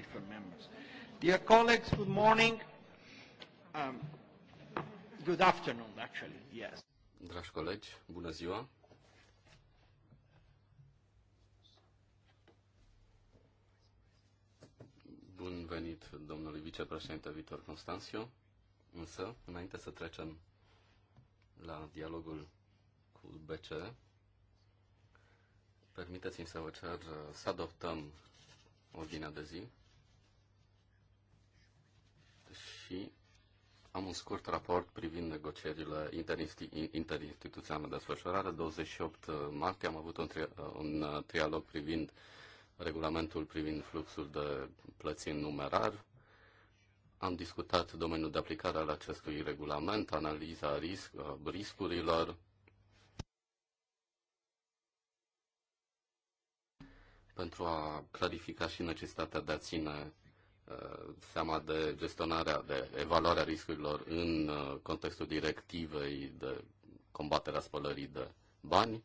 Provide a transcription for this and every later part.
wait for members. Dear colleagues, good morning. Um, good afternoon, actually, yes. Dragi colegi, bună ziua. Bun venit domnului vicepreședinte Vitor Constanțiu. Însă, înainte să trecem la dialogul cu BCE, permiteți-mi să vă cer să adoptăm ordinea de zi și am un scurt raport privind negocierile interinstituționale de desfășurare. 28 martie am avut un, tri- un uh, trialog privind regulamentul privind fluxul de plăți în numerar. Am discutat domeniul de aplicare al acestui regulament, analiza risc, uh, riscurilor, pentru a clarifica și necesitatea de a ține Uh, seama de gestionarea, de evaluarea riscurilor în uh, contextul directivei de combaterea spălării de bani.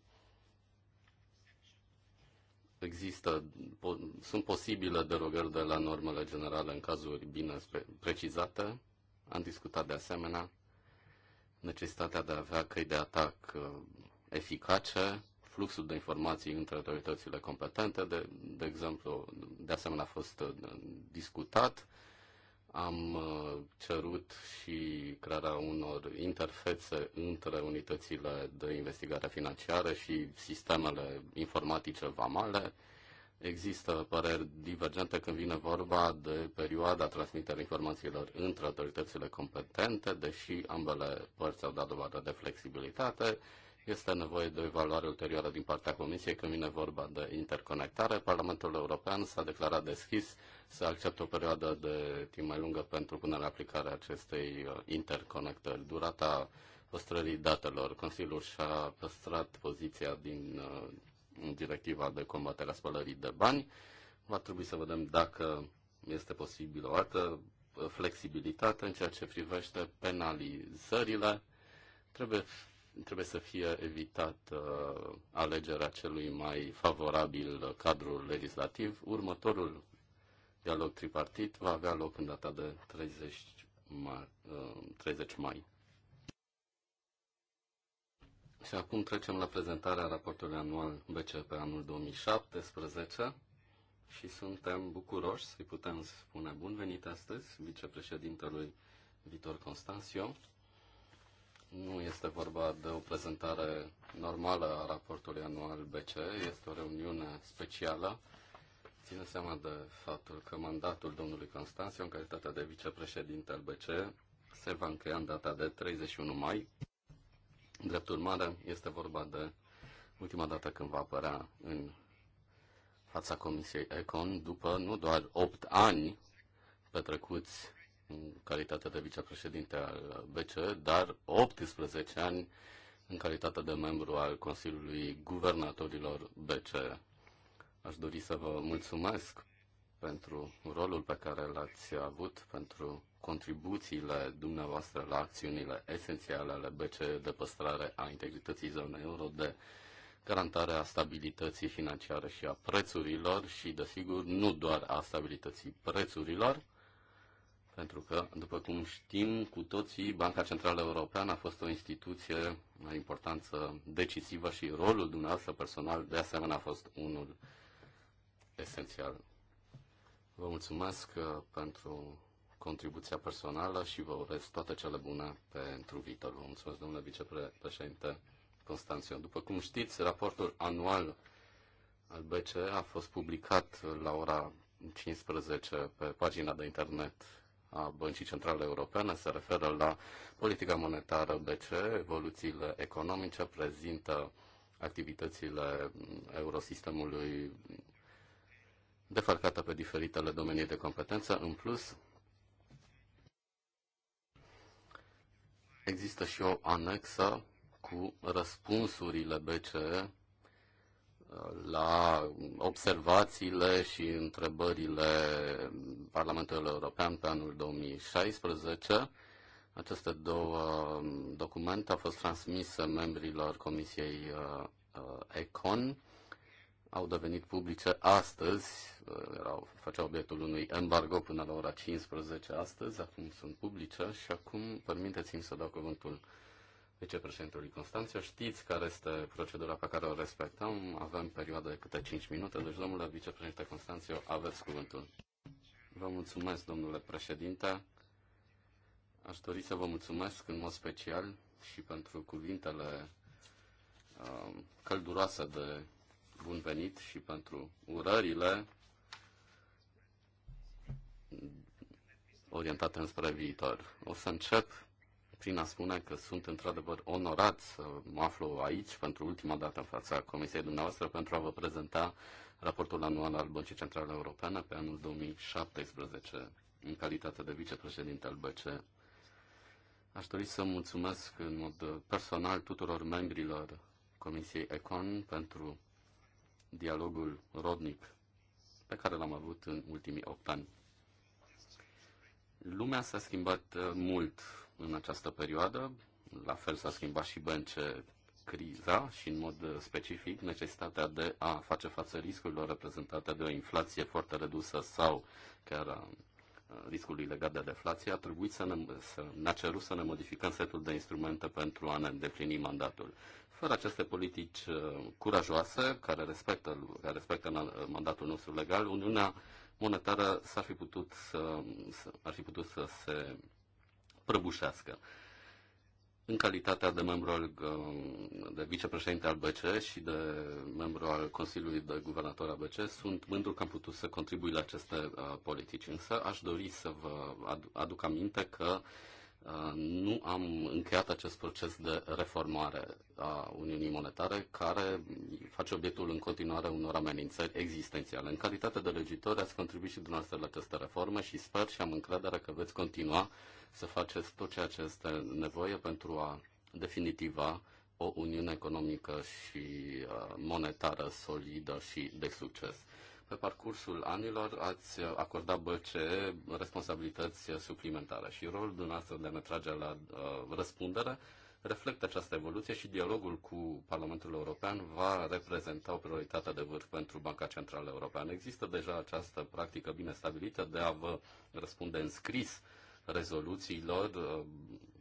Există, po, sunt posibile derogări de la normele generale în cazuri bine precizate. Am discutat de asemenea necesitatea de a avea căi de atac uh, eficace fluxul de informații între autoritățile competente, de, de exemplu, de asemenea a fost uh, discutat. Am uh, cerut și crearea unor interfețe între unitățile de investigare financiară și sistemele informatice vamale. Există păreri divergente când vine vorba de perioada transmiterii informațiilor între autoritățile competente, deși ambele părți au dat dovadă de flexibilitate. Este nevoie de o evaluare ulterioară din partea Comisiei când vine vorba de interconectare. Parlamentul European s-a declarat deschis să accepte o perioadă de timp mai lungă pentru punerea aplicare a acestei uh, interconectări. Durata păstrării datelor. Consiliul și-a păstrat poziția din uh, directiva de combatere a spălării de bani. Va trebui să vedem dacă este posibil o altă uh, flexibilitate în ceea ce privește penalizările. Trebuie trebuie să fie uh, alegerea celui mai favorabil cadru legislativ. Următorul dialog tripartit va avea loc în data de 30 mai. 30 uh, mai. Și acum trecem la prezentarea raportului anual BC pe anul 2017 și suntem bucuroși să-i putem spune bun venit astăzi vicepreședintelui Vitor Constanțiu nu este vorba de o prezentare normală a raportului anual BCE, este o reuniune specială. Ține seama de faptul că mandatul domnului Constanțiu, în calitate de vicepreședinte al BCE, se va încheia în data de 31 mai. Drept urmare, este vorba de ultima dată când va apărea în fața Comisiei Econ, după nu doar 8 ani petrecuți în calitate de vicepreședinte al BCE, dar 18 ani în calitate de membru al Consiliului Guvernatorilor BCE. Aș dori să vă mulțumesc pentru rolul pe care l-ați avut, pentru contribuțiile dumneavoastră la acțiunile esențiale ale BCE de păstrare a integrității zonei euro, de garantarea stabilității financiare și a prețurilor și, desigur, nu doar a stabilității prețurilor, pentru că, după cum știm cu toții, Banca Centrală Europeană a fost o instituție de importanță decisivă și rolul dumneavoastră personal de asemenea a fost unul esențial. Vă mulțumesc uh, pentru contribuția personală și vă urez toate cele bune pentru viitor. Vă mulțumesc, domnule vicepreședinte Constanțion. După cum știți, raportul anual al BCE a fost publicat la ora 15 pe pagina de internet a Băncii Centrale Europene se referă la politica monetară BCE, evoluțiile economice, prezintă activitățile eurosistemului defalcată pe diferitele domenii de competență. În plus, există și o anexă cu răspunsurile BCE la observațiile și întrebările Parlamentului European pe anul 2016. Aceste două um, documente au fost transmise membrilor Comisiei uh, uh, ECON, au devenit publice astăzi, uh, erau, făceau obiectul unui embargo până la ora 15 astăzi, acum sunt publice și acum permiteți-mi să dau cuvântul vicepreședintelui Constanțiu. Știți care este procedura pe care o respectăm. Avem perioada de câte 5 minute, deci domnule vicepreședinte Constanțiu, aveți cuvântul. Vă mulțumesc, domnule președinte. Aș dori să vă mulțumesc în mod special și pentru cuvintele uh, călduroase de bun venit și pentru urările orientate înspre viitor. O să încep prin a spune că sunt într-adevăr onorat să mă aflu aici pentru ultima dată în fața Comisiei dumneavoastră pentru a vă prezenta raportul anual al Băncii Centrale Europene pe anul 2017 în calitate de vicepreședinte al BCE. Aș dori să mulțumesc în mod personal tuturor membrilor Comisiei Econ pentru dialogul rodnic pe care l-am avut în ultimii 8 ani. Lumea s-a schimbat uh, mult în această perioadă. La fel s-a schimbat și bence criza și în mod specific necesitatea de a face față riscurilor reprezentate de o inflație foarte redusă sau chiar a riscului legat de deflație, a trebuit să ne, să ne-a cerut să ne modificăm setul de instrumente pentru a ne îndeplini mandatul. Fără aceste politici curajoase, care respectă, care respectă mandatul nostru legal, Uniunea Monetară s-ar fi putut să, să, ar fi putut să se prăbușească. În calitatea de membru al, uh, de vicepreședinte al BCE și de membru al Consiliului de Guvernator al BCE, sunt mândru că am putut să contribui la aceste uh, politici. Însă aș dori să vă aduc aminte că uh, nu am încheiat acest proces de reformare a Uniunii Monetare, care face obiectul în continuare unor amenințări existențiale. În calitate de legitor, ați contribuit și dumneavoastră la aceste reforme și sper și am încredere că veți continua să faceți tot ceea ce este nevoie pentru a definitiva o uniune economică și uh, monetară solidă și de succes. Pe parcursul anilor ați acordat BCE responsabilități suplimentare și rolul dumneavoastră de a ne trage la uh, răspundere reflectă această evoluție și dialogul cu Parlamentul European va reprezenta o prioritate de vârf pentru Banca Centrală Europeană. Există deja această practică bine stabilită de a vă răspunde în scris uh, rezoluțiilor uh,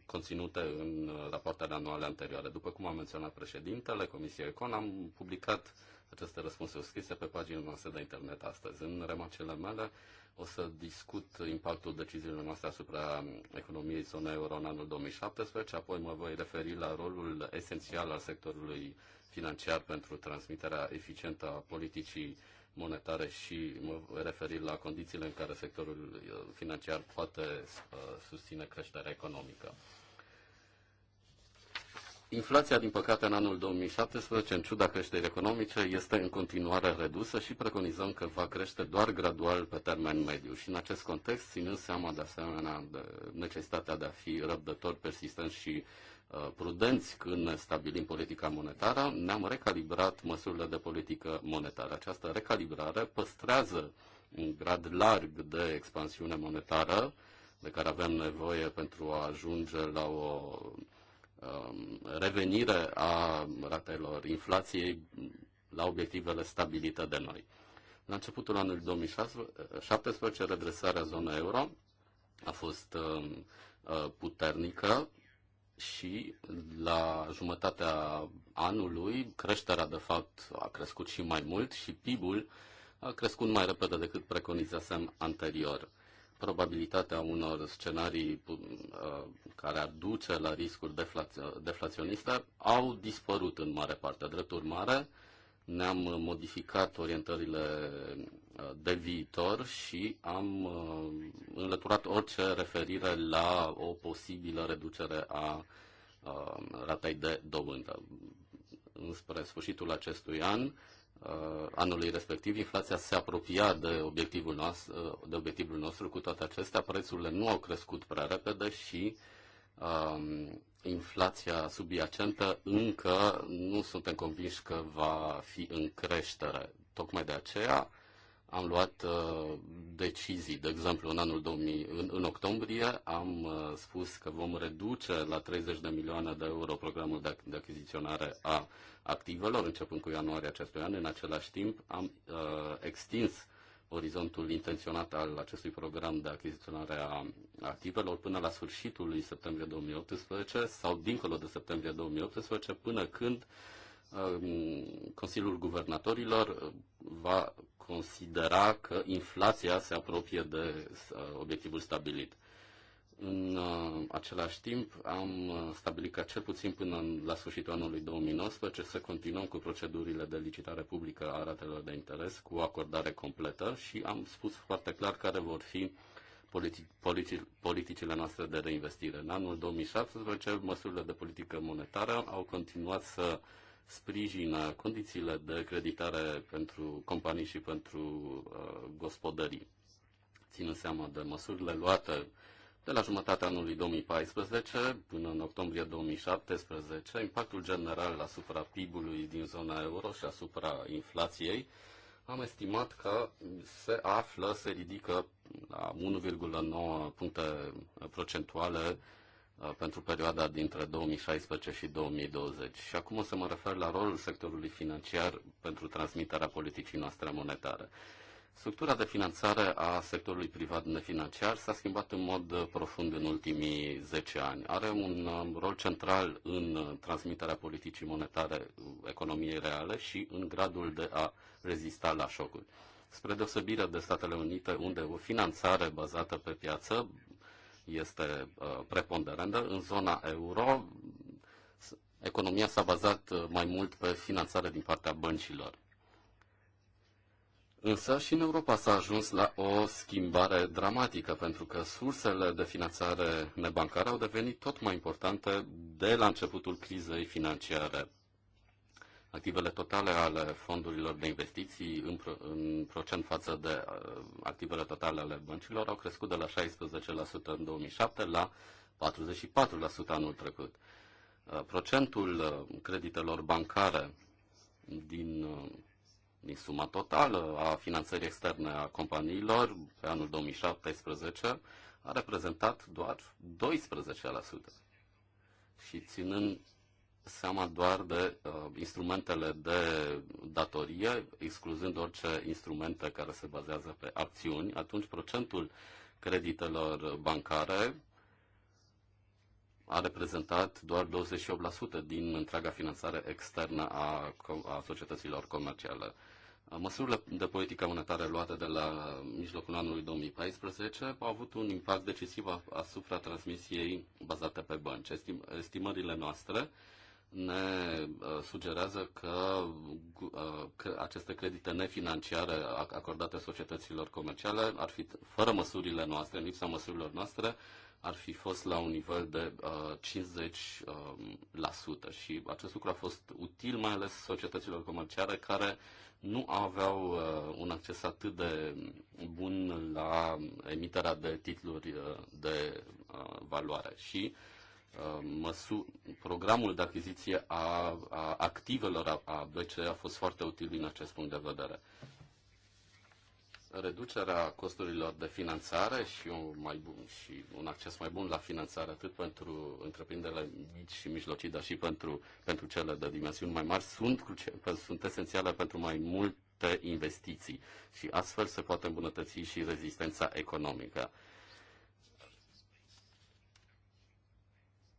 conținute în rapoartele anuale anterioare. După cum a menționat președintele Comisiei Econ, am publicat aceste răspunsuri scrise pe pagina noastră de internet astăzi. În remarcele mele o să discut impactul deciziilor noastre asupra economiei zonei euro în anul 2017, apoi mă voi referi la rolul esențial al sectorului financiar pentru transmiterea eficientă a politicii monetare și mă referi la condițiile în care sectorul uh, financiar poate uh, susține creșterea economică. Inflația, din păcate, în anul 2017, în ciuda creșterii economice, este în continuare redusă și preconizăm că va crește doar gradual pe termen mediu. Și în acest context, ținând seama de asemenea de necesitatea de a fi răbdător, persistent și uh, Uh, prudenți când stabilim politica monetară, ne-am recalibrat măsurile de politică monetară. Această recalibrare păstrează un grad larg de expansiune monetară de care avem nevoie pentru a ajunge la o um, revenire a ratelor inflației la obiectivele stabilite de noi. La începutul anului 2017, redresarea zonei euro a fost um, uh, puternică, și la jumătatea anului creșterea de fapt a crescut și mai mult și PIB-ul a crescut mai repede decât preconizasem anterior. Probabilitatea unor scenarii uh, care ar duce la riscuri deflaționiste au dispărut în mare parte. Drept urmare, ne-am uh, modificat orientările uh, de viitor și am uh, înlăturat orice referire la o posibilă reducere a ratei de dobândă. Înspre sfârșitul acestui an, anului respectiv, inflația se apropia de obiectivul nostru, de obiectivul nostru. Cu toate acestea, prețurile nu au crescut prea repede și uh, um, inflația subiacentă, încă nu suntem convinși că va fi în creștere. Tocmai de aceea am luat uh, decizii. De exemplu, în anul 2000, în, în octombrie, am uh, spus că vom reduce la 30 de milioane de euro programul de, de achiziționare a activelor, începând cu ianuarie acestui an. În același timp, am uh, extins orizontul intenționat al acestui program de achiziționare a activelor până la sfârșitul lui septembrie 2018 sau dincolo de septembrie 2018 până când um, Consiliul Guvernatorilor va considera că inflația se apropie de uh, obiectivul stabilit. În uh, același timp, am uh, stabilit ca cel puțin până la sfârșitul anului 2019 să continuăm cu procedurile de licitare publică a ratelor de interes cu acordare completă și am spus foarte clar care vor fi politici, politici, politicile noastre de reinvestire. În anul 2017, măsurile de politică monetară au continuat să sprijină condițiile de creditare pentru companii și pentru uh, gospodării. Ținând seama de măsurile luate de la jumătatea anului 2014 până în octombrie 2017, impactul general asupra PIB-ului din zona euro și asupra inflației am estimat că se află, se ridică la 1,9 puncte procentuale uh, pentru perioada dintre 2016 și 2020. Și acum o să mă refer la rolul sectorului financiar pentru transmiterea politicii noastre monetare. Structura de finanțare a sectorului privat nefinanciar s-a schimbat în mod uh, profund în ultimii 10 ani. Are un um, rol central în uh, transmiterea politicii monetare uh, economiei reale și în gradul de a rezista la șocuri. Spre deosebire de Statele Unite, unde o finanțare bazată pe piață este preponderentă, în zona euro economia s-a bazat mai mult pe finanțare din partea băncilor Însă și în Europa s-a ajuns la o schimbare dramatică, pentru că sursele de finanțare nebancare au devenit tot mai importante de la începutul crizei financiare. Activele totale ale fondurilor de investiții în, pro- în procent față de uh, activele totale ale băncilor au crescut de la 16% în 2007 la 44% anul trecut. Uh, procentul uh, creditelor bancare din uh, din suma totală a finanțării externe a companiilor pe anul 2017 a reprezentat doar 12%. Și ținând seama doar de uh, instrumentele de datorie, excluzând orice instrumente care se bazează pe acțiuni, atunci procentul creditelor bancare a reprezentat doar 28% din întreaga finanțare externă a, a societăților comerciale. Măsurile de politică monetară luate de la mijlocul anului 2014 au avut un impact decisiv asupra transmisiei bazate pe bănci. Estimările noastre ne uh, sugerează că, uh, că aceste credite nefinanciare acordate societăților comerciale ar fi, fără măsurile noastre, în lipsa măsurilor noastre, ar fi fost la un nivel de uh, 50% um, și acest lucru a fost util mai ales societăților comerciale care nu aveau uh, un acces atât de bun la emiterea de titluri uh, de uh, valoare și uh, măsu- programul de achiziție a, a activelor a, a BCE a fost foarte util din acest punct de vedere reducerea costurilor de finanțare și un, mai bun, și un acces mai bun la finanțare atât pentru întreprinderile mici și mijlocii, dar și pentru, pentru cele de dimensiuni mai mari, sunt, sunt esențiale pentru mai multe investiții și astfel se poate îmbunătăți și rezistența economică.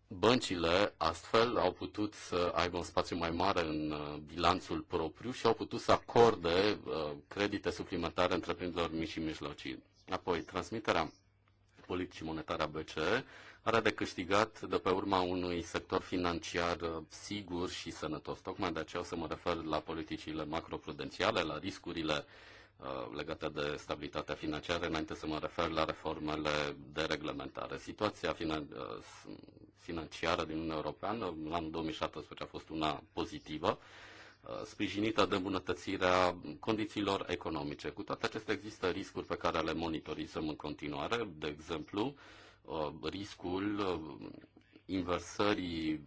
Băncile astfel au putut să aibă un spațiu mai mare în uh, bilanțul propriu și au putut să acorde uh, credite suplimentare întreprinderilor mici și mijlocii. Apoi, transmiterea politicii monetare a BCE are de câștigat de pe urma unui sector financiar uh, sigur și sănătos. Tocmai de aceea o să mă refer la politicile macroprudențiale, la riscurile uh, Uh, legate de stabilitatea financiară, înainte să mă refer la reformele de reglementare. Situația uh, financiară din Uniunea Europeană în anul 2017 a fost una pozitivă, uh, sprijinită de îmbunătățirea condițiilor economice. Cu toate acestea există riscuri pe care le monitorizăm în continuare, de exemplu, riscul inversării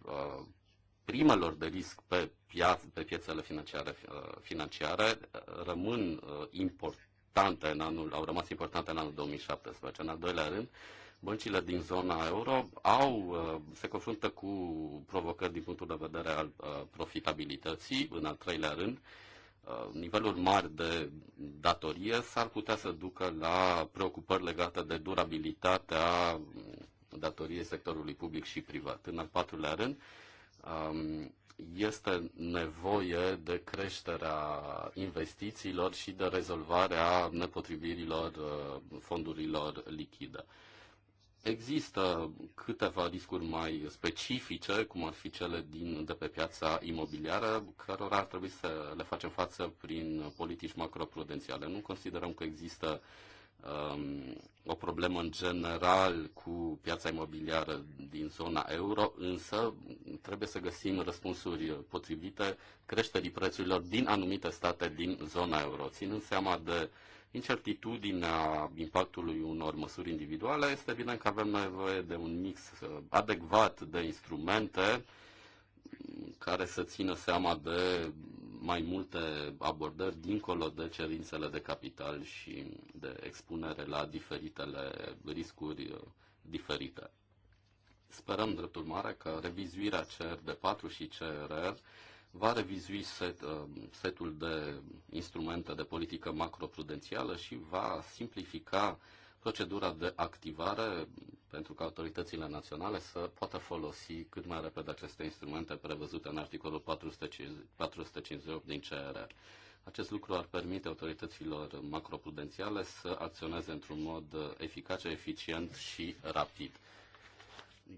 primelor de risc pe, pia- pe piețele financiare, uh, financiare uh, rămân uh, importante în anul, au rămas importante în anul 2017. În al doilea rând, băncile din zona euro au, se confruntă cu provocări din punctul de vedere al profitabilității, în al treilea rând, niveluri mari de datorie s-ar putea să ducă la preocupări legate de durabilitatea datoriei sectorului public și privat. În al patrulea rând, Um, este nevoie de creșterea investițiilor și de rezolvarea nepotrivirilor uh, fondurilor lichide. Există câteva riscuri mai specifice, cum ar fi cele din, de pe piața imobiliară, cărora ar trebui să le facem față prin politici macroprudențiale. Nu considerăm că există uh, um, o problemă în general cu piața imobiliară din zona euro, însă trebuie să găsim răspunsuri potrivite creșterii prețurilor din anumite state din zona euro. Ținând seama de incertitudinea impactului unor măsuri individuale, este bine că avem nevoie de un mix uh, adecvat de instrumente care să țină seama de mai multe abordări dincolo de cerințele de capital și de expunere la diferitele riscuri uh, diferite. Sperăm, drept urmare, că revizuirea CR de 4 și CRR va revizui set, uh, setul de instrumente de politică macroprudențială și va simplifica procedura de activare pentru că autoritățile naționale să poată folosi cât mai repede aceste instrumente prevăzute în articolul 458 din CR. Acest lucru ar permite autorităților macroprudențiale să acționeze într-un mod eficace, eficient și rapid.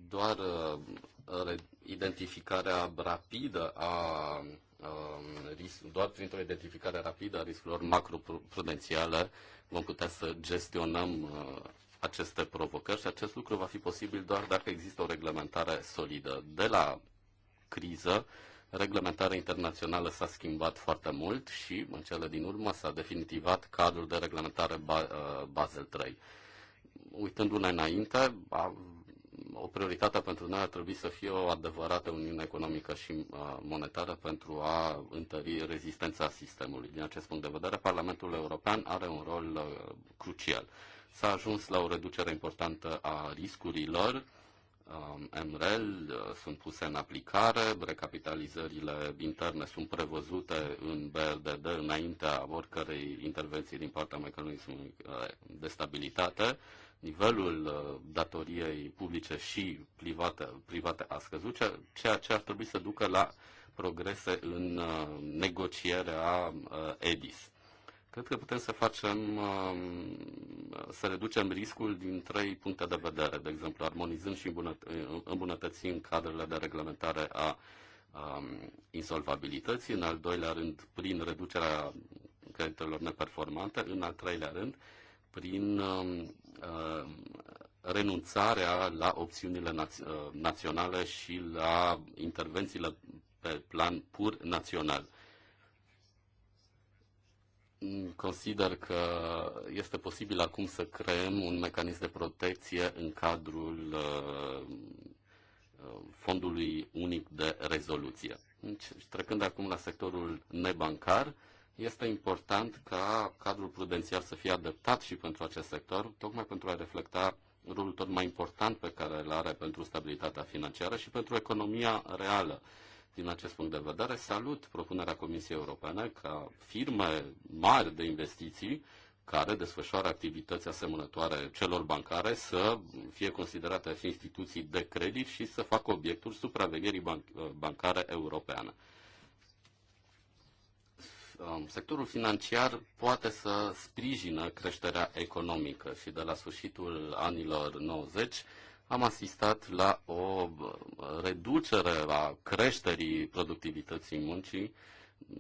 Doar uh, identificarea rapidă a Um, doar printr-o identificare rapidă a riscurilor macroprudențiale vom putea să gestionăm uh, aceste provocări și acest lucru va fi posibil doar dacă există o reglementare solidă. De la criză, reglementarea internațională s-a schimbat foarte mult și, în cele din urmă, s-a definitivat cadrul de reglementare uh, Basel 3. Uitându-ne înainte, o prioritate pentru noi ar trebui să fie o adevărată uniune economică și uh, monetară pentru a întări rezistența sistemului. Din acest punct de vedere, Parlamentul European are un rol uh, crucial. S-a ajuns la o reducere importantă a riscurilor MREL um, uh, sunt puse în aplicare, recapitalizările interne sunt prevăzute în BRDD înaintea oricărei intervenții din partea mecanismului uh, de stabilitate. Nivelul uh, datoriei publice și private, private a scăzut, ceea ce ar trebui să ducă la progrese în negocierea EDIS. Cred că putem să facem, um, să reducem riscul din trei puncte de vedere, de exemplu, armonizând și îmbunătățind cadrele de reglementare a um, insolvabilității, în al doilea rând, prin reducerea creditelor neperformante, în al treilea rând, prin um, uh, renunțarea la opțiunile uh, naționale și la intervențiile pe plan pur național consider că este posibil acum să creăm un mecanism de protecție în cadrul uh, uh, fondului unic de rezoluție. Deci, trecând acum la sectorul nebancar, este important ca cadrul prudențial să fie adaptat și pentru acest sector, tocmai pentru a reflecta rolul tot mai important pe care îl are pentru stabilitatea financiară și pentru economia reală din acest punct de vedere, salut propunerea Comisiei Europene ca firme mari de investiții care desfășoară activități asemănătoare celor bancare să fie considerate a fi instituții de credit și să facă obiectul supravegherii banc- uh, bancare europeană. Um, sectorul financiar poate să sprijină creșterea economică și de la sfârșitul anilor 90 am asistat la o uh, reducere a creșterii productivității muncii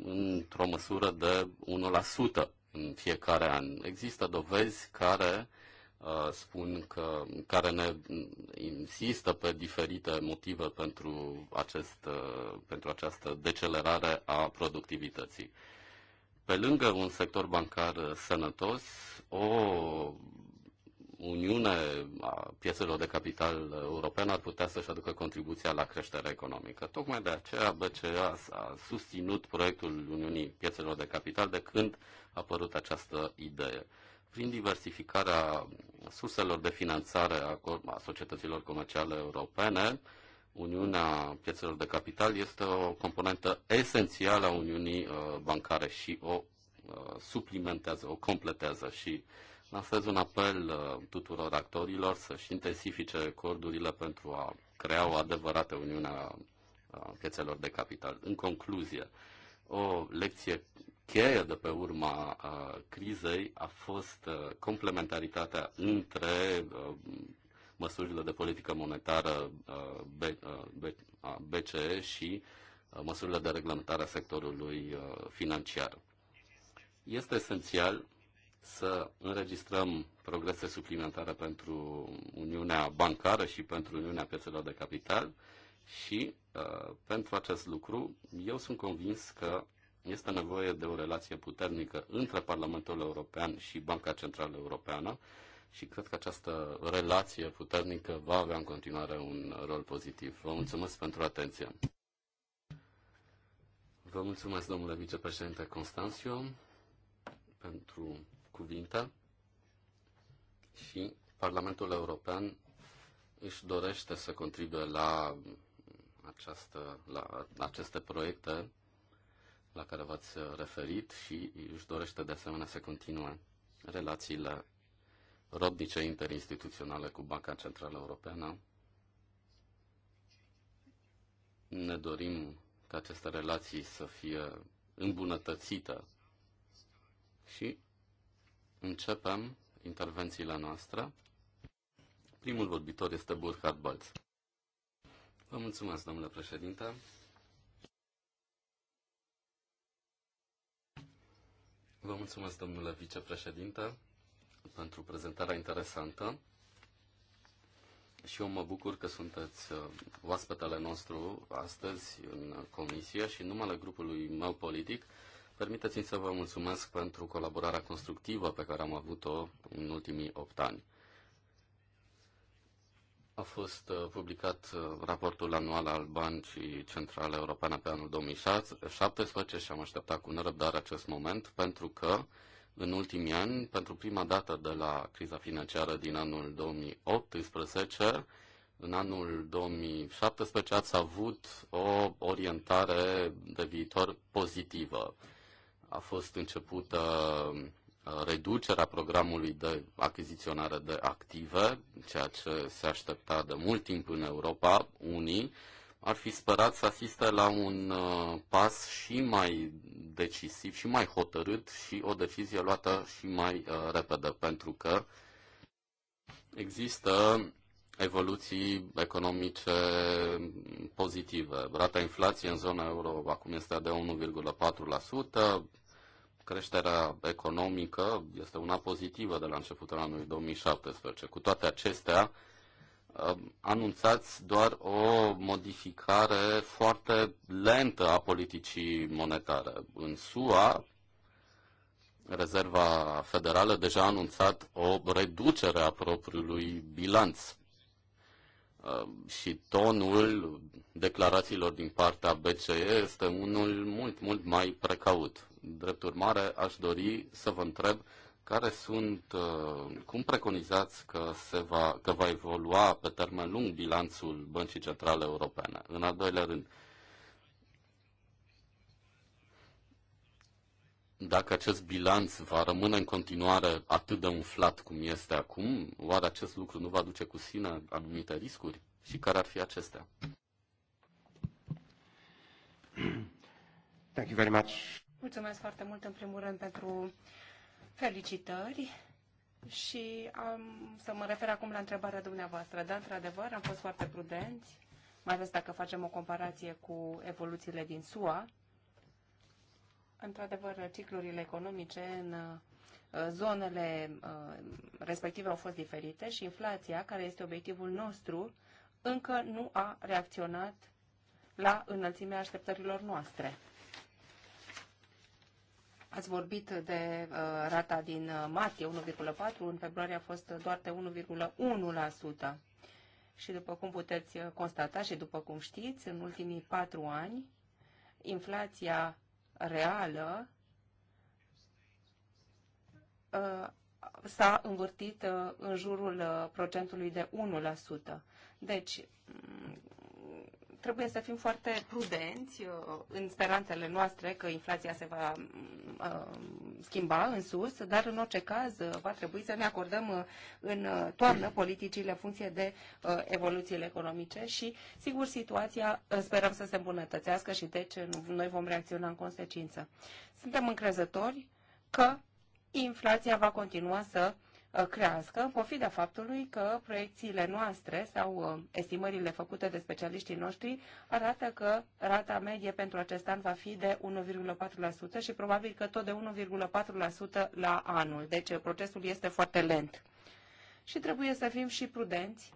într-o măsură de 1% în fiecare an. Există dovezi care uh, spun că, care ne insistă pe diferite motive pentru, acest, uh, pentru această decelerare a productivității. Pe lângă un sector bancar sănătos, o uniune a piețelor de capital european ar putea să-și aducă contribuția la creșterea economică. Tocmai de aceea BCE a susținut proiectul Uniunii Piețelor de Capital de când a apărut această idee. Prin diversificarea surselor de finanțare a societăților comerciale europene, Uniunea Piețelor de Capital este o componentă esențială a Uniunii uh, Bancare și o uh, suplimentează, o completează și uh, lansez un apel uh, tuturor actorilor să-și intensifice cordurile pentru a crea o adevărată uniune a piețelor de capital. În concluzie, o lecție cheie de pe urma uh, crizei a fost uh, complementaritatea între măsurile de politică monetară BCE și măsurile de reglementare a sectorului financiar. Este esențial să înregistrăm progrese suplimentare pentru Uniunea Bancară și pentru Uniunea Piețelor de Capital și uh, pentru acest lucru eu sunt convins că este nevoie de o relație puternică între Parlamentul European și Banca Centrală Europeană și cred că această relație puternică va avea în continuare un rol pozitiv. Vă mulțumesc pentru atenție. Vă mulțumesc, domnule vicepreședinte Constanțiu, pentru cuvinte și Parlamentul European își dorește să contribuie la, această, la aceste proiecte la care v-ați referit și își dorește de asemenea să continue relațiile rodnice interinstituționale cu Banca Centrală Europeană. Ne dorim ca aceste relații să fie îmbunătățite și Începem intervențiile noastre. Primul vorbitor este Burkhard Bolz. Vă mulțumesc, domnule președinte. Vă mulțumesc, domnule vicepreședinte, pentru prezentarea interesantă. Și eu mă bucur că sunteți uh, oaspetele nostru astăzi în comisie și în numele grupului meu politic Permiteți-mi să vă mulțumesc pentru colaborarea constructivă pe care am avut-o în ultimii opt ani. A fost uh, publicat uh, raportul anual al Bancii Centrale Europene pe anul 2017 și am așteptat cu nerăbdare acest moment pentru că în ultimii ani, pentru prima dată de la criza financiară din anul 2018, în anul 2017 ați avut o orientare de viitor pozitivă a fost începută uh, reducerea programului de achiziționare de active, ceea ce se aștepta de mult timp în Europa, unii ar fi sperat să asiste la un uh, pas și mai decisiv și mai hotărât și o decizie luată și mai uh, repede, pentru că există evoluții economice pozitive. Rata inflației în zona euro acum este de 1,4%, creșterea economică este una pozitivă de la începutul anului 2017. Cu toate acestea, uh, anunțați doar o modificare foarte lentă a politicii monetare. În SUA, Rezerva Federală deja a anunțat o reducere a propriului bilanț uh, și tonul declarațiilor din partea BCE este unul mult, mult mai precaut. Drept urmare, aș dori să vă întreb care sunt, uh, cum preconizați că, se va, că va evolua pe termen lung bilanțul Băncii Centrale Europene? În al doilea rând, dacă acest bilanț va rămâne în continuare atât de umflat cum este acum, oare acest lucru nu va duce cu sine anumite riscuri? Și care ar fi acestea? Thank you very much. Mulțumesc foarte mult, în primul rând, pentru felicitări și am, să mă refer acum la întrebarea dumneavoastră. Da, într-adevăr, am fost foarte prudenți, mai ales dacă facem o comparație cu evoluțiile din SUA. Într-adevăr, ciclurile economice în uh, zonele uh, respective au fost diferite și inflația, care este obiectivul nostru, încă nu a reacționat la înălțimea așteptărilor noastre. Ați vorbit de uh, rata din uh, martie 1,4, în februarie a fost doar de 1,1%. Și după cum puteți uh, constata și după cum știți, în ultimii patru ani, inflația reală uh, s-a învârtit uh, în jurul uh, procentului de 1%. Deci, trebuie să fim foarte prudenți uh, în speranțele noastre că inflația se va uh, schimba în sus, dar în orice caz uh, va trebui să ne acordăm în toamnă politicile în funcție de evoluțiile economice și, sigur, situația sperăm să se îmbunătățească și deci noi vom reacționa în consecință. Suntem încrezători că inflația va continua să uh, Uh, crească, în pofida faptului că proiecțiile noastre sau uh, estimările făcute de specialiștii noștri arată că rata medie pentru acest an va fi de 1,4% și probabil că tot de 1,4% la anul. Deci uh, procesul este foarte lent. Și trebuie să fim și prudenți,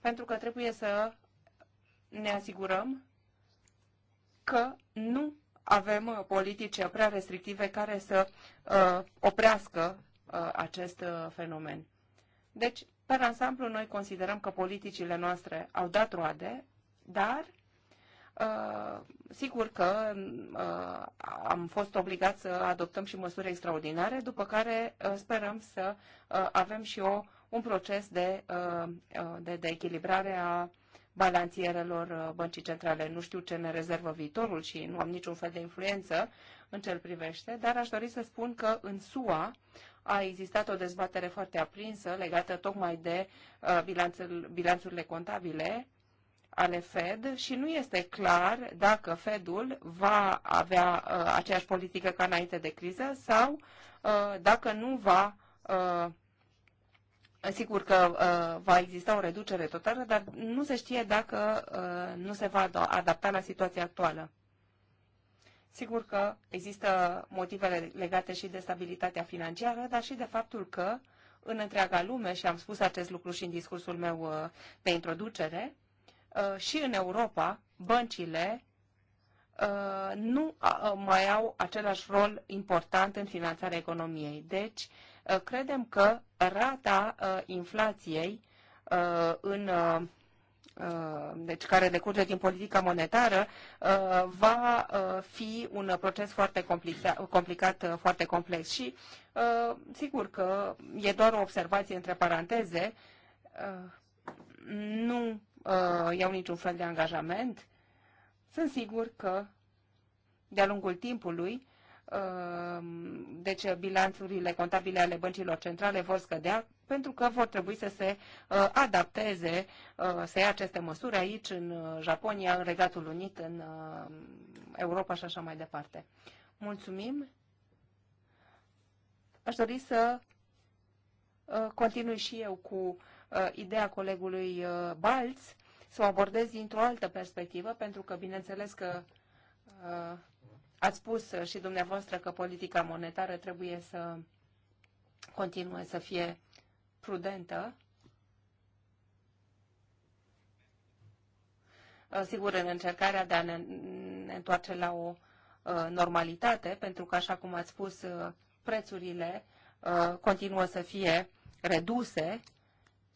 pentru că trebuie să ne asigurăm că nu avem politici prea restrictive care să uh, oprească Uh, acest uh, fenomen. Deci, pe ansamblu, noi considerăm că politicile noastre au dat roade, dar uh, sigur că am fost obligați să adoptăm și măsuri extraordinare, după care sperăm să avem și o, un proces de, de, de echilibrare a balanțierelor băncii centrale. Nu știu ce ne rezervă viitorul și nu am niciun fel de influență în ce privește, dar aș dori să spun că în SUA a existat o dezbatere foarte aprinsă legată tocmai de uh, bilanțurile contabile ale Fed și nu este clar dacă Fedul va avea uh, aceeași politică ca înainte de criză sau uh, dacă nu va Sigur că uh, va exista o reducere totală, dar nu se știe dacă uh, nu se va adapta la situația actuală. Sigur că există motivele legate și de stabilitatea financiară, dar și de faptul că în întreaga lume, și am spus acest lucru și în discursul meu uh, de introducere, uh, și în Europa, băncile uh, nu mai au același rol important în finanțarea economiei. Deci, credem că rata inflației în Uh, deci care decurge din politica monetară, uh, va uh, fi un proces foarte complicat, complicat foarte complex. Și sigur că e doar o observație între paranteze, nu iau niciun fel de angajament. Sunt sigur că de-a lungul timpului, deci bilanțurile contabile ale băncilor centrale vor scădea, pentru că vor trebui să se uh, adapteze, uh, să ia aceste măsuri aici, în uh, Japonia, în Regatul Unit, în uh, Europa și așa mai departe. Mulțumim! Aș dori să uh, continui și eu cu uh, ideea colegului uh, Balț, să o abordez dintr-o altă perspectivă, pentru că, bineînțeles că uh, ați spus și dumneavoastră că politica monetară trebuie să continue să fie prudentă. Uh, sigur, în încercarea de a ne, ne întoarce la o uh, normalitate, pentru că, așa cum ați spus, uh, prețurile continuă să fie reduse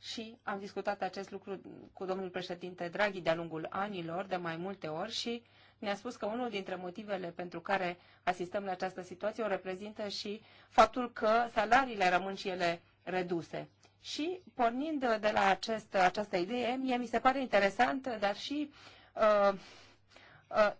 și am discutat acest lucru cu domnul președinte Draghi de-a lungul anilor, de mai multe ori și ne-a spus că unul dintre motivele pentru care asistăm la această situație o reprezintă și faptul că salariile rămân și ele reduse. Și pornind de la acest, această idee, mie mi se pare interesant, dar și uh, uh,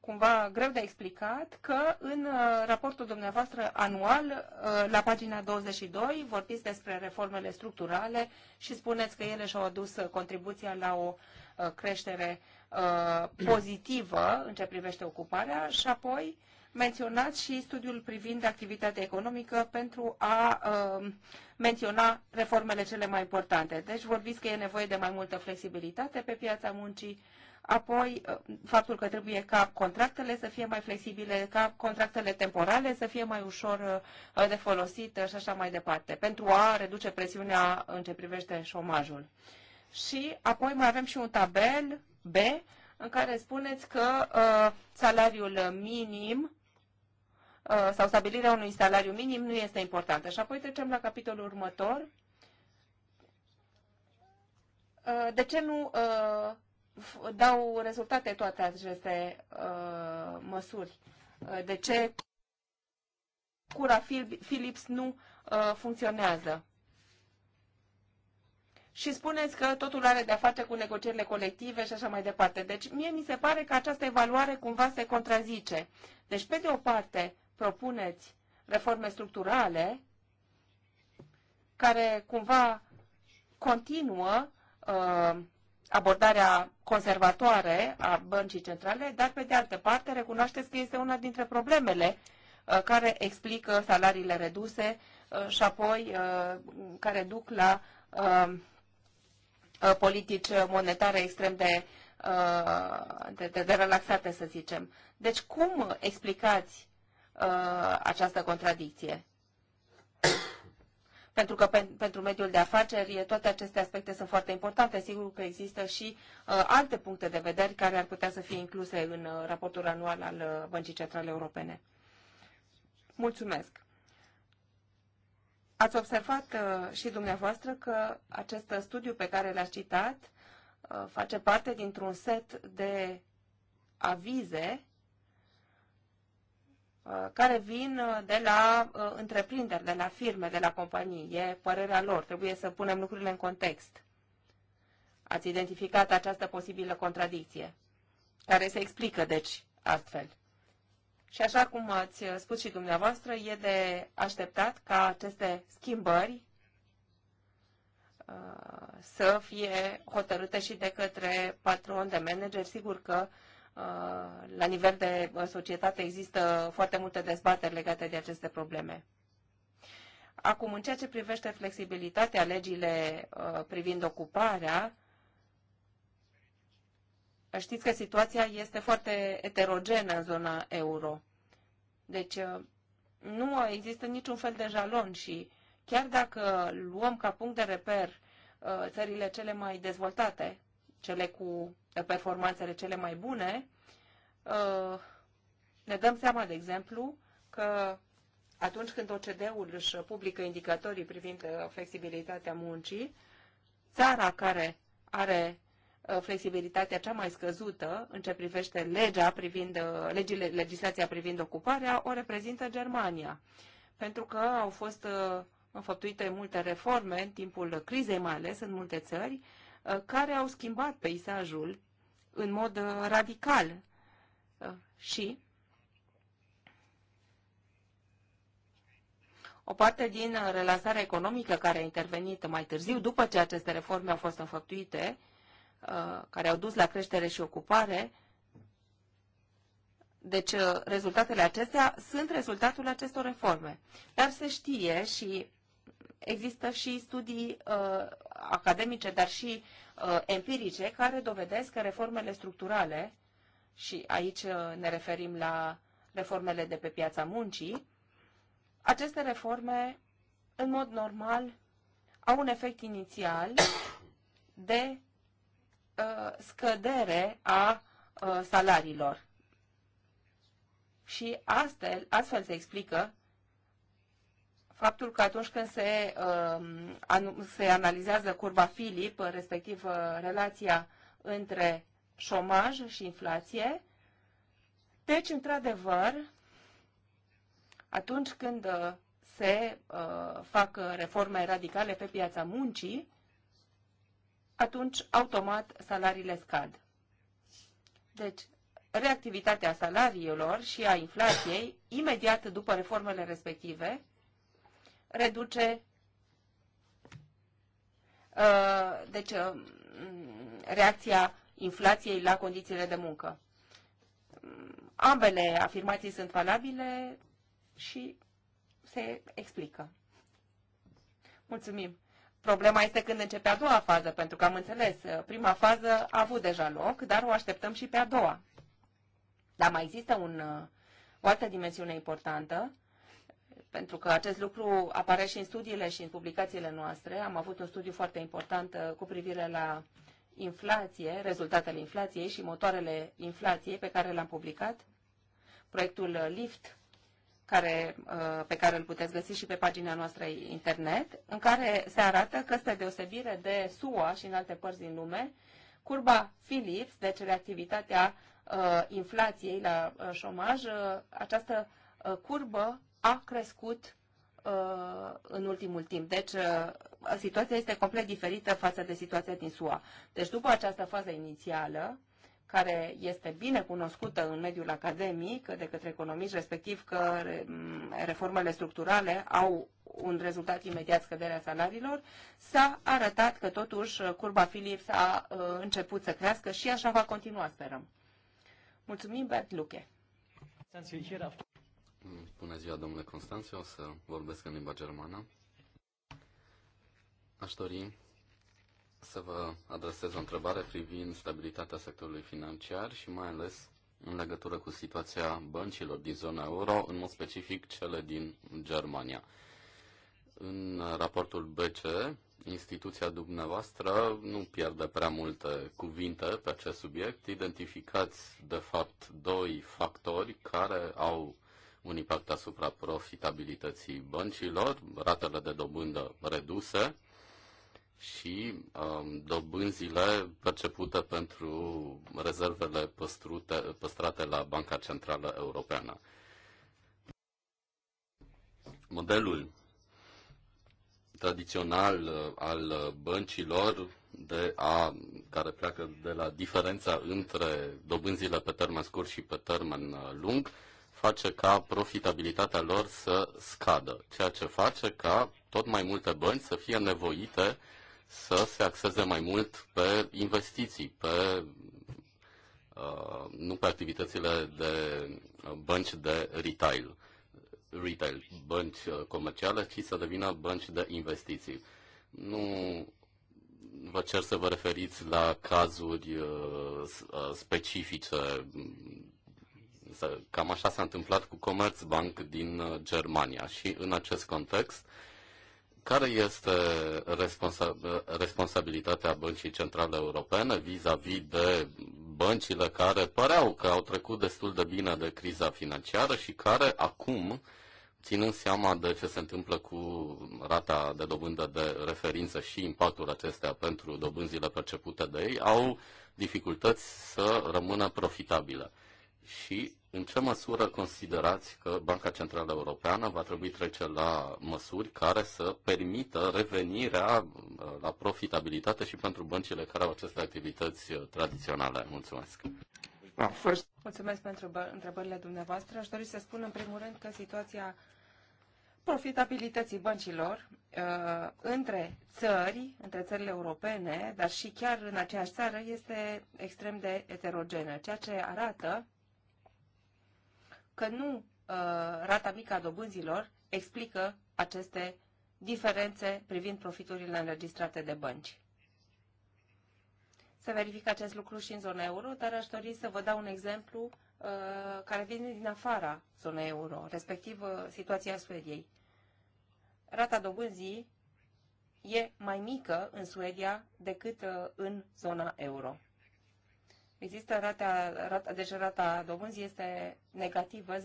cumva greu de explicat, că în uh, raportul dumneavoastră anual, uh, la pagina 22, vorbiți despre reformele structurale și spuneți că ele și-au adus contribuția la o uh, creștere uh, pozitivă în ce privește ocuparea și apoi menționat și studiul privind activitatea economică pentru a uh, menționa reformele cele mai importante. Deci vorbiți că e nevoie de mai multă flexibilitate pe piața muncii, apoi um, faptul că trebuie ca contractele să fie mai flexibile, ca contractele temporale să fie mai ușor uh, de folosit uh, și așa mai departe, pentru a reduce presiunea în ce privește șomajul. Și apoi mai avem și un tabel B în care spuneți că uh, salariul minim Uh, sau stabilirea unui salariu minim nu este importantă. Și apoi trecem la capitolul următor. Uh, de ce nu uh, dau rezultate toate aceste măsuri? De ce cura Philips nu funcționează? și spuneți că totul are de-a face cu negocierile colective și așa mai departe. Deci mie mi se pare că această evaluare cumva se contrazice. Deci, pe de o parte, propuneți reforme structurale care cumva continuă uh, abordarea conservatoare a băncii centrale, dar pe de altă parte recunoașteți că este una dintre problemele uh, care explică salariile reduse uh, și apoi uh, care duc la uh, uh, politici monetare extrem de, de, de, de relaxate, să zicem. Deci cum explicați uh, această contradicție. pentru că pen, pentru mediul de afaceri toate aceste aspecte sunt foarte importante. Sigur că există și uh, alte puncte de vedere care ar putea să fie incluse în uh, raportul anual al uh, Băncii Centrale Europene. Mulțumesc! Ați observat uh, și dumneavoastră că acest studiu pe care l-ați citat uh, face parte dintr-un set de avize Uh, care vin uh, de la uh, întreprinderi, de la firme, de la companii. E părerea lor. Trebuie să punem lucrurile în context. Ați identificat această posibilă contradicție, care se explică, deci, astfel. Și așa cum ați spus și dumneavoastră, e de așteptat ca aceste schimbări să fie hotărâte și de către patron de manager. Sigur că Uh, la nivel de uh, societate există foarte multe dezbateri legate de aceste probleme. Acum, în ceea ce privește flexibilitatea, legile uh, privind ocuparea, știți că situația este foarte eterogenă în zona euro. Deci, nu există niciun fel de jalon și chiar dacă luăm ca punct de reper țările cele mai dezvoltate, cele cu performanțele cele mai bune, uh, ne dăm seama, de exemplu, că atunci când OCD-ul își publică indicatorii privind uh, flexibilitatea muncii, țara care are uh, flexibilitatea cea mai scăzută în ce privește legea privind, legile, legislația privind ocuparea o reprezintă Germania. Pentru că au fost înfăptuite multe reforme în timpul crizei, mai ales în multe țări, Uh, care au schimbat peisajul în mod uh, radical uh, și O parte din relansarea economică care a intervenit mai târziu, după ce aceste reforme au fost înfăptuite, care au dus la creștere și ocupare, deci rezultatele acestea sunt rezultatul acestor reforme. Dar se știe și Există și studii uh, academice, dar și uh, empirice, care dovedesc că reformele structurale, și aici uh, ne referim la reformele de pe piața muncii, aceste reforme, în mod normal, au un efect inițial de uh, scădere a uh, salariilor. Și astfel, astfel se explică faptul că atunci când se, um, se analizează curba Filip, respectiv uh, relația între șomaj și inflație, deci, într-adevăr, atunci când uh, se uh, fac reforme radicale pe piața muncii, atunci automat salariile scad. Deci, reactivitatea salariilor și a inflației, imediat după reformele respective, reduce uh, deci, uh, reacția inflației la condițiile de muncă. Ambele afirmații sunt valabile și se explică. Mulțumim. Problema este când începe a doua fază, pentru că am înțeles, uh, prima fază a avut deja loc, dar o așteptăm și pe a doua. Dar mai există un, o altă dimensiune importantă, pentru că acest lucru apare și în studiile și în publicațiile noastre. Am avut un studiu foarte important uh, cu privire la inflație, rezultatele inflației și motoarele inflației pe care l-am publicat. Proiectul LIFT, care, uh, pe care îl puteți găsi și pe pagina noastră internet, în care se arată că, spre deosebire de SUA și în alte părți din lume, curba Philips, deci reactivitatea uh, inflației la șomaj, această curbă a crescut uh, în ultimul timp. Deci, uh, situația este complet diferită față de situația din SUA. Deci, după această fază inițială, care este bine cunoscută în mediul academic de către economiști, respectiv că mm, reformele structurale au un rezultat imediat scăderea salariilor, s-a arătat că totuși curba Philips a uh, început să crească și așa va continua, sperăm. Mulțumim, Bert Luche. Bună ziua, domnule Constanțe, o să vorbesc în limba germană. Aș dori să vă adresez o întrebare privind stabilitatea sectorului financiar și mai ales în legătură cu situația băncilor din zona euro, în mod specific cele din Germania. În raportul BCE, instituția dumneavoastră nu pierde prea multe cuvinte pe acest subiect. Identificați, de fapt, doi factori care au un impact asupra profitabilității băncilor, ratele de dobândă reduse și um, dobânzile percepute pentru rezervele păstrute, păstrate la Banca Centrală Europeană. Modelul tradițional uh, al băncilor de a, care pleacă de la diferența între dobânzile pe termen scurt și pe termen uh, lung, face ca profitabilitatea lor să scadă, ceea ce face ca tot mai multe bănci să fie nevoite să se axeze mai mult pe investiții, pe, uh, nu pe activitățile de uh, bănci de retail, retail bănci uh, comerciale, ci să devină bănci de investiții. Nu vă cer să vă referiți la cazuri uh, uh specifice Cam așa s-a întâmplat cu Commerzbank din uh, Germania și în acest context, care este responsa- uh, responsabilitatea Băncii Centrale Europene vis-a-vis -vis de băncile care păreau că au trecut destul de bine de criza financiară și care acum, ținând seama de ce se întâmplă cu rata de dobândă de referință și impactul acestea pentru dobânzile percepute de ei, au dificultăți să rămână profitabile și în ce măsură considerați că Banca Centrală Europeană va trebui trece la măsuri care să permită revenirea uh, la profitabilitate și pentru băncile care au aceste activități uh, tradiționale? Mulțumesc! Mulțumesc pentru întrebările dumneavoastră. Aș dori să spun în primul rând că situația profitabilității băncilor uh, între țări, între țările europene, dar și chiar în aceeași țară, este extrem de eterogenă, ceea ce arată că nu uh, rata mică a dobânzilor explică aceste diferențe privind profiturile înregistrate de bănci. Se verifică acest lucru și în zona euro, dar aș dori să vă dau un exemplu uh, care vine din afara zonei euro, respectiv uh, situația Suediei. Rata dobânzii e mai mică în Suedia decât uh, în zona euro. Există rata, rata deci rata dobânzii este negativă,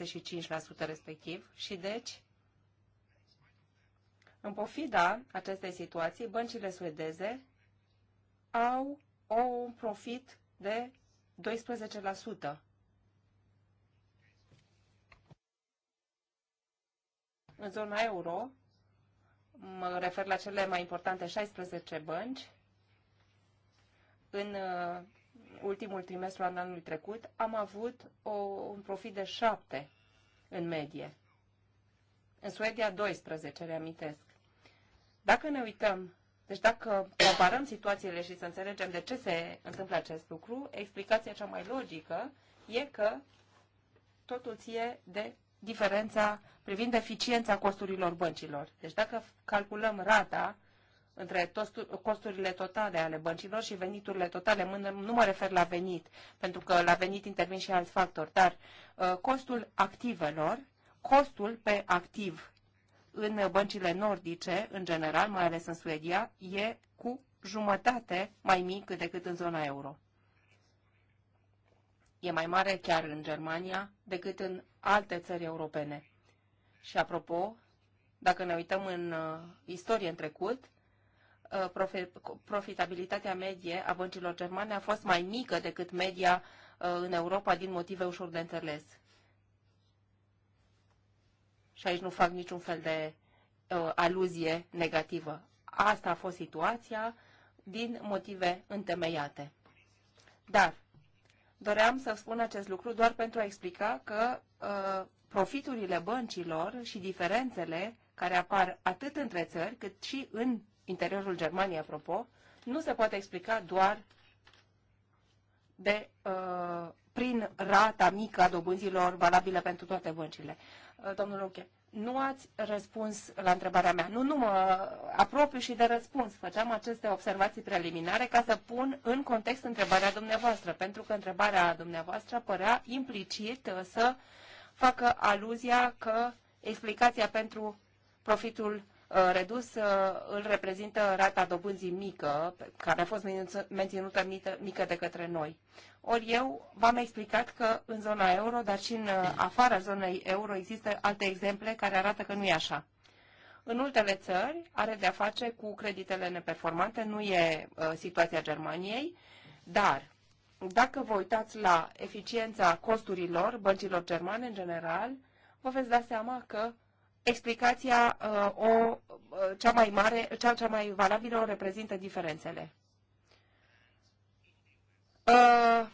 0,75% respectiv și deci în pofida acestei situații, băncile suedeze au un profit de 12%. În zona euro, mă refer la cele mai importante 16 bănci, în uh, ultimul trimestru al anului trecut, am avut o, un profit de 7 în medie. În Suedia 12, reamintesc. Dacă ne uităm, deci dacă comparăm situațiile și să înțelegem de ce se întâmplă acest lucru, explicația cea mai logică e că totul ție de diferența privind eficiența costurilor băncilor. Deci dacă calculăm rata între costurile totale ale băncilor și veniturile totale. Nu mă refer la venit, pentru că la venit intervin și alți factori, dar ă, costul activelor, costul pe activ în băncile nordice, în general, mai ales în Suedia, e cu jumătate mai mic decât în zona euro. E mai mare chiar în Germania decât în alte țări europene. Și apropo, dacă ne uităm în uh, istorie în trecut, Uh, profitabilitatea medie a băncilor germane a fost mai mică decât media uh, în Europa din motive ușor de înțeles. Și aici nu fac niciun fel de uh, aluzie negativă. Asta a fost situația din motive întemeiate. Dar doream să spun acest lucru doar pentru a explica că uh, profiturile băncilor și diferențele care apar atât între țări cât și în interiorul Germaniei, apropo, nu se poate explica doar de, uh, prin rata mică a dobânzilor valabile pentru toate băncile. Uh, domnul Roche, nu ați răspuns la întrebarea mea. Nu, nu mă apropiu și de răspuns. Făceam aceste observații preliminare ca să pun în context întrebarea dumneavoastră, pentru că întrebarea dumneavoastră părea implicit uh, să facă aluzia că explicația pentru profitul Uh, redus uh, îl reprezintă rata dobânzii mică, care a fost menținută mică de către noi. Ori eu v-am explicat că în zona euro, dar și în uh, afara zonei euro, există alte exemple care arată că nu e așa. În ultele țări are de-a face cu creditele neperformante, nu e uh, situația Germaniei, dar dacă vă uitați la eficiența costurilor băncilor germane în general, vă veți da seama că explicația uh, o, uh, cea mai mare, cea, cea mai valabilă o reprezintă diferențele. Uh,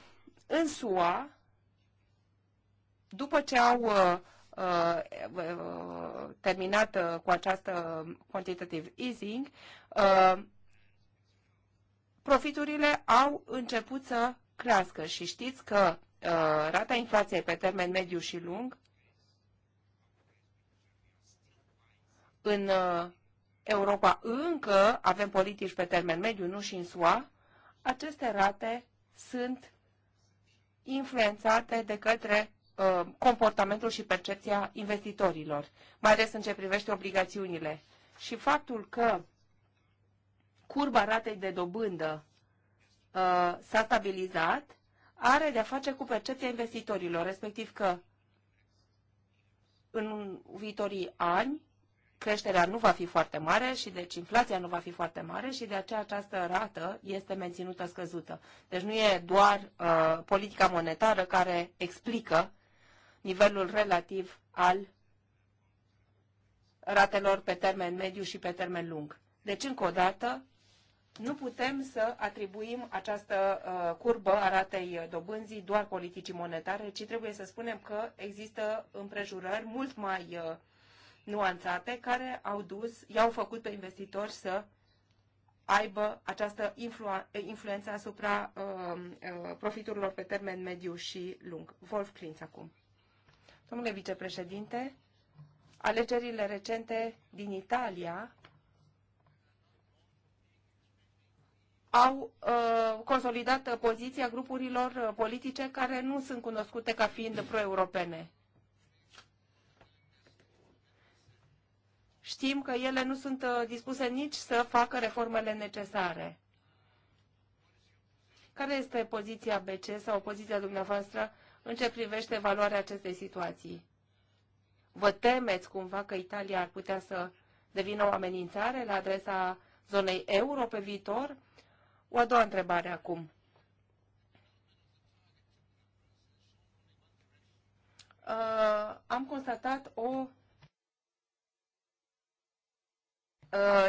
în SUA, după ce au uh, uh, uh terminat uh, cu această quantitative easing, profiturile au început să crească și știți că rata inflației pe termen mediu și lung În uh, Europa încă avem politici pe termen mediu, nu și în SUA. Aceste rate sunt influențate de către uh, comportamentul și percepția investitorilor, mai ales în ce privește obligațiunile. Și faptul că curba ratei de dobândă uh, s-a stabilizat are de-a face cu percepția investitorilor, respectiv că în viitorii ani creșterea nu va fi foarte mare și deci inflația nu va fi foarte mare și de aceea această rată este menținută scăzută. Deci nu e doar uh, politica monetară care explică nivelul relativ al ratelor pe termen mediu și pe termen lung. Deci, încă o dată, nu putem să atribuim această uh, curbă a ratei dobânzii doar politicii monetare, ci trebuie să spunem că există împrejurări mult mai uh, nuanțate care au dus, i-au făcut pe investitori să aibă această influ- influență asupra um, uh, profiturilor pe termen mediu și lung. Wolf Klintz acum. Domnule vicepreședinte, alegerile recente din Italia au uh, consolidat poziția grupurilor uh, politice care nu sunt cunoscute ca fiind pro-europene. știm că ele nu sunt uh, dispuse nici să facă reformele necesare. Care este poziția BC sau poziția dumneavoastră în ce privește valoarea acestei situații? Vă temeți cumva că Italia ar putea să devină o amenințare la adresa zonei euro pe viitor? O a doua întrebare acum. Uh, am constatat o Uh,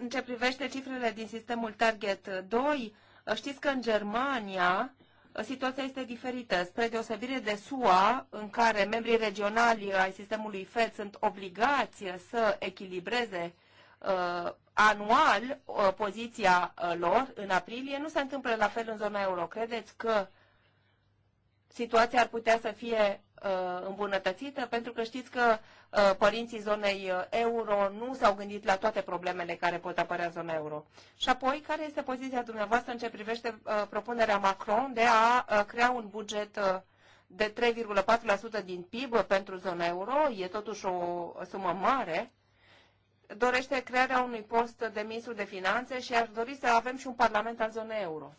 în ce privește cifrele din sistemul Target 2, uh, știți că în Germania uh, situația este diferită. Spre deosebire de SUA, în care membrii regionali ai sistemului FED sunt obligați să echilibreze uh, anual uh, poziția lor în aprilie, nu se întâmplă la fel în zona euro. Credeți că situația ar putea să fie Uh, îmbunătățită, pentru că știți că uh, părinții zonei uh, euro nu s-au gândit la toate problemele care pot apărea în zona euro. Și apoi, care este poziția dumneavoastră în ce privește propunerea Macron de a crea un buget de 3,4% din PIB pentru zona euro? E totuși o sumă mare dorește crearea unui post de ministru de finanțe și aș dori să avem și un parlament al zonei euro.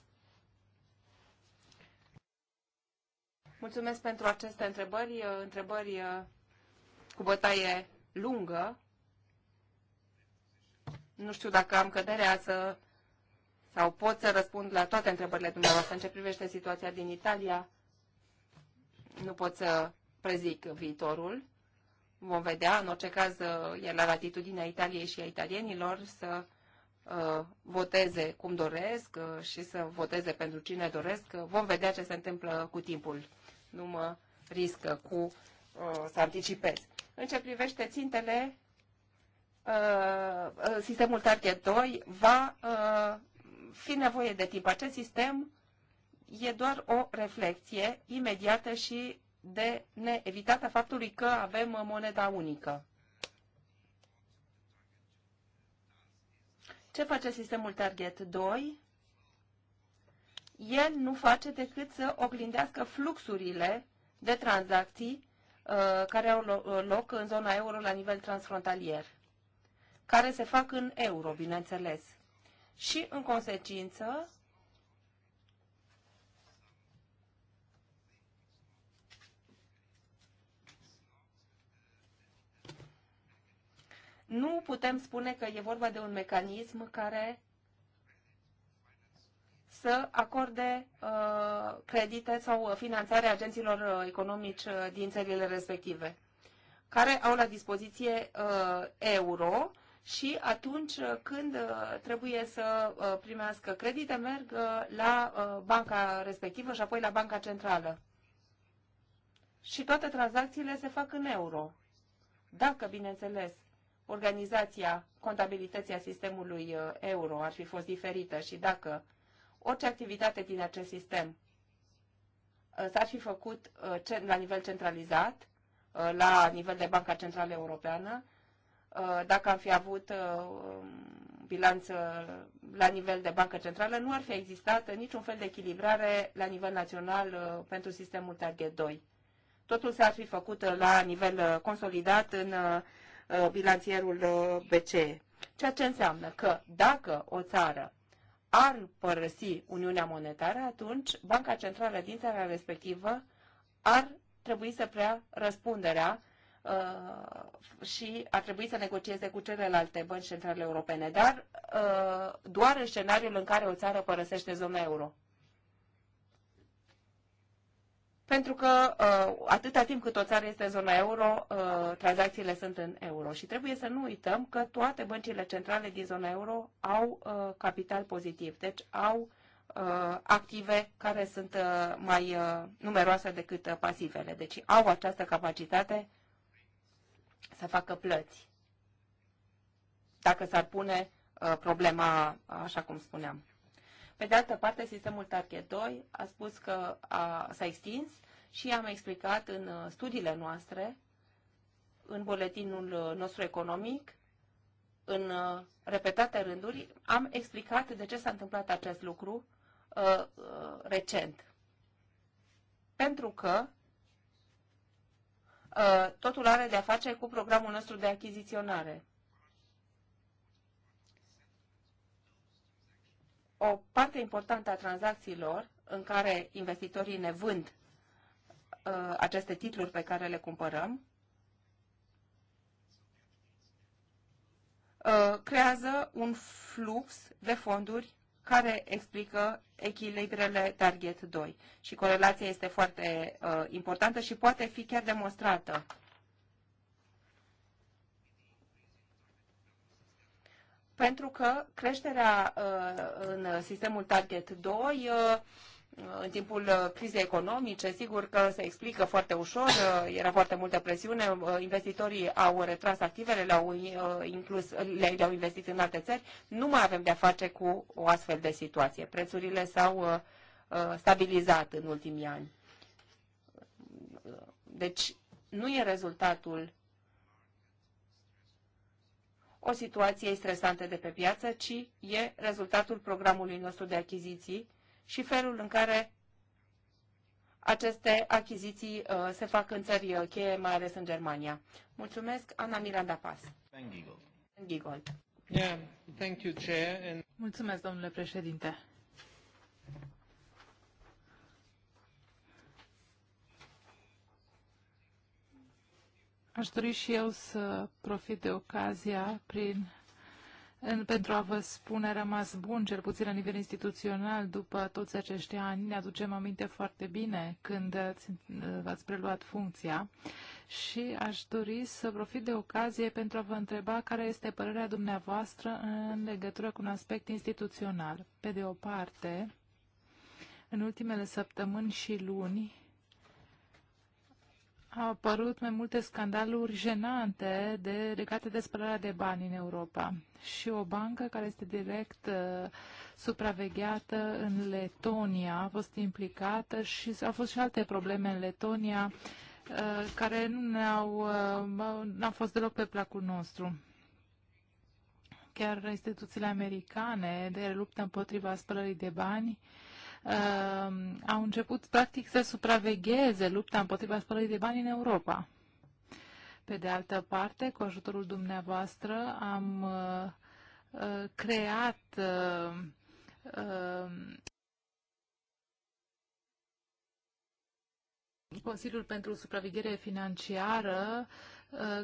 Mulțumesc pentru aceste întrebări, uh, întrebări uh, cu bătaie lungă. Nu știu dacă am căderea să sau pot să răspund la toate întrebările dumneavoastră în ce privește situația din Italia. Nu pot să prezic viitorul. Vom vedea, în orice caz, uh, e la latitudinea Italiei și a italienilor să uh, voteze cum doresc uh, și să voteze pentru cine doresc. Vom vedea ce se întâmplă cu timpul nu mă riscă cu uh, să anticipez. În ce privește țintele, uh, uh sistemul Target 2 va uh, fi nevoie de timp. Acest sistem e doar o reflexie imediată și de neevitată faptului că avem moneda unică. Ce face sistemul Target 2? el nu face decât să oglindească fluxurile de tranzacții uh, care au uh, loc în zona euro la nivel transfrontalier, care se fac în euro, bineînțeles. Și, în consecință, nu putem spune că e vorba de un mecanism care să acorde uh, credite sau finanțare agenților uh, economici uh, din țările respective, care au la dispoziție uh, euro și atunci uh, când uh, trebuie să primească credite, merg la banca respectivă și apoi la banca centrală. Și toate tranzacțiile se fac în euro. Dacă, bineînțeles, organizația contabilității a sistemului euro ar fi fost diferită și dacă uh, orice activitate din acest sistem uh, s-ar fi făcut uh, la nivel centralizat, uh, la nivel de Banca Centrală Europeană, dacă am fi avut um, bilanț la nivel de Bancă Centrală, nu ar fi existat niciun fel de echilibrare la nivel național pentru sistemul Target 2. Totul s-ar fi făcut la nivel consolidat în bilanțierul BCE. Ceea ce înseamnă că dacă o țară ar părăsi Uniunea Monetară, atunci Banca Centrală din țara respectivă ar trebui să preia răspunderea uh, și ar trebui să negocieze cu celelalte bănci centrale europene, dar uh, doar în scenariul în care o țară părăsește zona euro pentru că uh, atâta timp cât o țară este în zona euro, uh, tranzacțiile sunt în euro. Și trebuie să nu uităm că toate băncile centrale din zona euro au uh, capital pozitiv, deci au uh, active care sunt uh, mai uh, numeroase decât uh, pasivele. Deci au această capacitate să facă plăți, dacă s-ar pune uh, problema așa cum spuneam. Pe de altă parte, sistemul Target 2 a spus că a, s-a extins și am explicat în uh, studiile noastre, în buletinul uh, nostru economic, în uh, repetate rânduri, am explicat de ce s-a întâmplat acest lucru uh, uh, recent. Pentru că uh, totul are de-a face cu programul nostru de achiziționare. o parte importantă a tranzacțiilor în care investitorii ne vând uh, aceste titluri pe care le cumpărăm, uh, creează un flux de fonduri care explică echilibrele Target 2. Și corelația este foarte uh, importantă și poate fi chiar demonstrată pentru că creșterea uh, în sistemul Target 2 uh, în timpul uh, crizei economice, sigur că se explică foarte ușor, era foarte multă presiune, investitorii au retras activele, le-au, inclus, le-au investit în alte țări, nu mai avem de-a face cu o astfel de situație. Prețurile s-au stabilizat în ultimii ani. Deci nu e rezultatul o situație stresantă de pe piață, ci e rezultatul programului nostru de achiziții și felul în care aceste achiziții uh, se fac în țări uh, cheie, mai ales în Germania. Mulțumesc, Ana Miranda Pas. Giegold. Yeah, thank you, Chair. And... Mulțumesc, domnule președinte. Aș dori și eu să profit de ocazia prin, în, pentru a vă spune a rămas bun, cel puțin la nivel instituțional, după toți acești ani. Ne aducem aminte foarte bine când v-ați preluat funcția și aș dori să profit de ocazie pentru a vă întreba care este părerea dumneavoastră în legătură cu un aspect instituțional. Pe de o parte, în ultimele săptămâni și luni, au apărut mai multe scandaluri jenante de, legate de spălarea de bani în Europa. Și o bancă care este direct uh, supravegheată în Letonia a fost implicată și au fost și alte probleme în Letonia uh, care nu au uh, au fost deloc pe placul nostru. Chiar instituțiile americane de luptă împotriva spălării de bani uh, uh, au început practic să supravegheze lupta împotriva spălării de bani în Europa. Pe de altă parte, cu ajutorul dumneavoastră am uh, uh, creat uh, uh, Consiliul pentru Supraveghere Financiară,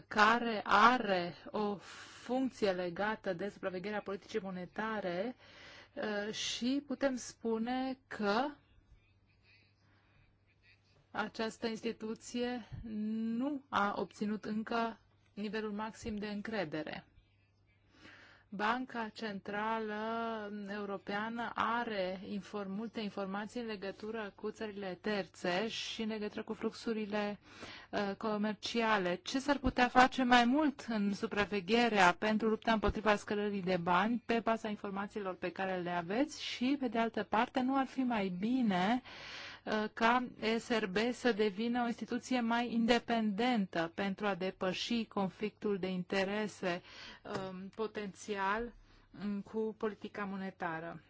care are o funcție legată de supravegherea politicii monetare Uh, și putem spune că această instituție nu a obținut încă nivelul maxim de încredere. Banca Centrală Europeană are inform, multe informații în legătură cu țările terțe și în legătură cu fluxurile uh, comerciale. Ce s-ar putea face mai mult în supravegherea pentru lupta împotriva scălării de bani pe baza informațiilor pe care le aveți și, pe de altă parte, nu ar fi mai bine uh, Uh, ca SRB să devină o instituție mai independentă pentru a depăși conflictul de interese um, potențial mm, cu politica monetară.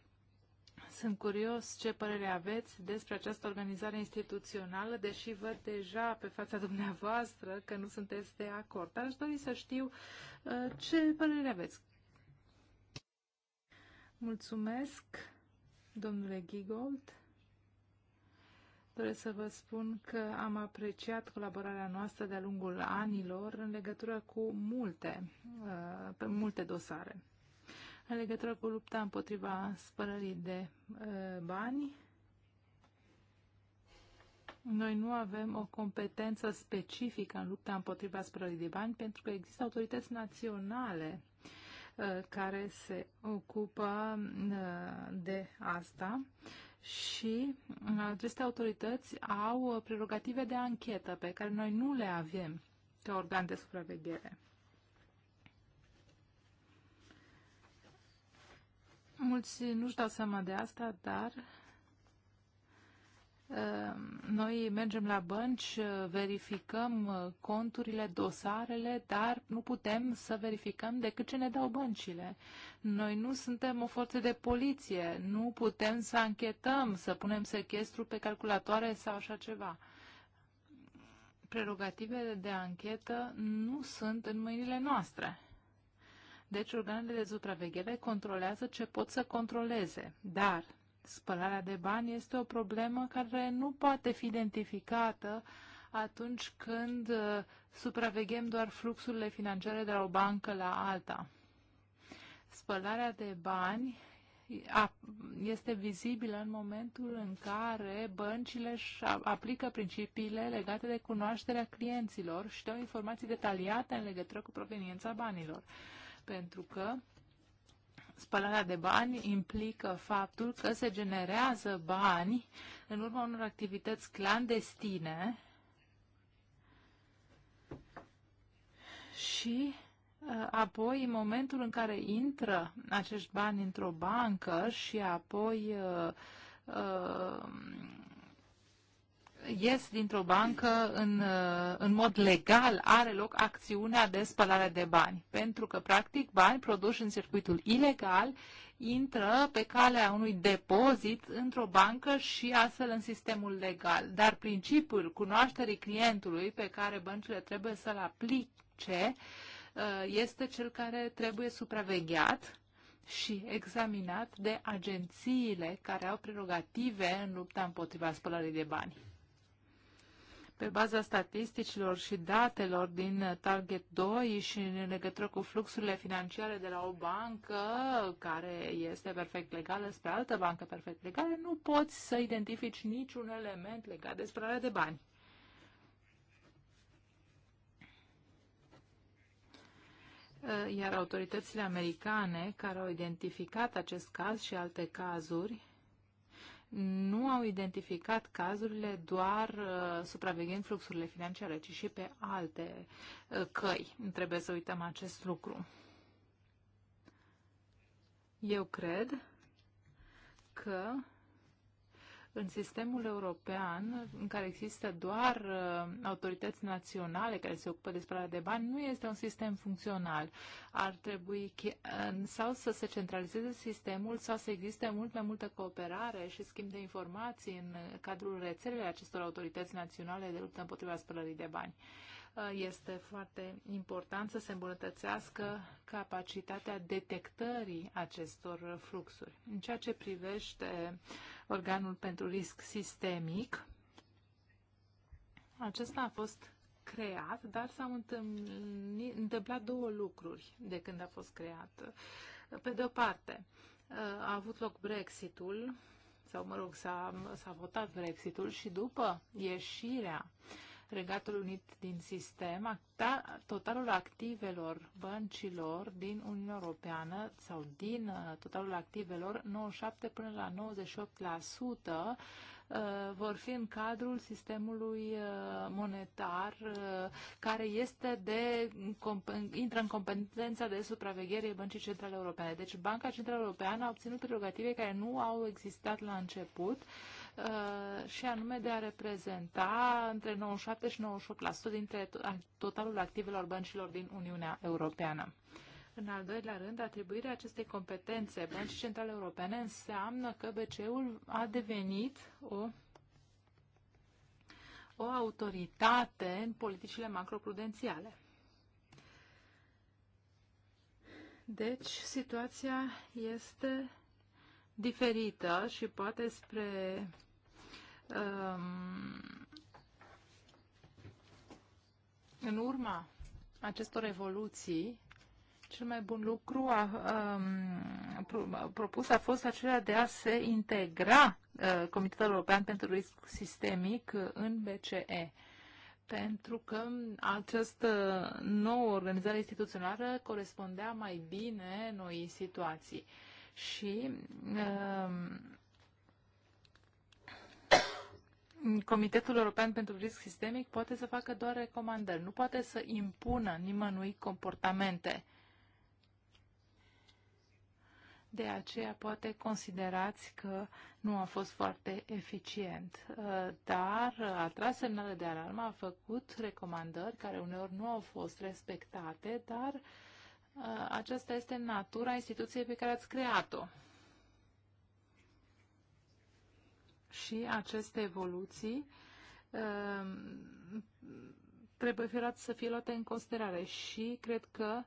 Sunt curios ce părere aveți despre această organizare instituțională, deși văd deja pe fața dumneavoastră că nu sunteți de acord. Dar aș dori să știu uh, ce părere aveți. Mulțumesc, domnule Gigold doresc să vă spun că am apreciat colaborarea noastră de-a lungul anilor în legătură cu multe, uh, pe multe dosare. În legătură cu lupta împotriva spălării de uh, bani, noi nu avem o competență specifică în lupta împotriva spălării de bani pentru că există autorități naționale uh, care se ocupă de asta și aceste autorități au uh, prerogative de anchetă pe care noi nu le avem ca organ de supraveghere. Mulți nu-și dau seama de asta, dar noi mergem la bănci, verificăm uh, conturile, dosarele, dar nu putem să verificăm decât ce ne dau băncile. Noi nu suntem o forță de poliție, nu putem să anchetăm, să punem sechestru pe calculatoare sau așa ceva. Prerogativele de anchetă nu sunt în mâinile noastre. Deci organele de supraveghere controlează ce pot să controleze, dar Spălarea de bani este o problemă care nu poate fi identificată atunci când uh, supraveghem doar fluxurile financiare de la o bancă la alta. Spălarea de bani este vizibilă în momentul în care băncile își aplică principiile legate de cunoașterea clienților și dau informații detaliate în legătură cu proveniența banilor. Pentru că Spălarea de bani implică faptul că se generează bani în urma unor activități clandestine și uh, apoi în momentul în care intră acești bani într-o bancă și apoi uh, uh, ies dintr-o bancă în, uh, în mod legal, are loc acțiunea de spălare de bani. Pentru că, practic, bani produși în circuitul ilegal intră pe calea unui depozit într-o bancă și astfel în sistemul legal. Dar principiul cunoașterii clientului pe care băncile trebuie să-l aplice uh, este cel care trebuie supravegheat și examinat de agențiile care au prerogative în lupta împotriva spălării de bani pe baza statisticilor și datelor din Target 2 și în legătură cu fluxurile financiare de la o bancă care este perfect legală spre altă bancă perfect legală, nu poți să identifici niciun element legat de spălare de bani. Iar autoritățile americane care au identificat acest caz și alte cazuri nu au identificat cazurile doar uh, supraveghind fluxurile financiare, ci și pe alte uh, căi. Trebuie să uităm acest lucru. Eu cred că în sistemul european, în care există doar uh, autorități naționale care se ocupă de spălarea de bani, nu este un sistem funcțional. Ar trebui sau să se centralizeze sistemul sau să existe mult mai multă cooperare și schimb de informații în cadrul rețelei acestor autorități naționale de luptă împotriva spălării de bani. Uh, este foarte important să se îmbunătățească capacitatea detectării acestor fluxuri. În ceea ce privește uh, organul pentru risc sistemic. Acesta a fost creat, dar s-au întâmplat două lucruri de când a fost creat. Pe de o parte, a avut loc Brexitul, sau mă rog, s-a, votat Brexitul și după ieșirea uh, Regatul Unit din sistem, totalul activelor băncilor din Uniunea Europeană sau din uh, totalul activelor 97 până la 98% uh, vor fi în cadrul sistemului uh, monetar care este de, intră în competența de supraveghere Băncii Centrale Europene. Deci Banca Centrală Europeană a obținut prerogative care nu au existat la început Uh, și anume de a reprezenta între 97 și 98% dintre totalul activelor băncilor din Uniunea Europeană. În al doilea rând, atribuirea acestei competențe Băncii Centrale Europene înseamnă că BCE-ul a devenit o o autoritate în politicile macroprudențiale. Deci, situația este diferită și poate spre în urma acestor evoluții, cel mai bun lucru a, a, um, propus a fost acela de a se integra a, uh, Comitetul European pentru Risc Sistemic în BCE. Pentru că această nouă organizare instituțională corespundea mai bine noi situații. Și um, Comitetul European pentru Risc Sistemic poate să facă doar recomandări, nu poate să impună nimănui comportamente. De aceea poate considerați că nu a fost foarte eficient, uh, dar a tras semnale de alarmă, a făcut recomandări care uneori nu au fost respectate, dar uh, aceasta este natura instituției pe care ați creat-o. și aceste evoluții um, trebuie firat să fie luate în considerare și cred că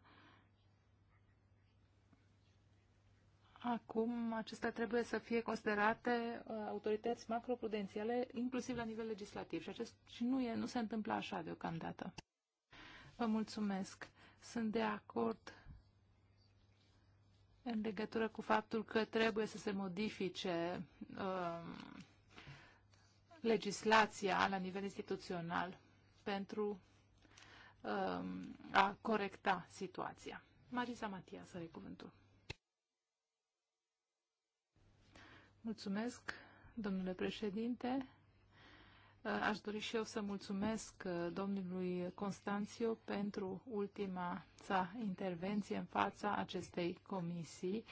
acum acestea trebuie să fie considerate uh, autorități macroprudențiale, inclusiv la nivel legislativ și, acest, și nu, e, nu se întâmplă așa deocamdată. Vă mulțumesc. Sunt de acord în legătură cu faptul că trebuie să se modifice uh, legislația la nivel instituțional pentru um, a corecta situația. Marisa Matia, să are cuvântul. Mulțumesc, domnule președinte. Uh, aș dori și eu să mulțumesc uh, domnului Constanțiu pentru ultima sa intervenție în fața acestei comisii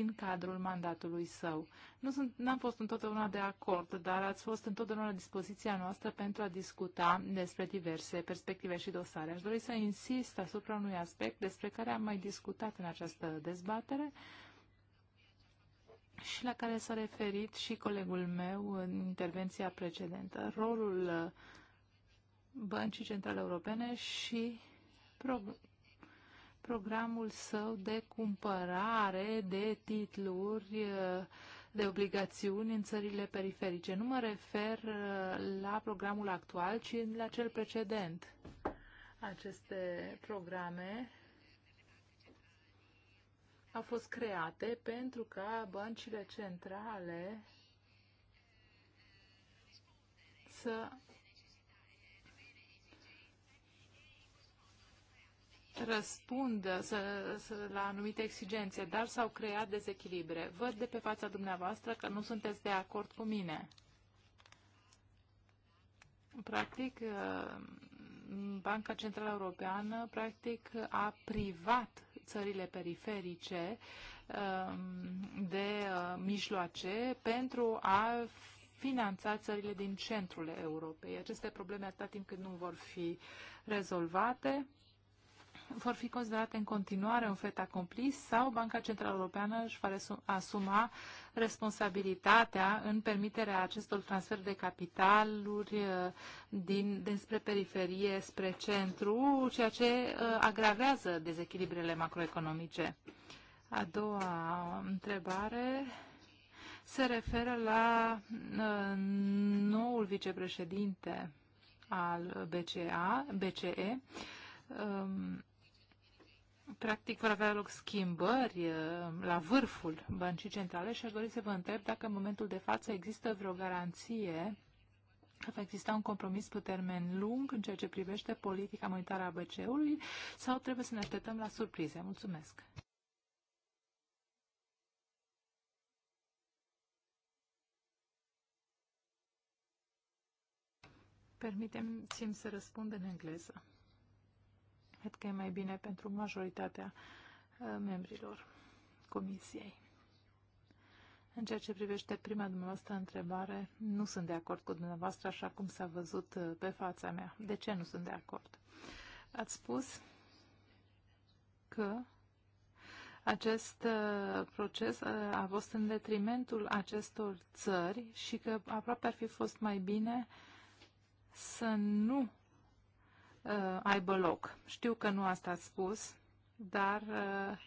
din cadrul mandatului său. Nu sunt, n-am fost întotdeauna de acord, dar ați fost întotdeauna la dispoziția noastră pentru a discuta despre diverse perspective și dosare. Aș dori să insist asupra unui aspect despre care am mai discutat în această dezbatere și la care s-a referit și colegul meu în intervenția precedentă, rolul Băncii Centrale Europene și programul său de cumpărare de titluri uh, de obligațiuni în țările periferice. Nu mă refer uh, la programul actual, ci la cel precedent. Aceste programe au fost create pentru ca băncile centrale să răspundă să, să, la anumite exigențe, dar s-au creat dezechilibre. Văd de pe fața dumneavoastră că nu sunteți de acord cu mine. Practic, uh, Banca Centrală Europeană practic a privat țările periferice um, de uh, mijloace pentru a finanța țările din centrul Europei. Aceste probleme atâta timp cât nu vor fi rezolvate, vor fi considerate în continuare un fet acomplis sau Banca Centrală Europeană își va asuma responsabilitatea în permiterea acestor transfer de capitaluri uh, din, dinspre periferie spre centru, ceea ce uh, agravează dezechilibrele macroeconomice. A doua uh, întrebare se referă la noul vicepreședinte al BCA, BCE. Um, practic vor avea loc schimbări uh, la vârful băncii centrale și aș dori să vă întreb dacă în momentul de față există vreo garanție că va exista un compromis pe termen lung în ceea ce privește politica monetară a BCE-ului sau trebuie să ne așteptăm la surprize. Mulțumesc! Permitem-mi să răspund în engleză. Cred că e mai bine pentru majoritatea uh, membrilor comisiei. În ceea ce privește prima dumneavoastră întrebare, nu sunt de acord cu dumneavoastră așa cum s-a văzut uh, pe fața mea. De ce nu sunt de acord? Ați spus că acest uh, proces a fost în detrimentul acestor țări și că aproape ar fi fost mai bine să nu uh, aibă loc. Știu că nu asta ați spus, dar uh,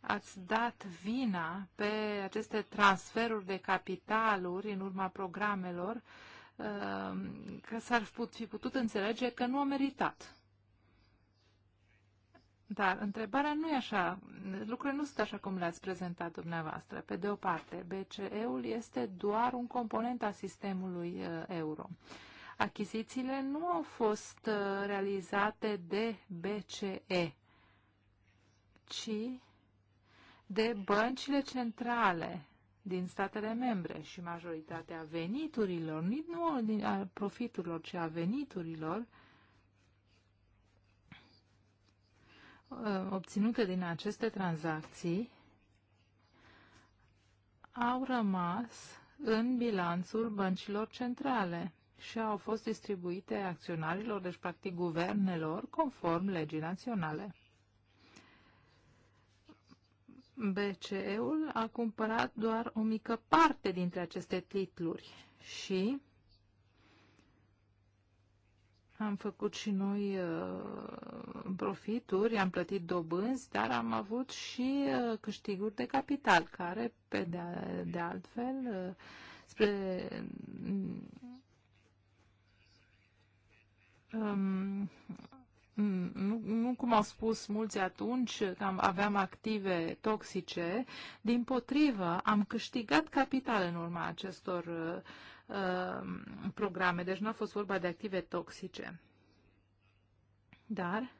ați dat vina pe aceste transferuri de capitaluri în urma programelor uh, că s-ar fi putut înțelege că nu a meritat. Dar întrebarea nu e așa, lucrurile nu sunt așa cum le-ați prezentat dumneavoastră. Pe de o parte, BCE-ul este doar un component al sistemului uh, euro. Uh, Achizițiile nu au fost uh, realizate de BCE, ci de băncile centrale din statele membre și majoritatea veniturilor, nici nu a profiturilor, ci a veniturilor, uh, obținute din aceste tranzacții au rămas în bilanțul băncilor centrale și au fost distribuite acționarilor, deci practic guvernelor, conform legii naționale. BCE-ul a cumpărat doar o mică parte dintre aceste titluri și am făcut și noi uh, profituri, am plătit dobânzi, dar am avut și uh, câștiguri de capital, care, pe de, de altfel, uh, spre um, nu, nu cum au spus mulți atunci, că am, aveam active toxice, din potrivă am câștigat capital în urma acestor uh, programe, deci nu a fost vorba de active toxice. Dar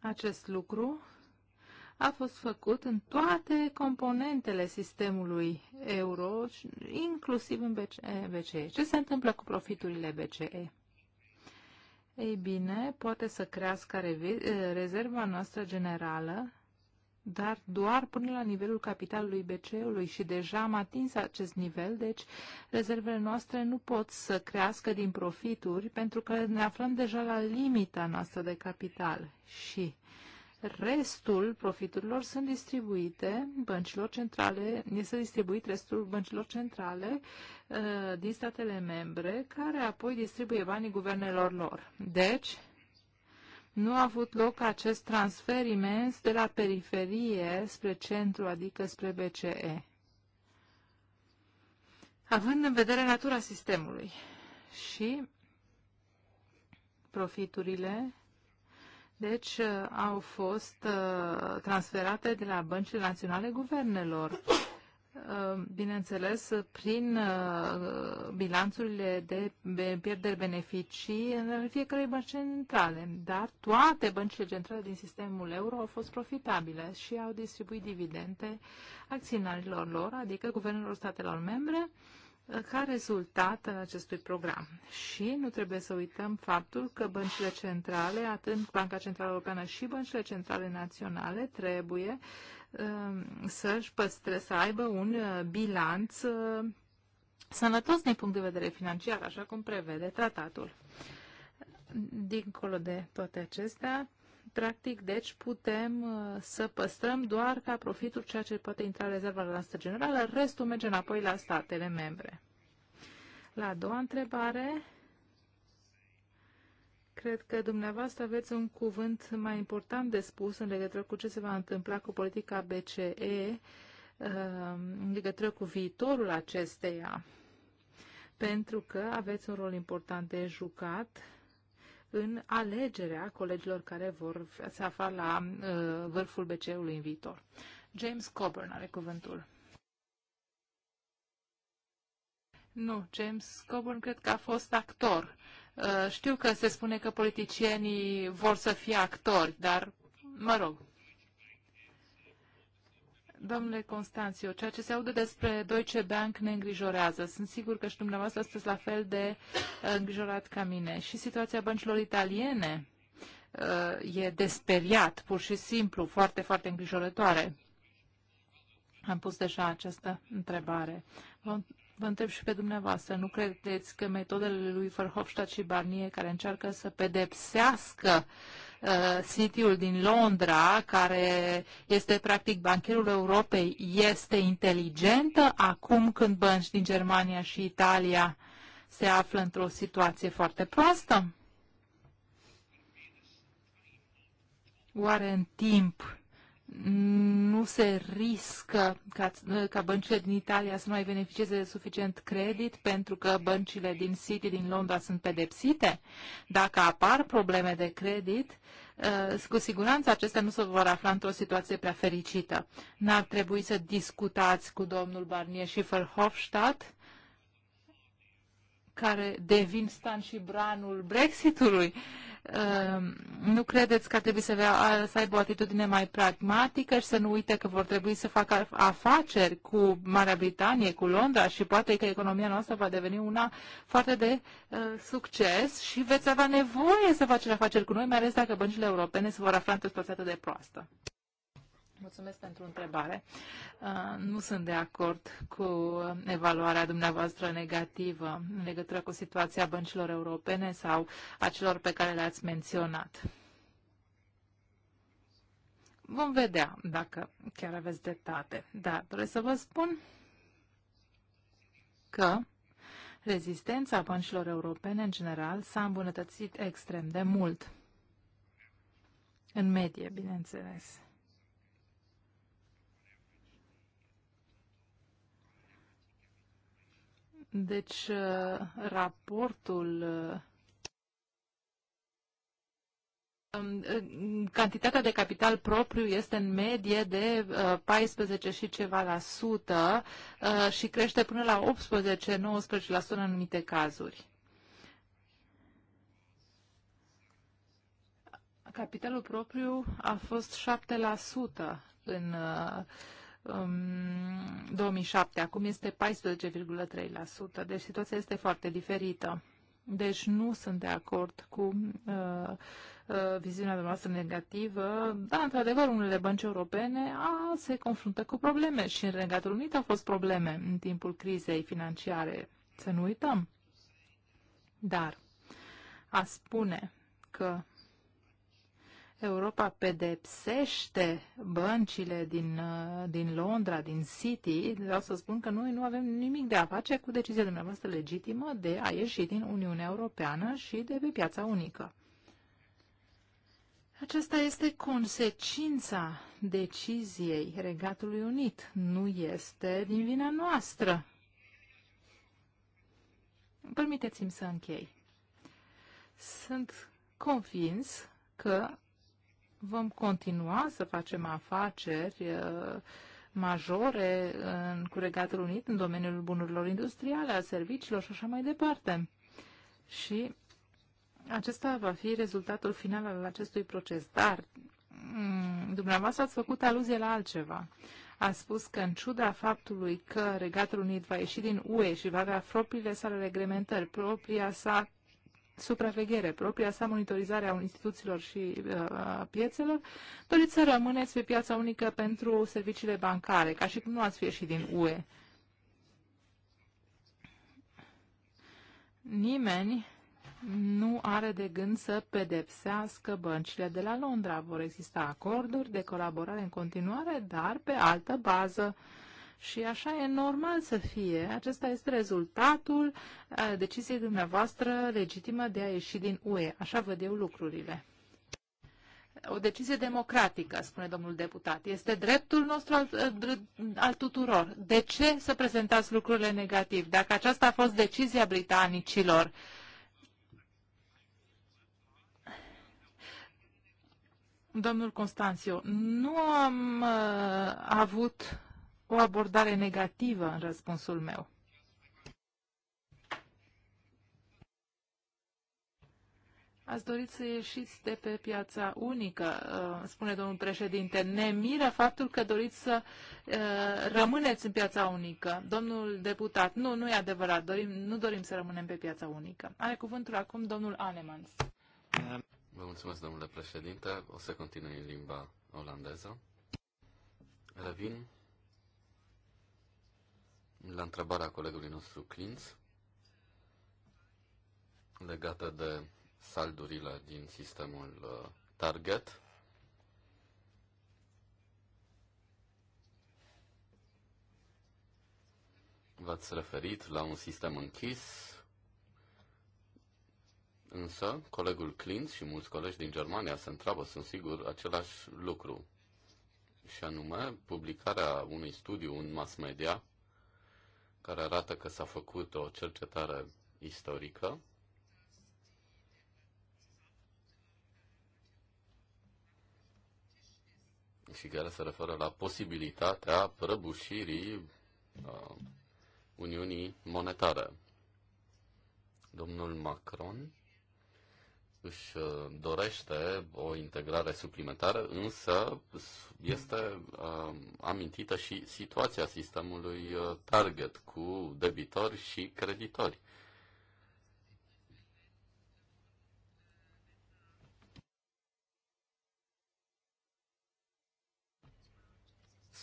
acest lucru a fost făcut în toate componentele sistemului euro, inclusiv în BCE. Ce se întâmplă cu profiturile BCE? Ei bine, poate să crească eh, rezerva noastră generală, dar doar până la nivelul capitalului BCE-ului și deja am atins acest nivel, deci rezervele noastre nu pot să crească din profituri pentru că ne aflăm deja la limita noastră de capital și Restul profiturilor sunt distribuite băncilor centrale, este distribuit restul băncilor centrale uh, din statele membre, care apoi distribuie banii guvernelor lor. Deci, nu a avut loc acest transfer imens de la periferie spre centru, adică spre BCE. Având în vedere natura sistemului și profiturile deci uh, au fost uh, transferate de la băncile naționale guvernelor, uh, bineînțeles, prin bilanțurile de pierderi beneficii în fiecare bănci centrale. Dar toate băncile centrale din sistemul euro au fost profitabile și au distribuit dividende acționarilor lor, adică guvernelor statelor membre, ca rezultat al acestui program. Și nu trebuie să uităm faptul că băncile centrale, atât Banca Centrală Europeană și băncile centrale naționale, trebuie um, să-și păstre, să aibă un uh, bilanț uh, sănătos din punct de vedere financiar, așa cum prevede tratatul. Dincolo de toate acestea, Practic, deci, putem uh, să păstrăm doar ca profitul ceea ce poate intra rezerva la noastră generală, restul merge înapoi la statele membre. La a doua întrebare, cred că dumneavoastră aveți un cuvânt mai important de spus în legătură cu ce se va întâmpla cu politica BCE, uh, în legătură cu viitorul acesteia, pentru că aveți un rol important de jucat în alegerea colegilor care vor se afla la uh, vârful BCE-ului în viitor. James Coburn are cuvântul. Nu, James Coburn cred că a fost actor. Uh, știu că se spune că politicienii vor să fie actori, dar, mă rog, Domnule Constanțiu, ceea ce se aude despre Deutsche Bank ne îngrijorează. Sunt sigur că și dumneavoastră sunteți la fel de uh, îngrijorat ca mine. Și situația băncilor italiene uh, e desperiat, pur și simplu, foarte, foarte îngrijorătoare. Am pus deja această întrebare. Vă, vă întreb și pe dumneavoastră, nu credeți că metodele lui Verhofstadt și Barnier, care încearcă să pedepsească uh, City-ul uh, din Londra, care este practic bancherul Europei, este inteligentă acum când bănci din Germania și Italia se află într-o situație foarte proastă? Oare în timp nu se riscă ca, ca băncile din Italia să nu mai beneficieze de suficient credit pentru că băncile din City, din Londra sunt pedepsite? Dacă apar probleme de credit, uh, cu siguranță acestea nu se vor afla într-o situație prea fericită. N-ar trebui să discutați cu domnul Barnier și Verhofstadt, care devin stan și branul Brexitului. Ehm, nu credeți că trebuie să, avea, să aibă o atitudine mai pragmatică și să nu uite că vor trebui să facă afaceri cu Marea Britanie, cu Londra și poate că economia noastră va deveni una foarte de uh, succes și veți avea nevoie să faceți afaceri cu noi, mai ales dacă băncile europene se vor afla într-o situație de proastă. Mulțumesc pentru întrebare. Uh, nu sunt de acord cu evaluarea dumneavoastră negativă în legătură cu situația băncilor europene sau a celor pe care le-ați menționat. Vom vedea dacă chiar aveți dreptate. Dar doresc să vă spun că rezistența băncilor europene în general s-a îmbunătățit extrem de mult. În medie, bineînțeles. Deci, uh, raportul uh, um, uh, cantitatea de capital propriu este în medie de 14 și ceva la sută și crește până la 18-19% în anumite cazuri. Capitalul propriu a fost 7% în um, 2007. Acum este 14,3%. Deci situația este foarte diferită. Deci nu sunt de acord cu uh, uh, viziunea noastră negativă. Dar, într-adevăr, unele bănci europene a, se confruntă cu probleme și în Regatul Unit au fost probleme în timpul crizei financiare. Să nu uităm. Dar a spune că Europa pedepsește băncile din, uh, din Londra, din City, vreau să spun că noi nu avem nimic de a face cu decizia dumneavoastră legitimă de a ieși din Uniunea Europeană și de pe piața unică. Aceasta este consecința deciziei Regatului Unit, nu este din vina noastră. Permiteți-mi să închei. Sunt convins că Vom continua să facem afaceri uh, majore în, cu Regatul Unit în domeniul bunurilor industriale, a serviciilor și așa mai departe. Și acesta va fi rezultatul final al acestui proces. Dar mm, dumneavoastră ați făcut aluzie la altceva. A spus că în ciuda faptului că Regatul Unit va ieși din UE și va avea propriile sale reglementări, propria sa supraveghere, propria sa monitorizare a instituțiilor și a uh, piețelor, doriți să rămâneți pe piața unică pentru serviciile bancare, ca și cum nu ați fi ieșit din UE. Nimeni nu are de gând să pedepsească băncile de la Londra. Vor exista acorduri de colaborare în continuare, dar pe altă bază. Și așa e normal să fie. Acesta este rezultatul deciziei dumneavoastră legitimă de a ieși din UE. Așa văd eu lucrurile. O decizie democratică, spune domnul deputat. Este dreptul nostru al, al tuturor. De ce să prezentați lucrurile negativ? Dacă aceasta a fost decizia britanicilor, Domnul Constanțiu, nu am uh, avut o abordare negativă în răspunsul meu. Ați dorit să ieșiți de pe piața unică, uh, spune domnul președinte. Ne miră faptul că doriți să uh, rămâneți în piața unică. Domnul deputat, nu, nu e adevărat, dorim, nu dorim să rămânem pe piața unică. Are cuvântul acum domnul Anemans. Vă mulțumesc, domnule președinte. O să continui în limba olandeză. Revin la întrebarea colegului nostru Clint legată de saldurile din sistemul uh, target. V-ați referit la un sistem închis, însă colegul Clint și mulți colegi din Germania se întreabă, sunt sigur, același lucru, și anume publicarea unui studiu în mass media care arată că s-a făcut o cercetare istorică și care se referă la posibilitatea prăbușirii uh, Uniunii Monetare. Domnul Macron își uh, dorește o integrare suplimentară, însă este uh, amintită și situația sistemului uh, target cu debitori și creditori.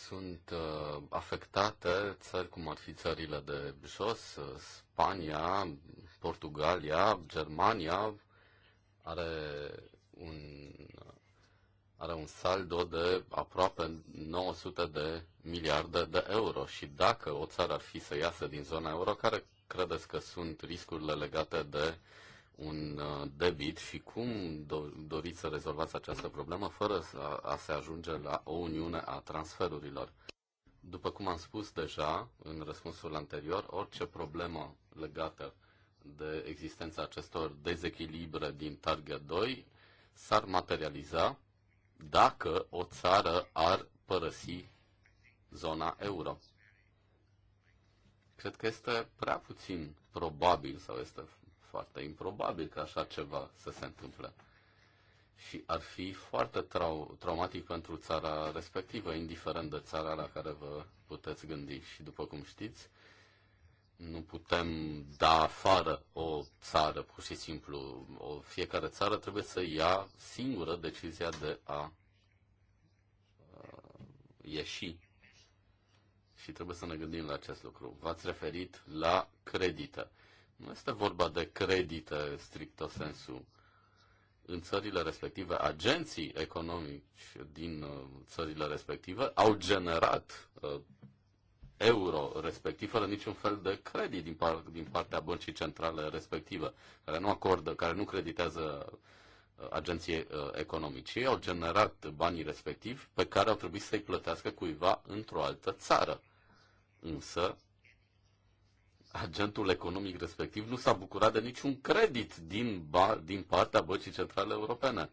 sunt uh, afectate țări cum ar fi țările de jos, uh, Spania, Portugalia, Germania, are un, are un saldo de aproape 900 de miliarde de euro și dacă o țară ar fi să iasă din zona euro, care credeți că sunt riscurile legate de un uh, debit și cum do- doriți să rezolvați această problemă fără a, a se ajunge la o uniune a transferurilor? După cum am spus deja în răspunsul anterior, orice problemă legată de existența acestor dezechilibre din Target 2 s-ar materializa dacă o țară ar părăsi zona euro. Cred că este prea puțin probabil sau este foarte improbabil că așa ceva să se întâmple. Și ar fi foarte trau- traumatic pentru țara respectivă, indiferent de țara la care vă puteți gândi. Și după cum știți, nu putem da afară o țară, pur și simplu. O, fiecare țară trebuie să ia singură decizia de a uh, ieși. Și trebuie să ne gândim la acest lucru. V-ați referit la credită. Nu este vorba de credită stricto sensu. În țările respective, agenții economici din uh, țările respective au generat uh, euro respectiv, fără niciun fel de credit din, par- din partea băncii centrale respective, care nu acordă, care nu creditează uh, agenției uh, economice. au generat banii respectivi pe care au trebuit să-i plătească cuiva într-o altă țară. Însă, agentul economic respectiv nu s-a bucurat de niciun credit din, ba- din partea Băncii Centrale Europene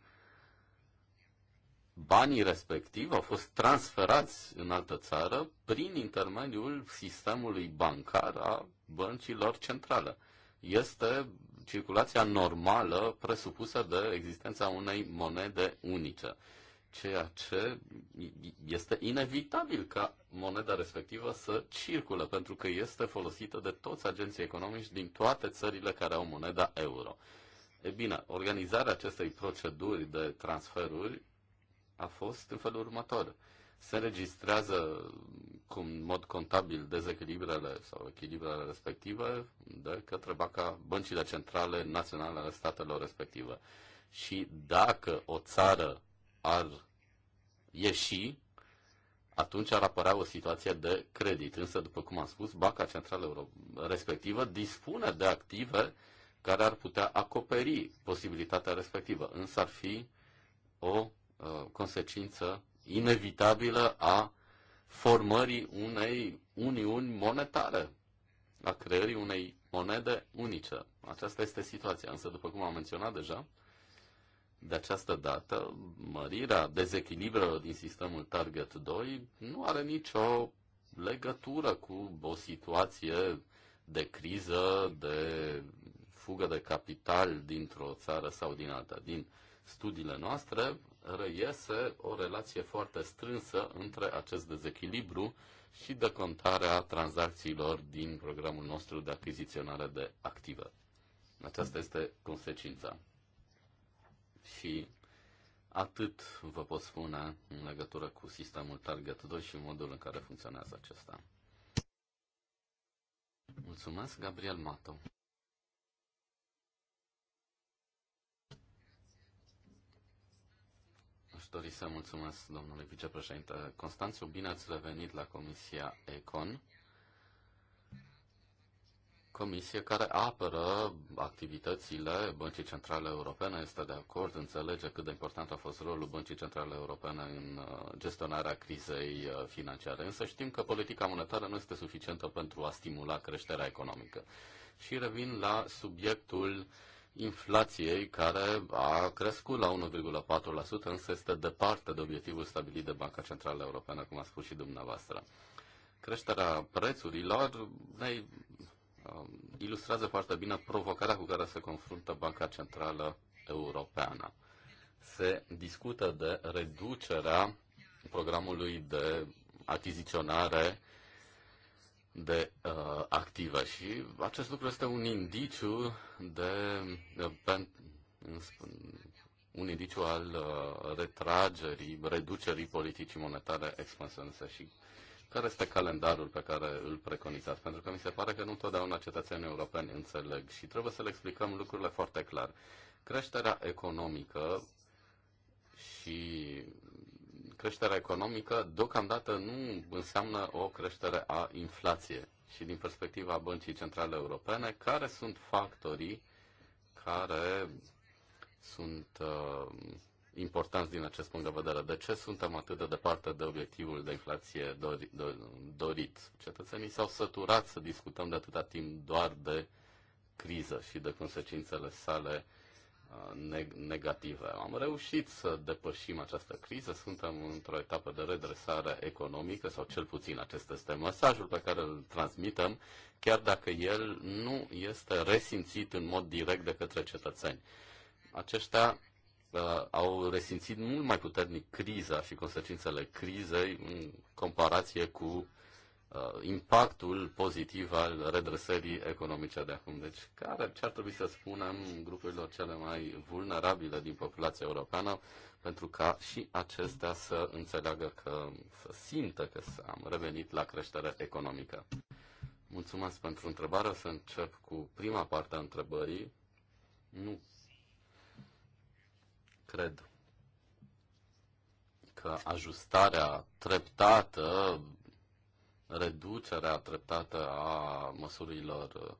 banii respectivi au fost transferați în altă țară prin intermediul sistemului bancar a băncilor centrale. Este circulația normală presupusă de existența unei monede unice, ceea ce este inevitabil ca moneda respectivă să circule, pentru că este folosită de toți agenții economici din toate țările care au moneda euro. E bine, organizarea acestei proceduri de transferuri a fost în felul următor. Se registrează cu un mod contabil dezechilibrele sau echilibrele respective de către banca, băncile centrale naționale ale statelor respective. Și dacă o țară ar ieși, atunci ar apărea o situație de credit. Însă, după cum am spus, Banca Centrală respectivă dispune de active care ar putea acoperi posibilitatea respectivă, însă ar fi o Uh, consecință inevitabilă a formării unei uniuni monetare, a creării unei monede unice. Aceasta este situația, însă după cum am menționat deja, de această dată, mărirea dezechilibrelor din sistemul Target 2 nu are nicio legătură cu o situație de criză, de fugă de capital dintr-o țară sau din alta. Din studiile noastre reiese o relație foarte strânsă între acest dezechilibru și decontarea tranzacțiilor din programul nostru de achiziționare de active. Aceasta este consecința. Și atât vă pot spune în legătură cu sistemul Target 2 și modul în care funcționează acesta. Mulțumesc, Gabriel Mato. Aș dori să mulțumesc domnului vicepreședinte Constanțiu. Bine ați revenit la Comisia ECON. Comisie care apără activitățile Băncii Centrale Europene, este de acord, înțelege cât de important a fost rolul Băncii Centrale Europene în uh, gestionarea crizei uh, financiare. Însă știm că politica monetară nu este suficientă pentru a stimula creșterea economică. Și revin la subiectul uh, inflației care a crescut la 1,4%, însă este departe de obiectivul stabilit de Banca Centrală Europeană, cum a spus și dumneavoastră. Creșterea prețurilor ne um, ilustrează foarte bine provocarea cu care se confruntă Banca Centrală Europeană. Se discută de reducerea programului de achiziționare de uh, activă și acest lucru este un indiciu de, de uh, pe, un indiciu al uh, retragerii, reducerii politicii monetare expansioniste și care este calendarul pe care îl preconizați? Pentru că mi se pare că nu întotdeauna cetățenii europeni înțeleg și trebuie să le explicăm lucrurile foarte clar. Creșterea economică și creșterea economică deocamdată nu înseamnă o creștere a inflației. Și din perspectiva Băncii Centrale Europene, care sunt factorii care sunt uh, importanți din acest punct de vedere? De ce suntem atât de departe de obiectivul de inflație dori, do, dorit? Cetățenii s-au săturat să discutăm de atâta timp doar de criză și de consecințele sale uh, negative. Am reușit să depășim această criză, suntem într-o etapă de redresare economică, sau cel puțin acest este mesajul pe care îl transmitem, chiar dacă el nu este resimțit în mod direct de către cetățeni. Aceștia uh, au resimțit mult mai puternic criza și consecințele crizei în comparație cu Uh, impactul pozitiv al redresării economice de acum. Deci, care ce ar trebui să spunem grupurilor cele mai vulnerabile din populația europeană pentru ca și acestea să înțeleagă că, să simtă că am revenit la creștere economică? Mulțumesc pentru întrebare. O să încep cu prima parte a întrebării. Nu cred că ajustarea treptată reducerea treptată a măsurilor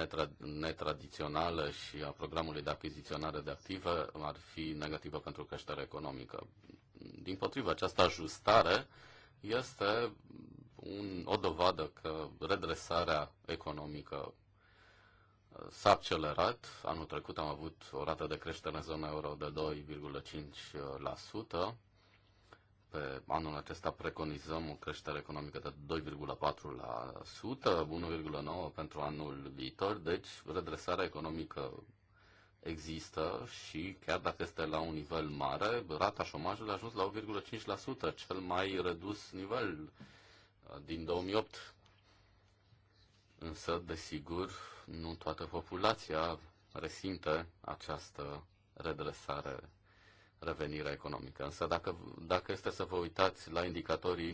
netra- netradiționale și a programului de achiziționare de active ar fi negativă pentru creșterea economică. Din potrivă, această ajustare este un, o dovadă că redresarea economică s-a accelerat. Anul trecut am avut o rată de creștere în zona euro de 2,5% pe anul acesta preconizăm o creștere economică de 2,4%, 1,9% pentru anul viitor, deci redresarea economică există și chiar dacă este la un nivel mare, rata șomajului a ajuns la 1,5%, cel mai redus nivel uh, din 2008. Însă, desigur, nu toată populația resimte această redresare revenirea economică. Însă dacă, dacă este să vă uitați la indicatorii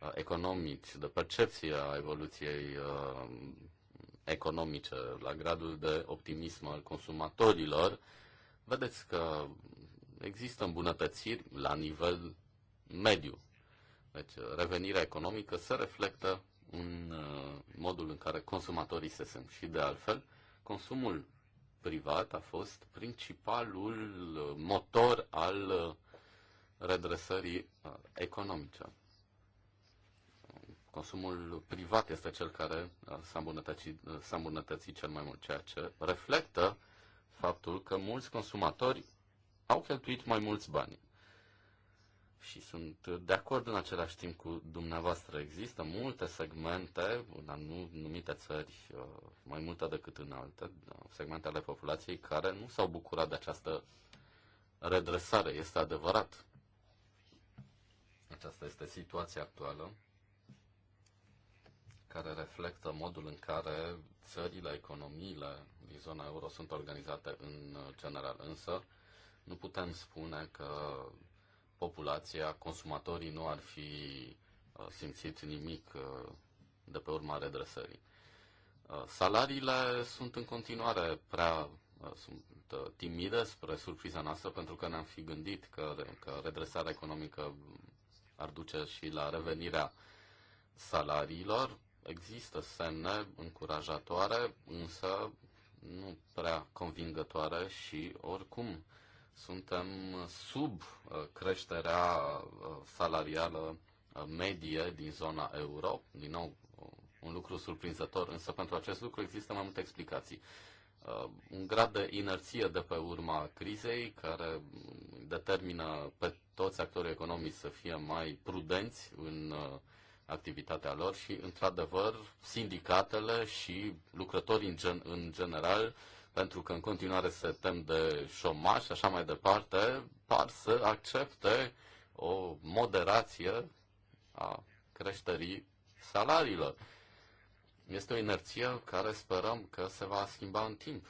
uh, economici, de percepție a evoluției uh, economice, la gradul de optimism al consumatorilor, vedeți că există îmbunătățiri la nivel mediu. Deci revenirea economică se reflectă în uh, modul în care consumatorii se simt Și de altfel, consumul privat a fost principalul uh, motor al uh, redresării uh, economice. Consumul privat este cel care s-a îmbunătățit, s-a îmbunătățit cel mai mult, ceea ce reflectă faptul că mulți consumatori au cheltuit mai mulți bani și sunt de acord în același timp cu dumneavoastră. Există multe segmente în anumite țări, uh, mai multe decât în alte, uh, segmente ale populației care nu s-au bucurat de această redresare. Este adevărat. Aceasta este situația actuală care reflectă modul în care țările, economiile din zona euro sunt organizate în general. Însă, nu putem spune că populația, consumatorii nu ar fi uh, simțit nimic uh, de pe urma redresării. Uh, salariile sunt în continuare prea sunt timide spre surpriza noastră pentru că ne-am fi gândit că, că redresarea economică ar duce și la revenirea salariilor. Există semne încurajatoare, însă nu prea convingătoare și oricum suntem sub uh, creșterea uh, salarială uh, medie din zona euro. Din nou, un lucru surprinzător, însă pentru acest lucru există mai multe explicații. Un grad de inerție de pe urma crizei care mm, determină pe toți actorii economici să fie mai prudenți în activitatea lor și, într-adevăr, sindicatele și lucrătorii în, gen, în general pentru că în continuare se tem de șomaj și așa mai departe, par să accepte o moderație a creșterii salariilor. Este o inerție care sperăm că se va schimba în timp.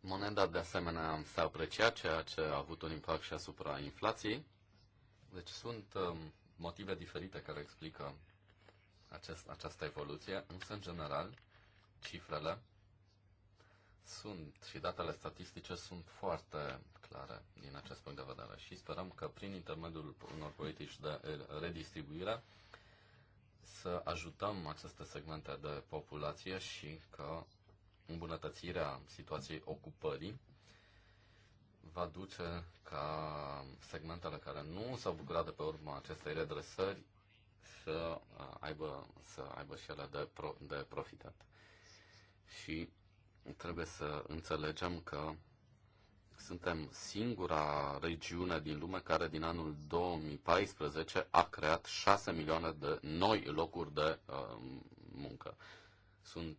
Moneda de asemenea s-a apreciat, ceea ce a avut un impact și asupra inflației. Deci sunt um, motive diferite care explică acest, această evoluție, însă, în general, cifrele sunt și datele statistice sunt foarte clare din acest punct de vedere și sperăm că prin intermediul unor politici de redistribuire să ajutăm aceste segmente de populație și că îmbunătățirea situației ocupării va duce ca segmentele care nu s-au bucurat de pe urma acestei redresări să aibă, să aibă și ele de, pro, de profitat. Și trebuie să înțelegem că suntem singura regiune din lume care din anul 2014 a creat 6 milioane de noi locuri de uh, muncă. Sunt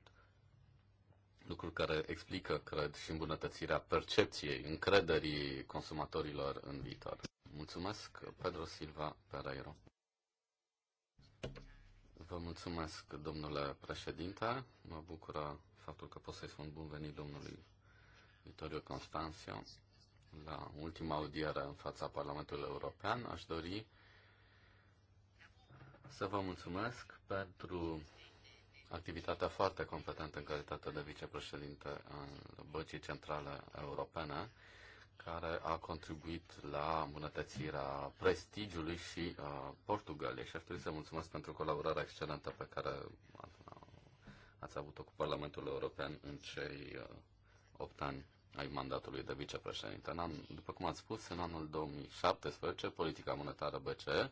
lucruri care explică, cred, și îmbunătățirea percepției, încrederii consumatorilor în viitor. Mulțumesc, Pedro Silva Pereiro. Vă mulțumesc, domnule președinte. Mă bucură faptul că pot să-i spun bun venit domnului Vitorio Constanțio la ultima audiere în fața Parlamentului European. Aș dori să vă mulțumesc pentru activitatea foarte competentă în calitate de vicepreședinte al Băncii Centrale Europene care a contribuit la îmbunătățirea prestigiului și a Portugaliei. Și aș trebui să mulțumesc pentru colaborarea excelentă pe care ați avut-o cu Parlamentul European în cei uh, opt 8 ani ai mandatului de vicepreședinte. În an, după cum ați spus, în anul 2017, politica monetară BCE,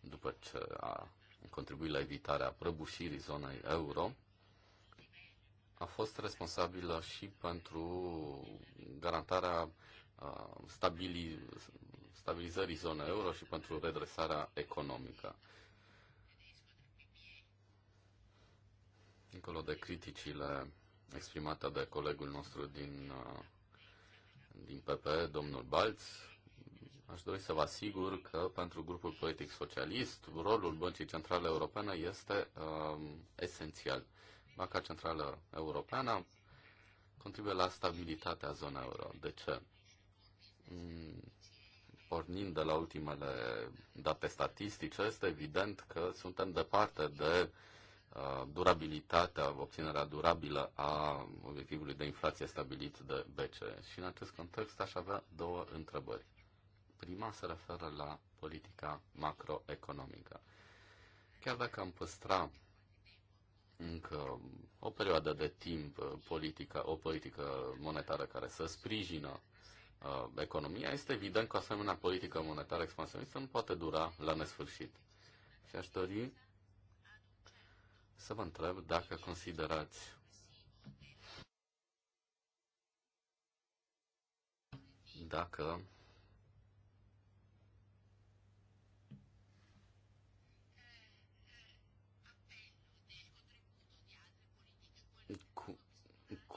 după ce a contribuit la evitarea prăbușirii zonei euro, a fost responsabilă și pentru garantarea stabili, stabilizării zonei euro și pentru redresarea economică. Dincolo de criticile exprimate de colegul nostru din, din PPE, domnul Balț, aș dori să vă asigur că pentru grupul politic socialist, rolul Băncii Centrale Europene este um, esențial. Banca Centrală Europeană contribuie la stabilitatea zonei euro. De ce? Mm, pornind de la ultimele date statistice, este evident că suntem departe de uh, durabilitatea, obținerea durabilă a obiectivului de inflație stabilit de BCE. Și în acest context aș avea două întrebări. Prima se referă la politica macroeconomică. Chiar dacă am păstra încă o perioadă de timp uh, politică, o politică monetară care să sprijină uh, economia, este evident că o asemenea politică monetară expansionistă nu poate dura la nesfârșit. Și aș dori să vă întreb dacă considerați dacă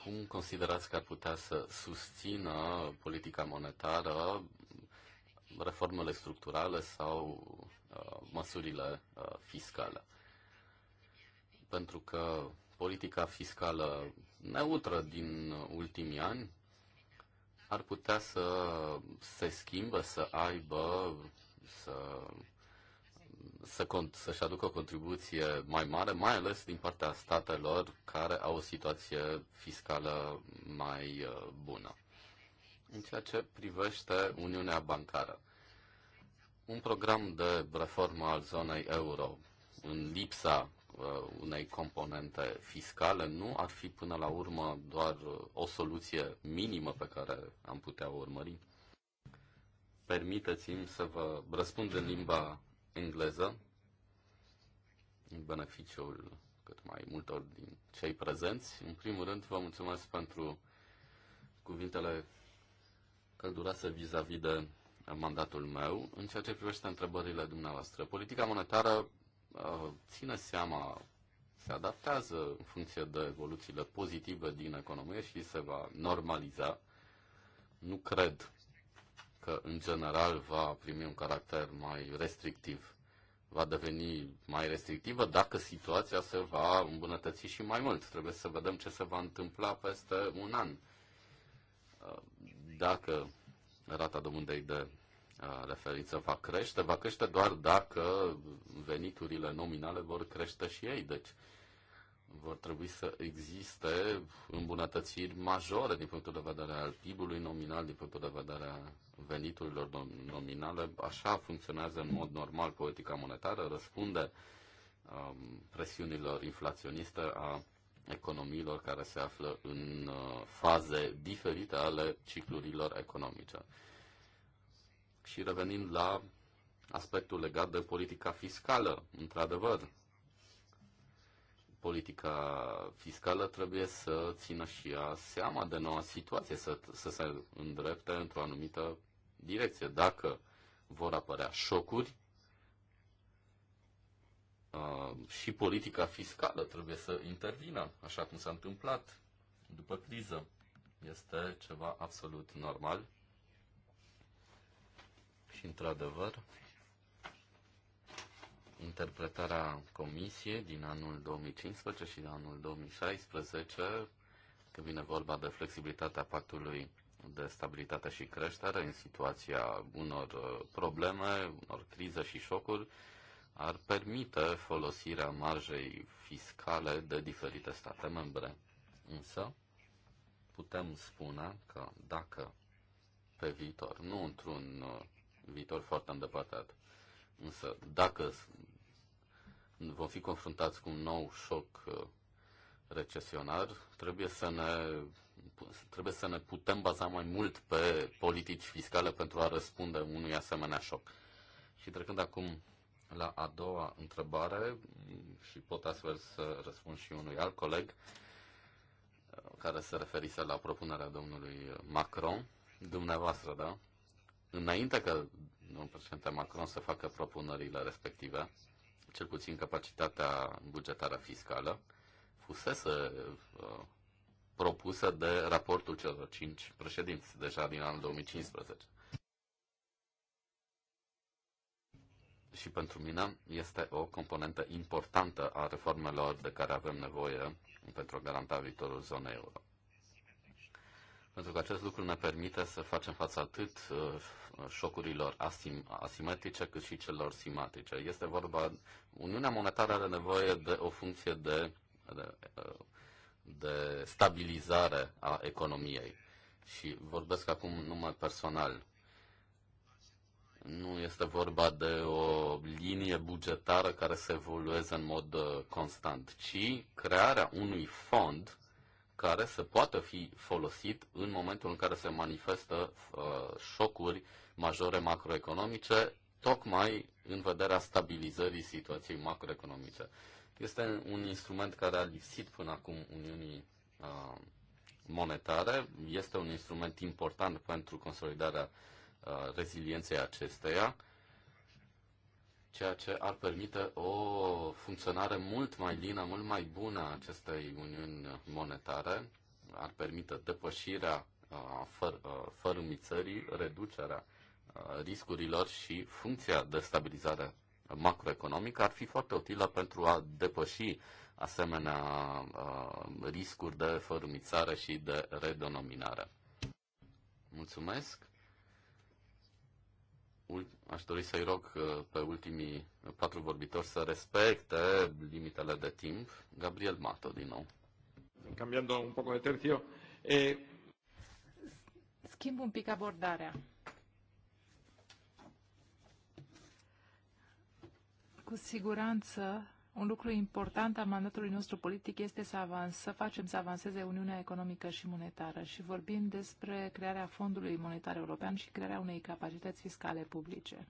cum considerați că ar putea să susțină politica monetară reformele structurale sau uh, măsurile uh, fiscale? Pentru că politica fiscală neutră din ultimii ani ar putea să se schimbe, să aibă, să să, cont, să-și aducă o contribuție mai mare, mai ales din partea statelor care au o situație fiscală mai uh, bună. În ceea ce privește Uniunea Bancară, un program de reformă al zonei euro în lipsa uh, unei componente fiscale nu ar fi până la urmă doar uh, o soluție minimă pe care am putea o urmări? Permiteți-mi să vă răspund în limba engleză, în beneficiul cât mai multor din cei prezenți. În primul rând, vă mulțumesc pentru cuvintele călduroase vis-a-vis de mandatul meu. În ceea ce privește întrebările dumneavoastră, politica monetară uh, ține seama, se adaptează în funcție de evoluțiile pozitive din economie și se va normaliza. Nu cred că în general va primi un caracter mai restrictiv. Va deveni mai restrictivă dacă situația se va îmbunătăți și mai mult. Trebuie să vedem ce se va întâmpla peste un an. Uh, dacă rata domândei de uh, referință va crește, va crește doar dacă veniturile nominale vor crește și ei. Deci, vor trebui să existe îmbunătățiri majore din punctul de vedere al PIB-ului nominal, din punctul de vedere al veniturilor nominale. Așa funcționează în mod normal politica monetară, răspunde um, presiunilor inflaționiste a economiilor care se află în uh, faze diferite ale ciclurilor economice. Și revenind la aspectul legat de politica fiscală, într-adevăr, politica fiscală trebuie să țină și ea seama de noua situație, să, să se îndrepte într-o anumită direcție. Dacă vor apărea șocuri, uh, și politica fiscală trebuie să intervină, așa cum s-a întâmplat după criză. Este ceva absolut normal. Și într-adevăr, interpretarea comisiei din anul 2015 și din anul 2016, când vine vorba de flexibilitatea pactului de stabilitate și creștere în situația unor uh, probleme, unor crize și șocuri, ar permite folosirea marjei fiscale de diferite state membre. Însă, putem spune că dacă pe viitor, nu într-un uh, viitor foarte îndepărtat, însă dacă vom fi confruntați cu un nou șoc uh, recesionar, trebuie să ne, trebuie să ne putem baza mai mult pe politici fiscale pentru a răspunde unui asemenea șoc. Și trecând acum la a doua întrebare, și pot astfel să răspund și unui alt coleg, uh, care se referise la propunerea domnului Macron, dumneavoastră, da? Înainte că domnul președinte Macron să facă propunerile respective, cel puțin capacitatea bugetară fiscală, fusese uh, propusă de raportul celor cinci președinți, deja din anul 2015. Și pentru mine este o componentă importantă a reformelor de care avem nevoie pentru a garanta viitorul zonei euro. Pentru că acest lucru ne permite să facem față atât uh, șocurilor asim- asimetrice cât și celor simetrice. Este vorba, Uniunea Monetară are nevoie de o funcție de, de, de stabilizare a economiei. Și vorbesc acum numai personal. Nu este vorba de o linie bugetară care se evolueze în mod uh, constant, ci crearea unui fond care să poată fi folosit în momentul în care se manifestă uh, șocuri majore macroeconomice, tocmai în vederea stabilizării situației macroeconomice. Este un instrument care a lipsit până acum Uniunii uh, monetare, este un instrument important pentru consolidarea uh, rezilienței acesteia ceea ce ar permite o funcționare mult mai lină, mult mai bună a acestei uniuni monetare, ar permite depășirea uh, făr, uh, fărâmițării, reducerea uh, riscurilor și funcția de stabilizare macroeconomică ar fi foarte utilă pentru a depăși asemenea riscuri de fărâmițare și de redenominare. Mulțumesc! Aș dori să-i rog uh, pe ultimii patru vorbitori să respecte limitele de timp. Gabriel Mato, din nou. Cambiando un poco de tercio. E... Eh, Schimb un pic abordarea. Cu siguranță un lucru important al mandatului nostru politic este să, avans, să facem să avanseze Uniunea Economică și Monetară și vorbim despre crearea Fondului Monetar European și crearea unei capacități fiscale publice.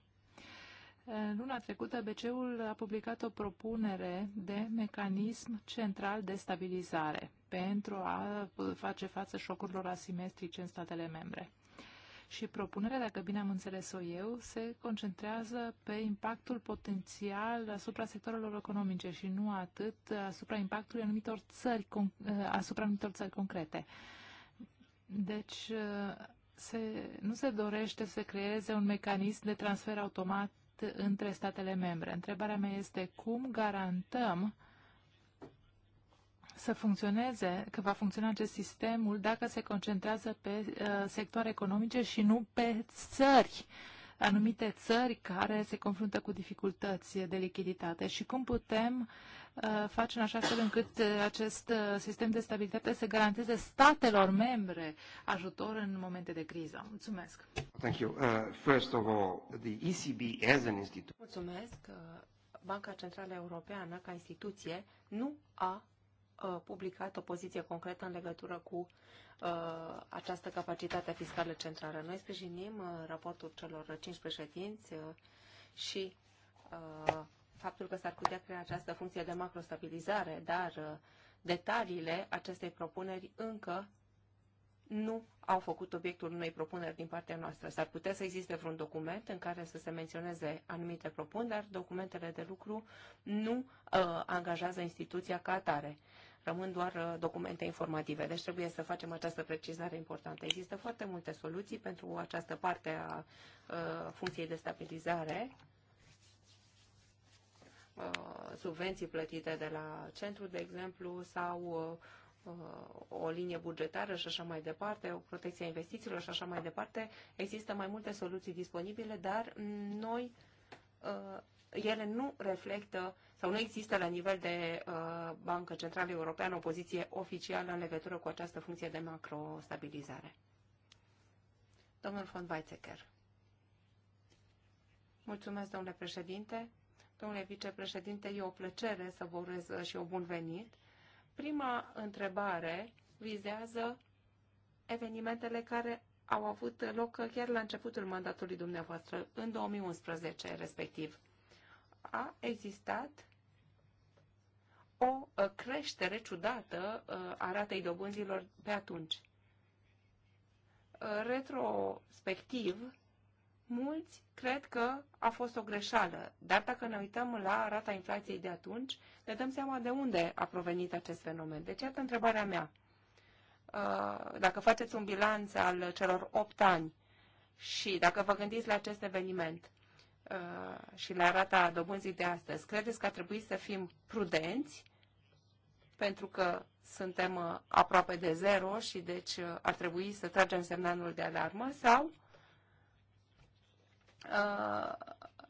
Luna trecută, BCE-ul a publicat o propunere de mecanism central de stabilizare pentru a face față șocurilor asimetrice în statele membre. Și propunerea, dacă bine am înțeles-o eu, se concentrează pe impactul potențial asupra sectorilor economice și nu atât asupra impactului anumitor țări, eh, asupra anumitor țări concrete. Deci, eh, se, nu se dorește să creeze un mecanism de transfer automat între statele membre. Întrebarea mea este cum garantăm să funcționeze, că va funcționa acest sistemul dacă se concentrează pe uh, sectoare economice și nu pe țări, anumite țări care se confruntă cu dificultăți de lichiditate și cum putem uh, face în așa fel încât uh, acest uh, sistem de stabilitate să garanteze statelor membre ajutor în momente de criză. Mulțumesc. Thank you. Uh, first of all, the ECB as an institute... Mulțumesc. Banca Centrală Europeană, ca instituție, nu a publicat o poziție concretă în legătură cu uh, această capacitate fiscală centrală. Noi sprijinim uh, raportul celor cinci președinți uh, și faptul că s-ar putea crea această funcție de macrostabilizare, dar detaliile acestei propuneri încă nu au făcut obiectul unei propuneri din partea noastră. S-ar putea să existe vreun document în care să se menționeze anumite propuneri, dar documentele de lucru nu uh, angajează instituția ca atare rămân doar uh, documente informative. Deci trebuie să facem această precizare importantă. Există foarte multe soluții pentru această parte a uh, funcției de stabilizare uh, subvenții plătite de la centru, de exemplu, sau o linie bugetară și așa mai departe, o protecție a investițiilor și așa mai departe. Există mai multe soluții disponibile, dar noi ele nu reflectă sau nu există la nivel de uh, Bancă Centrală Europeană o poziție oficială în legătură cu această funcție de macrostabilizare. Domnul von Weizsäcker. Mulțumesc, domnule președinte. Domnule vicepreședinte, e o plăcere să vă urez uh, și o bun venit. Prima întrebare vizează evenimentele care au avut loc chiar la începutul mandatului dumneavoastră, în 2011 respectiv a existat o creștere ciudată a ratei dobânzilor pe atunci. Retrospectiv, mulți cred că a fost o greșeală, dar dacă ne uităm la rata inflației de atunci, ne dăm seama de unde a provenit acest fenomen. Deci, iată întrebarea mea. Dacă faceți un bilanț al celor 8 ani și dacă vă gândiți la acest eveniment, Uh, și la rata dobânzii de astăzi, credeți că ar trebui să fim prudenți pentru că suntem uh, aproape de zero și deci uh, ar trebui să tragem semnalul de alarmă sau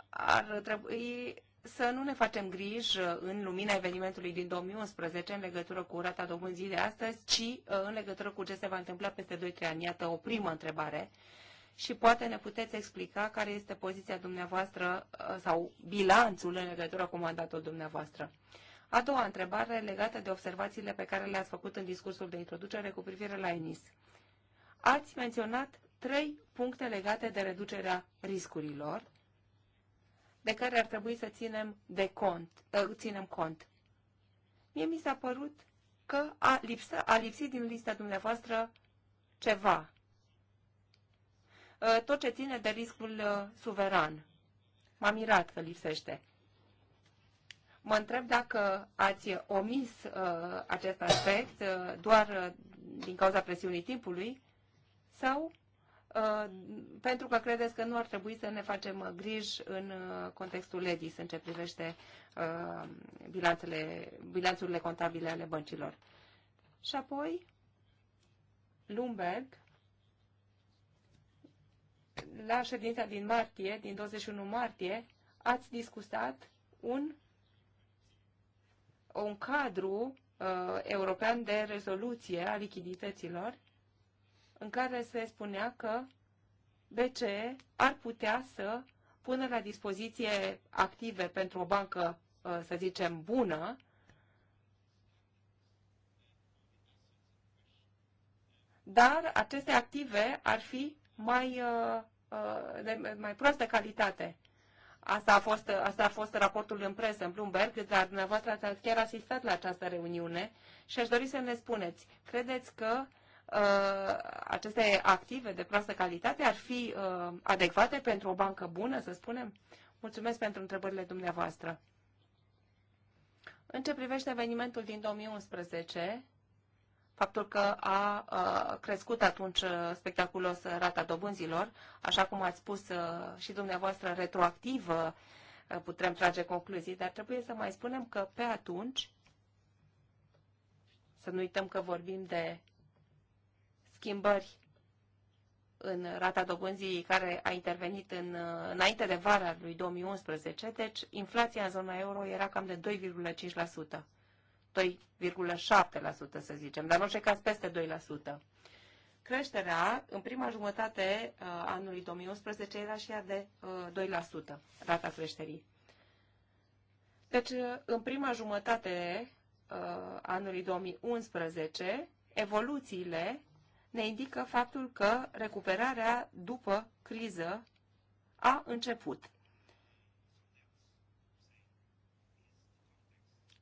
ar trebui să nu ne facem griji în lumina evenimentului din 2011 în legătură cu rata dobânzii de astăzi, ci în legătură cu ce se va întâmpla peste 2-3 ani. Iată o primă întrebare și poate ne puteți explica care este poziția dumneavoastră uh, sau bilanțul în legătură cu mandatul dumneavoastră. A doua întrebare legată de observațiile pe care le-ați făcut în discursul de introducere cu privire la ENIS. Ați menționat trei puncte legate de reducerea riscurilor de care ar trebui să ținem, de cont, uh, ținem cont. Mie mi s-a părut că a, lipsa, a lipsit din lista dumneavoastră ceva Uh, tot ce ține de riscul uh, suveran. M-am mirat că lipsește. Mă întreb dacă ați omis uh, acest aspect uh, doar uh, din cauza presiunii timpului sau uh, pentru că credeți că nu ar trebui să ne facem uh, griji în uh, contextul LEDIS în ce privește uh, bilanțele, bilanțurile contabile ale băncilor. Și apoi, Lumberg la ședința din martie, din 21 martie, ați discutat un, un cadru uh, european de rezoluție a lichidităților, în care se spunea că BCE ar putea să pună la dispoziție active pentru o bancă, uh, să zicem, bună, dar aceste active ar fi mai, uh, uh, de mai proastă calitate. Asta a, fost, asta a fost raportul în presă, în Bloomberg, dar dumneavoastră ați chiar asistat la această reuniune și aș dori să ne spuneți, credeți că uh, aceste active de proastă calitate ar fi uh, adecvate pentru o bancă bună, să spunem? Mulțumesc pentru întrebările dumneavoastră. În ce privește evenimentul din 2011, faptul că a, crescut atunci uh, spectaculos uh, rata dobânzilor, așa cum ați spus uh, și dumneavoastră retroactiv putem trage concluzii, dar trebuie să mai spunem că pe atunci, să nu uităm că vorbim de schimbări în rata dobânzii care a intervenit în, înainte de vara lui 2011, deci inflația în zona euro era cam de 2,5%. 2,7%, să zicem, dar în orice caz peste 2%. Creșterea în prima jumătate a uh, anului 2011 era și ea de 2%, uh, rata creșterii. Deci, uh, în prima jumătate anului 2011, evoluțiile ne indică faptul că recuperarea după criză a început.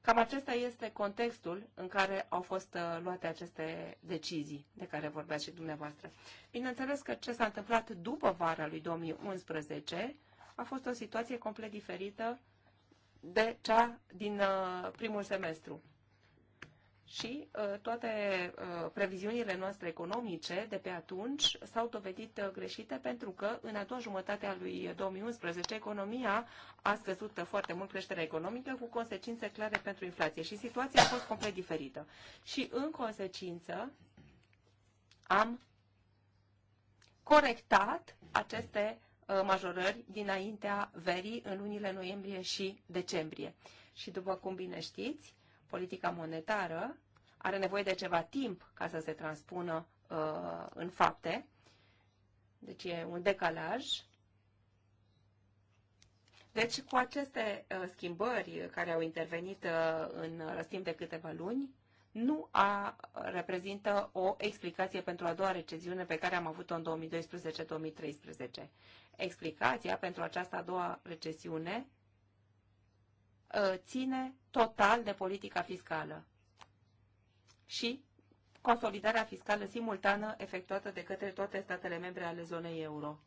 Cam acesta este contextul în care au fost uh, luate aceste decizii de care vorbeați și dumneavoastră. Bineînțeles că ce s-a întâmplat după vara lui 2011 a fost o situație complet diferită de cea din uh, primul semestru și uh, toate uh, previziunile noastre economice de pe atunci s-au dovedit uh, greșite pentru că în a doua jumătate a lui 2011 economia a scăzut foarte mult creșterea economică cu consecințe clare pentru inflație și situația a fost complet diferită. Și în consecință am corectat aceste majorări dinaintea verii în lunile noiembrie și decembrie. Și după cum bine știți, politica monetară are nevoie de ceva timp ca să se transpună uh, în fapte. Deci e un decalaj. Deci cu aceste uh, schimbări care au intervenit uh, în răstimp de câteva luni, nu a, uh, reprezintă o explicație pentru a doua recesiune pe care am avut-o în 2012-2013. Explicația pentru această a doua recesiune Uh, ține total de politica fiscală și consolidarea fiscală simultană efectuată de către toate statele membre ale zonei euro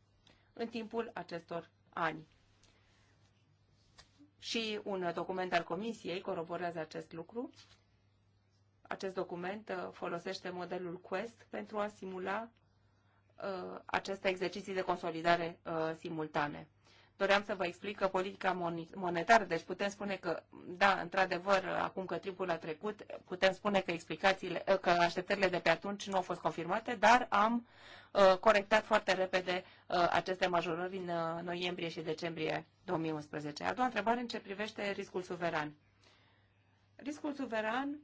în timpul acestor ani. Și un document al Comisiei coroborează acest lucru. Acest document uh, folosește modelul Quest pentru a simula uh, aceste exerciții de consolidare uh, simultane doream să vă explic că politica monetară, deci putem spune că, da, într-adevăr, acum că timpul a trecut, putem spune că explicațiile, eh, că așteptările de pe atunci nu au fost confirmate, dar am uh, corectat foarte repede uh, aceste majorări în uh, noiembrie și decembrie 2011. A doua întrebare în ce privește riscul suveran. Riscul suveran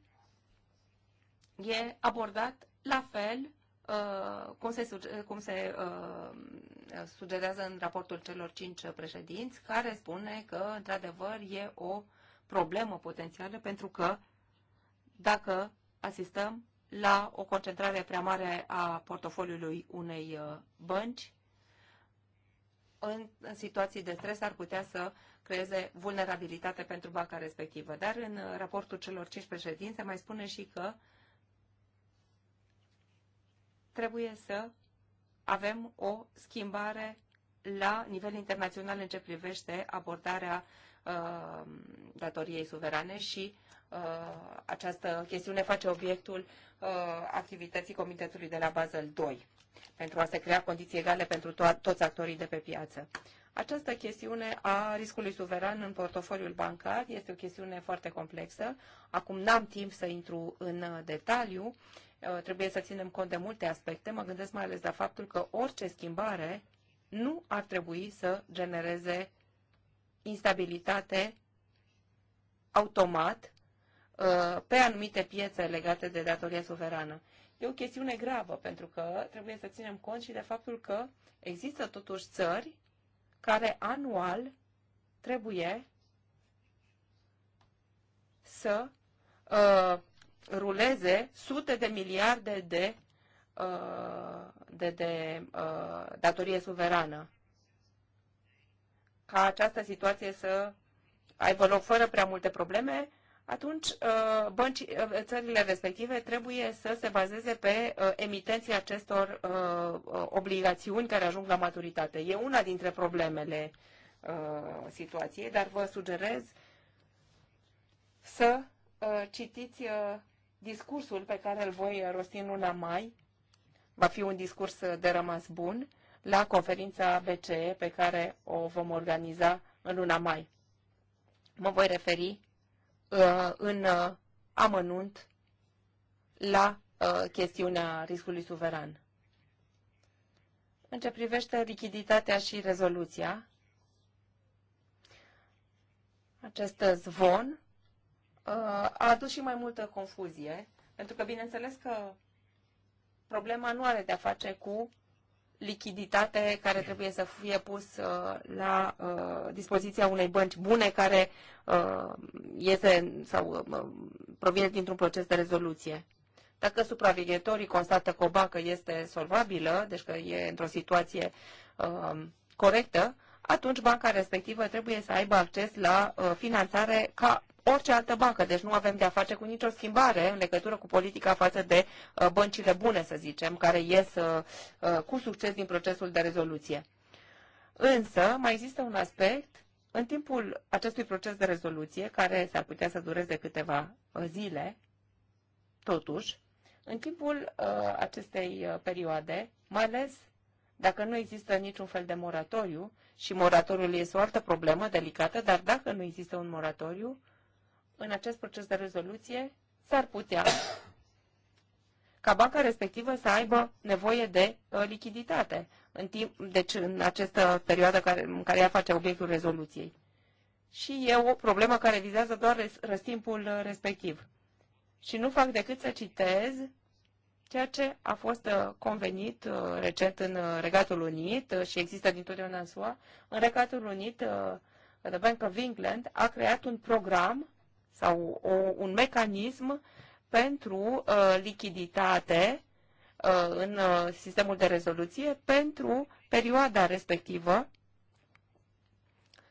e abordat la fel Uh, cum se, cum se uh, sugerează în raportul celor cinci președinți, care spune că, într-adevăr, e o problemă potențială pentru că dacă asistăm la o concentrare prea mare a portofoliului unei uh, bănci, în, în situații de stres ar putea să creeze vulnerabilitate pentru banca respectivă. Dar în raportul celor cinci președinți se mai spune și că uh, trebuie să avem o schimbare la nivel internațional în ce privește abordarea uh, datoriei suverane și uh, această chestiune face obiectul uh, activității Comitetului de la Basel II pentru a se crea condiții egale pentru to- toți actorii de pe piață. Această chestiune a riscului suveran în portofoliul bancar este o chestiune foarte complexă. Acum n-am timp să intru în uh, detaliu. Uh, trebuie să ținem cont de multe aspecte. Mă gândesc mai ales la faptul că orice schimbare nu ar trebui să genereze instabilitate automat uh, pe anumite piețe legate de datoria suverană. E o chestiune gravă, pentru că trebuie să ținem cont și de faptul că există totuși țări care anual trebuie să uh, ruleze sute de miliarde de, uh, de, de uh, datorie suverană. Ca această situație să aibă loc fără prea multe probleme, atunci uh, bănci, țările respective trebuie să se bazeze pe emitenții acestor obligațiuni care ajung la maturitate. E una dintre problemele situației, dar vă sugerez să citiți discursul pe care îl voi rosti în luna mai va fi un discurs de rămas bun la conferința BCE pe care o vom organiza în luna mai. Mă voi referi uh, în uh, amănunt la uh, chestiunea riscului suveran. În ce privește lichiditatea și rezoluția, acest zvon a adus și mai multă confuzie, pentru că bineînțeles că problema nu are de-a face cu lichiditate care trebuie să fie pus uh, la uh, dispoziția unei bănci bune care uh, iese sau provine dintr-un proces de rezoluție. Dacă supraveghetorii constată că o bancă este solvabilă, deci că e într-o situație corectă, atunci banca respectivă trebuie să aibă acces la finanțare ca orice altă bancă, deci nu avem de a face cu nicio schimbare în legătură cu politica față de uh, băncile bune, să zicem, care ies uh, uh, cu succes din procesul de rezoluție. Însă, mai există un aspect în timpul acestui proces de rezoluție, care s-ar putea să dureze câteva zile, totuși, în timpul uh, acestei uh, perioade, mai ales dacă nu există niciun fel de moratoriu, și moratoriul este o altă problemă delicată, dar dacă nu există un moratoriu, în acest proces de rezoluție, s-ar putea ca banca respectivă să aibă nevoie de uh, lichiditate, în timp, deci în această perioadă care, în care ea face obiectul rezoluției. Și e o problemă care vizează doar răstimpul uh, respectiv. Și nu fac decât să citez ceea ce a fost uh, convenit recent în Regatul Unit și există dintotdeauna în SUA. În Regatul Unit, The Bank of England a creat un program sau o, un mecanism pentru uh, lichiditate uh, în uh, sistemul de rezoluție pentru perioada respectivă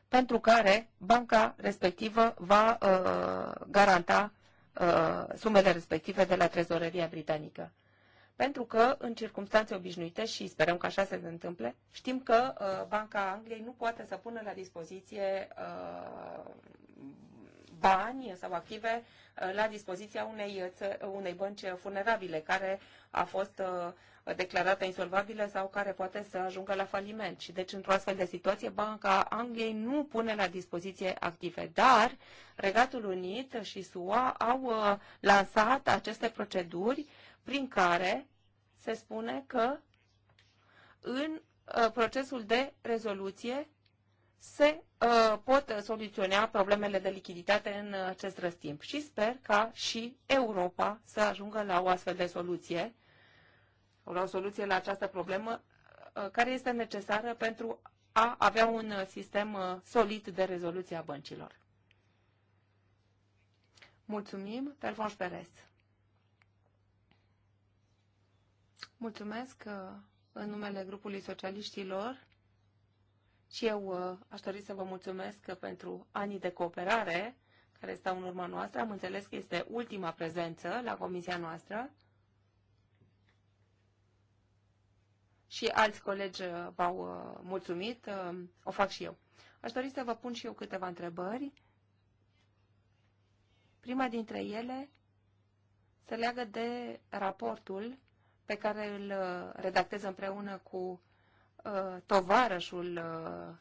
pentru care banca respectivă va uh, garanta uh, sumele respective de la trezoreria britanică. Pentru că, în circunstanțe obișnuite, și sperăm că așa se întâmple, știm că uh, Banca Angliei nu poate să pună la dispoziție uh, bani sau active uh, la dispoziția unei, uh, unei bănci vulnerabile care a fost uh, declarată insolvabilă sau care poate să ajungă la faliment. Și deci, într-o astfel de situație, Banca Angliei nu pune la dispoziție active. Dar Regatul Unit și SUA au lansat aceste proceduri prin care se spune că în procesul de rezoluție se Uh, pot soluționa problemele de lichiditate în acest răstimp. Și sper ca și Europa să ajungă la o astfel de soluție, la o soluție la această problemă uh, care este necesară pentru a avea un sistem uh, solid de rezoluție a băncilor. Mulțumim, Pervanș Perez. Mulțumesc în numele grupului socialiștilor. Și eu uh, aș dori să vă mulțumesc pentru anii de cooperare care stau în urma noastră. Am înțeles că este ultima prezență la comisia noastră. Și alți colegi uh, v-au uh, mulțumit, o fac și eu. Aș dori să vă pun și eu câteva întrebări. Prima dintre ele se leagă de raportul pe care îl redactez împreună cu Uh, tovarășul, uh,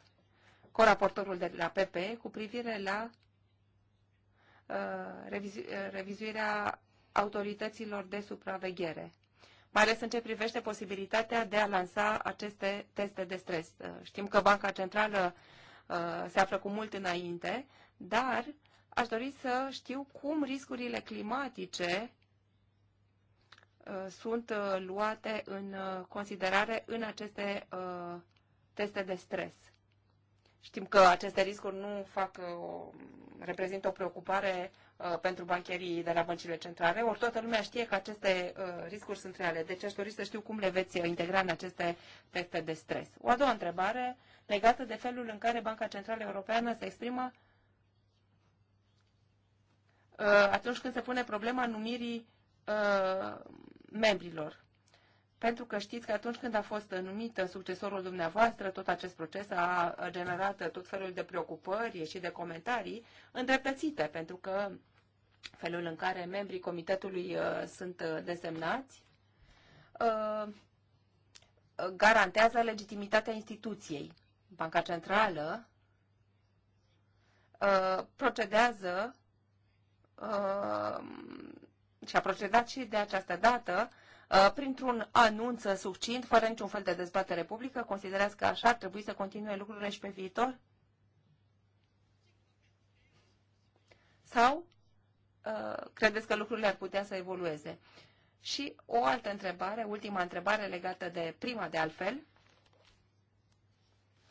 coraportorul de la PP, cu privire la uh, revizuirea autorităților de supraveghere, mai ales în ce privește posibilitatea de a lansa aceste teste de stres. Știm că Banca Centrală se află cu mult înainte, dar aș dori să știu cum riscurile climatice Uh, sunt uh, luate în uh, considerare în aceste teste de stres. Știm că aceste riscuri nu fac, o, reprezintă o preocupare pentru bancherii de la băncile centrale, ori toată lumea știe că aceste riscuri sunt reale. Deci aș dori să știu cum le veți integra în aceste teste de stres. O a doua întrebare legată de felul în care Banca Centrală Europeană se exprimă atunci când se pune problema numirii membrilor. Pentru că știți că atunci când a fost numită succesorul dumneavoastră, tot acest proces a generat tot felul de preocupări și de comentarii îndreptățite, pentru că felul în care membrii comitetului uh, sunt uh, desemnați uh, garantează legitimitatea instituției. Banca Centrală procedează și a procedat și de această dată uh, printr-un anunț succint, fără niciun fel de dezbatere publică. Considerați că așa ar trebui să continue lucrurile și pe viitor? Sau uh, credeți că lucrurile ar putea să evolueze? Și o altă întrebare, ultima întrebare legată de prima de altfel,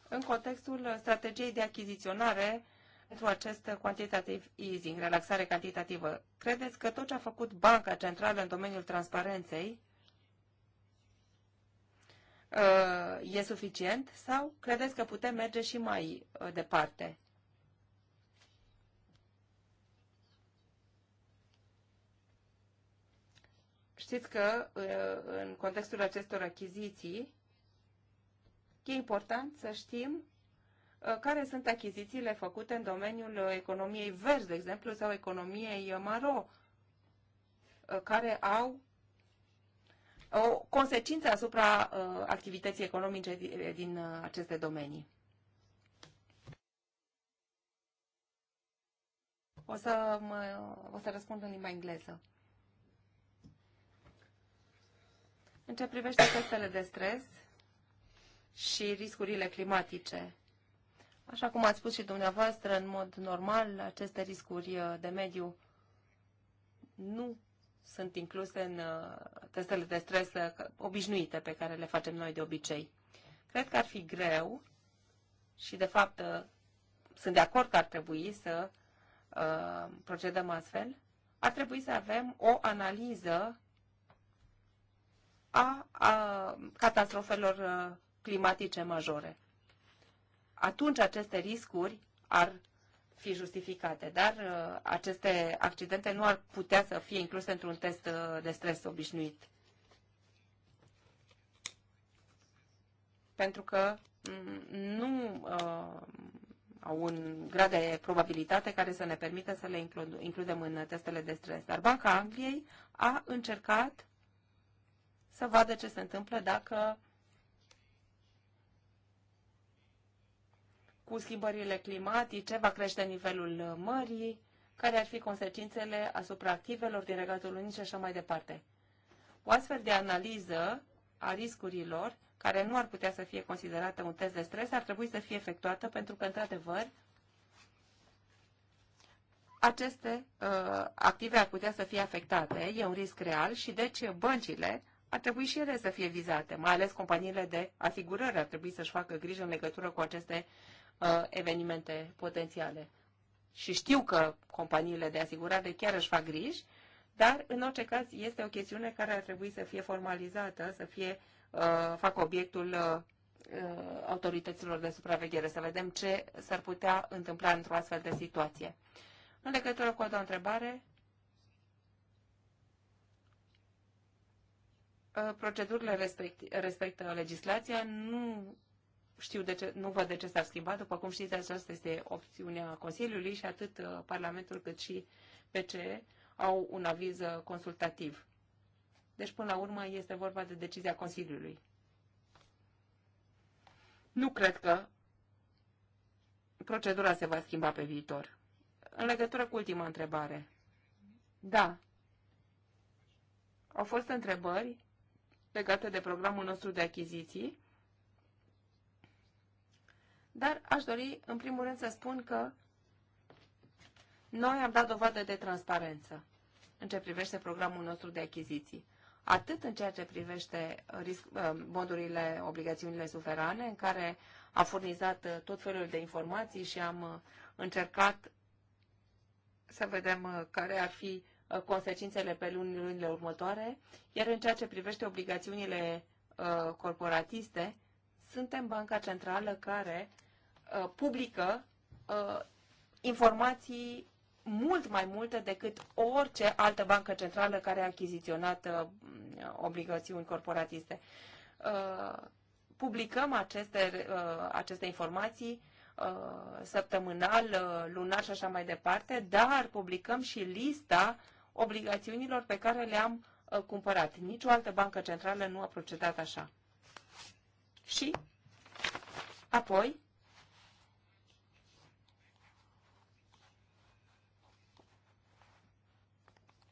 în contextul strategiei de achiziționare pentru acest quantitative easing, relaxare cantitativă. Credeți că tot ce a făcut Banca Centrală în domeniul transparenței uh, e suficient sau credeți că putem merge și mai uh, departe? Știți că uh, în contextul acestor achiziții e important să știm Uh, care sunt achizițiile făcute în domeniul uh, economiei verzi, de exemplu, sau economiei uh, maro, care au o consecință asupra activității economice din aceste domenii. O să, mă, o să răspund în limba engleză. În ce privește testele de stres și riscurile climatice, Așa cum ați spus și dumneavoastră, în mod normal, aceste riscuri uh, de mediu nu sunt incluse în uh, testele de stres uh, obișnuite pe care le facem noi de obicei. Cred că ar fi greu și, de fapt, sunt de acord că ar trebui să procedăm astfel, ar trebui să avem o analiză a, a catastrofelor climatice majore atunci aceste riscuri ar fi justificate, dar uh, aceste accidente nu ar putea să fie incluse într-un test uh, de stres obișnuit. Pentru că mm, nu uh, au un grad de probabilitate care să ne permită să le includem în testele de stres. Dar Banca Angliei a încercat să vadă ce se întâmplă dacă cu schimbările climatice, va crește nivelul mării, care ar fi consecințele asupra activelor din Regatul unic și așa mai departe. O astfel de analiză a riscurilor, care nu ar putea să fie considerată un test de stres, ar trebui să fie efectuată pentru că, într-adevăr, aceste uh, active ar putea să fie afectate, e un risc real și deci băncile ar trebui și ele să fie vizate, mai ales companiile de asigurări ar trebui să-și facă grijă în legătură cu aceste uh, evenimente potențiale. Și știu că companiile de asigurare chiar își fac griji, dar în orice caz este o chestiune care ar trebui să fie formalizată, să fie uh, fac obiectul uh, uh, autorităților de supraveghere, să vedem ce s-ar putea întâmpla într-o astfel de situație. În legătură cu o întrebare, uh, procedurile respect, respectă legislația, nu știu de ce, nu văd de ce s-ar schimba. După cum știți, aceasta este opțiunea Consiliului și atât uh, Parlamentul cât și PCE au un aviz uh, consultativ. Deci, până la urmă, este vorba de decizia Consiliului. Nu cred că procedura se va schimba pe viitor. În legătură cu ultima întrebare. Da. Au fost întrebări legate de programul nostru de achiziții dar aș dori, în primul rând, să spun că noi am dat dovadă de transparență în ce privește programul nostru de achiziții. Atât în ceea ce privește uh, risc, uh, bondurile, obligațiunile suverane, în care am furnizat uh, tot felul de informații și am încercat să vedem care ar fi consecințele pe lunile următoare, iar în ceea ce privește obligațiunile corporatiste, suntem banca centrală care uh, publică uh, informații mult mai multe decât orice altă bancă centrală care a achiziționat uh, obligațiuni corporatiste. Uh, publicăm aceste, uh, aceste informații uh, săptămânal, uh, lunar și așa mai departe, dar publicăm și lista obligațiunilor pe care le-am uh, cumpărat. Nici o altă bancă centrală nu a procedat așa și apoi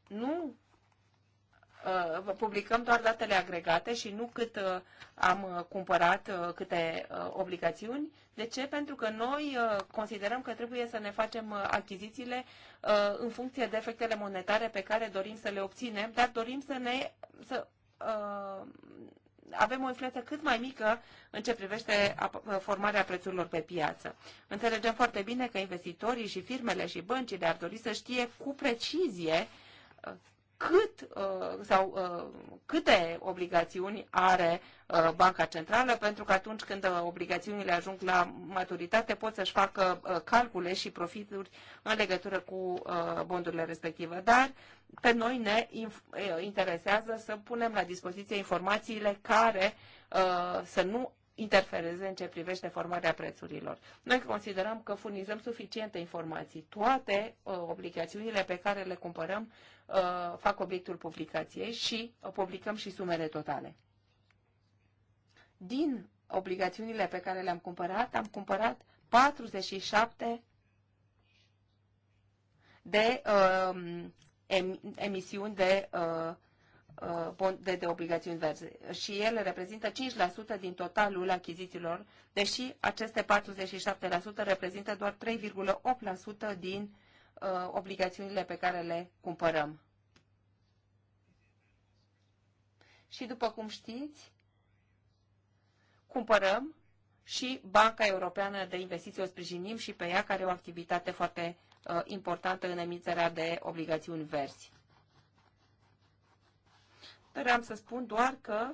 nu uh, publicăm doar datele agregate și nu cât uh, am uh, cumpărat câte obligațiuni. De ce? Pentru că noi considerăm că trebuie să ne facem achizițiile în funcție de efectele monetare pe care dorim să le obținem, dar dorim să ne să avem o influență cât mai mică în ce privește formarea prețurilor pe piață. Înțelegem foarte bine că investitorii și firmele și băncile ar dori să știe cu precizie cât uh, sau uh, câte obligațiuni are uh, Banca Centrală, pentru că atunci când obligațiunile ajung la maturitate pot să-și facă calcule și profituri în legătură cu bondurile respective. Dar pe noi ne interesează să punem la dispoziție informațiile care să nu interfereze în ce privește formarea prețurilor. Noi considerăm că furnizăm suficiente informații. Toate uh, obligațiunile pe care le cumpărăm uh, fac obiectul publicației și uh, publicăm și sumele totale. Din obligațiunile pe care le-am cumpărat, am cumpărat 47 de uh, emisiuni de uh, Uh, de, de obligațiuni verzi și ele reprezintă 5% din totalul achizițiilor, deși aceste 47% reprezintă doar 3,8% din uh, obligațiunile pe care le cumpărăm. Și după cum știți, cumpărăm și Banca Europeană de Investiții o sprijinim și pe ea care are o activitate foarte uh, importantă în emiterea de obligațiuni verzi am să spun doar că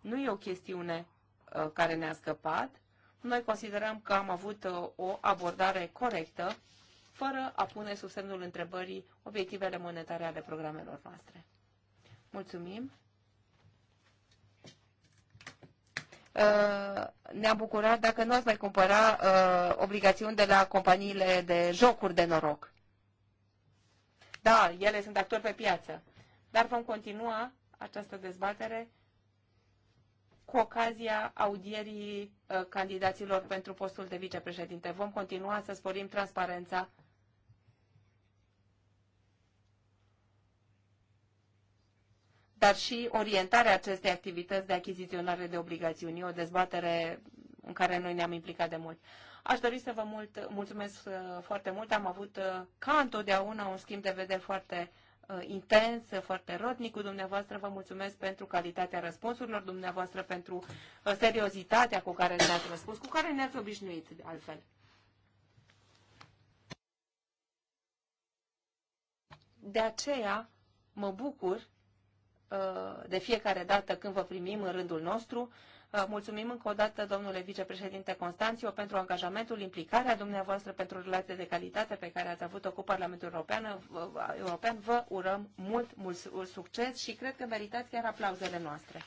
nu e o chestiune uh, care ne-a scăpat. Noi considerăm că am avut uh, o abordare corectă, fără a pune sub semnul întrebării obiectivele monetare ale programelor noastre. Mulțumim! Uh, ne-am bucurat dacă nu ați mai cumpăra uh, obligațiuni de la companiile de jocuri de noroc. Da, ele sunt actori pe piață dar vom continua această dezbatere cu ocazia audierii uh, candidaților pentru postul de vicepreședinte. Vom continua să sporim transparența dar și orientarea acestei activități de achiziționare de obligațiuni. o dezbatere în care noi ne-am implicat de mult. Aș dori să vă mult, mulțumesc ă, foarte mult. Am avut, ă, ca întotdeauna, un schimb de vedere foarte Uh, intens, foarte rodnic cu dumneavoastră. Vă mulțumesc pentru calitatea răspunsurilor dumneavoastră, pentru uh, seriozitatea cu care ne-ați răspuns, cu care ne-ați obișnuit altfel. De aceea mă bucur uh, de fiecare dată când vă primim în rândul nostru, Mulțumim încă o dată, domnule vicepreședinte Constanțiu, pentru angajamentul, implicarea dumneavoastră pentru relația de calitate pe care ați avut-o cu Parlamentul European. European. Vă urăm mult, mult succes și cred că meritați chiar aplauzele noastre.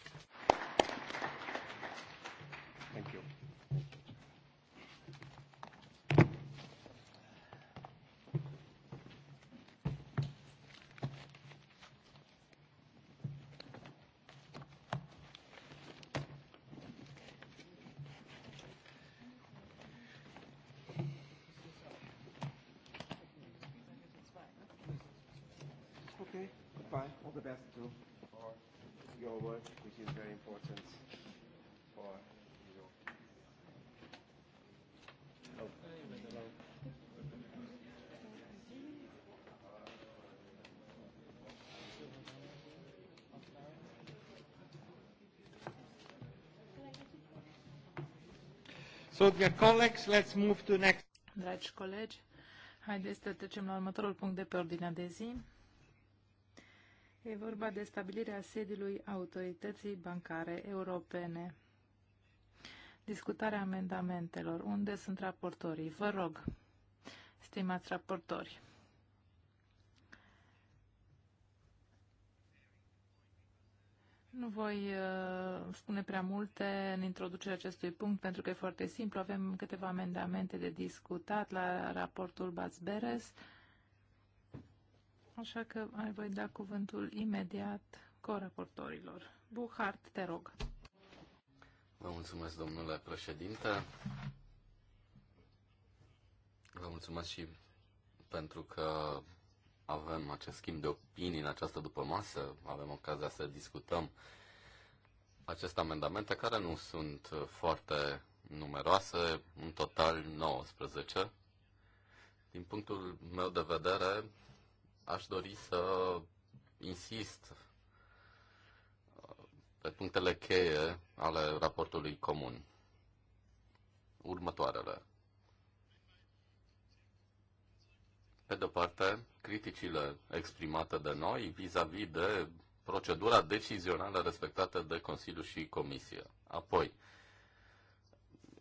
So, dear colleagues, let's move to next. Dragi colegi, haideți să trecem la următorul punct de pe ordinea de zi. E vorba de stabilirea sediului Autorității Bancare Europene. Discutarea amendamentelor. Unde sunt raportorii? Vă rog, stimați raportori. Nu voi uh, spune prea multe în introducerea acestui punct, pentru că e foarte simplu. Avem câteva amendamente de discutat la raportul Baz-Beres, așa că mai voi da cuvântul imediat coraportorilor. Buhart, te rog. Vă mulțumesc, domnule președinte. Vă mulțumesc și pentru că avem acest schimb de opinii în această după masă, avem ocazia să discutăm aceste amendamente care nu sunt uh, foarte numeroase, în total 19. Din punctul meu de vedere, aș dori să insist uh, pe punctele cheie ale raportului comun. Următoarele. Pe de parte, criticile exprimate de noi vis-a-vis -vis de procedura decizională respectată de Consiliu și Comisie. Apoi,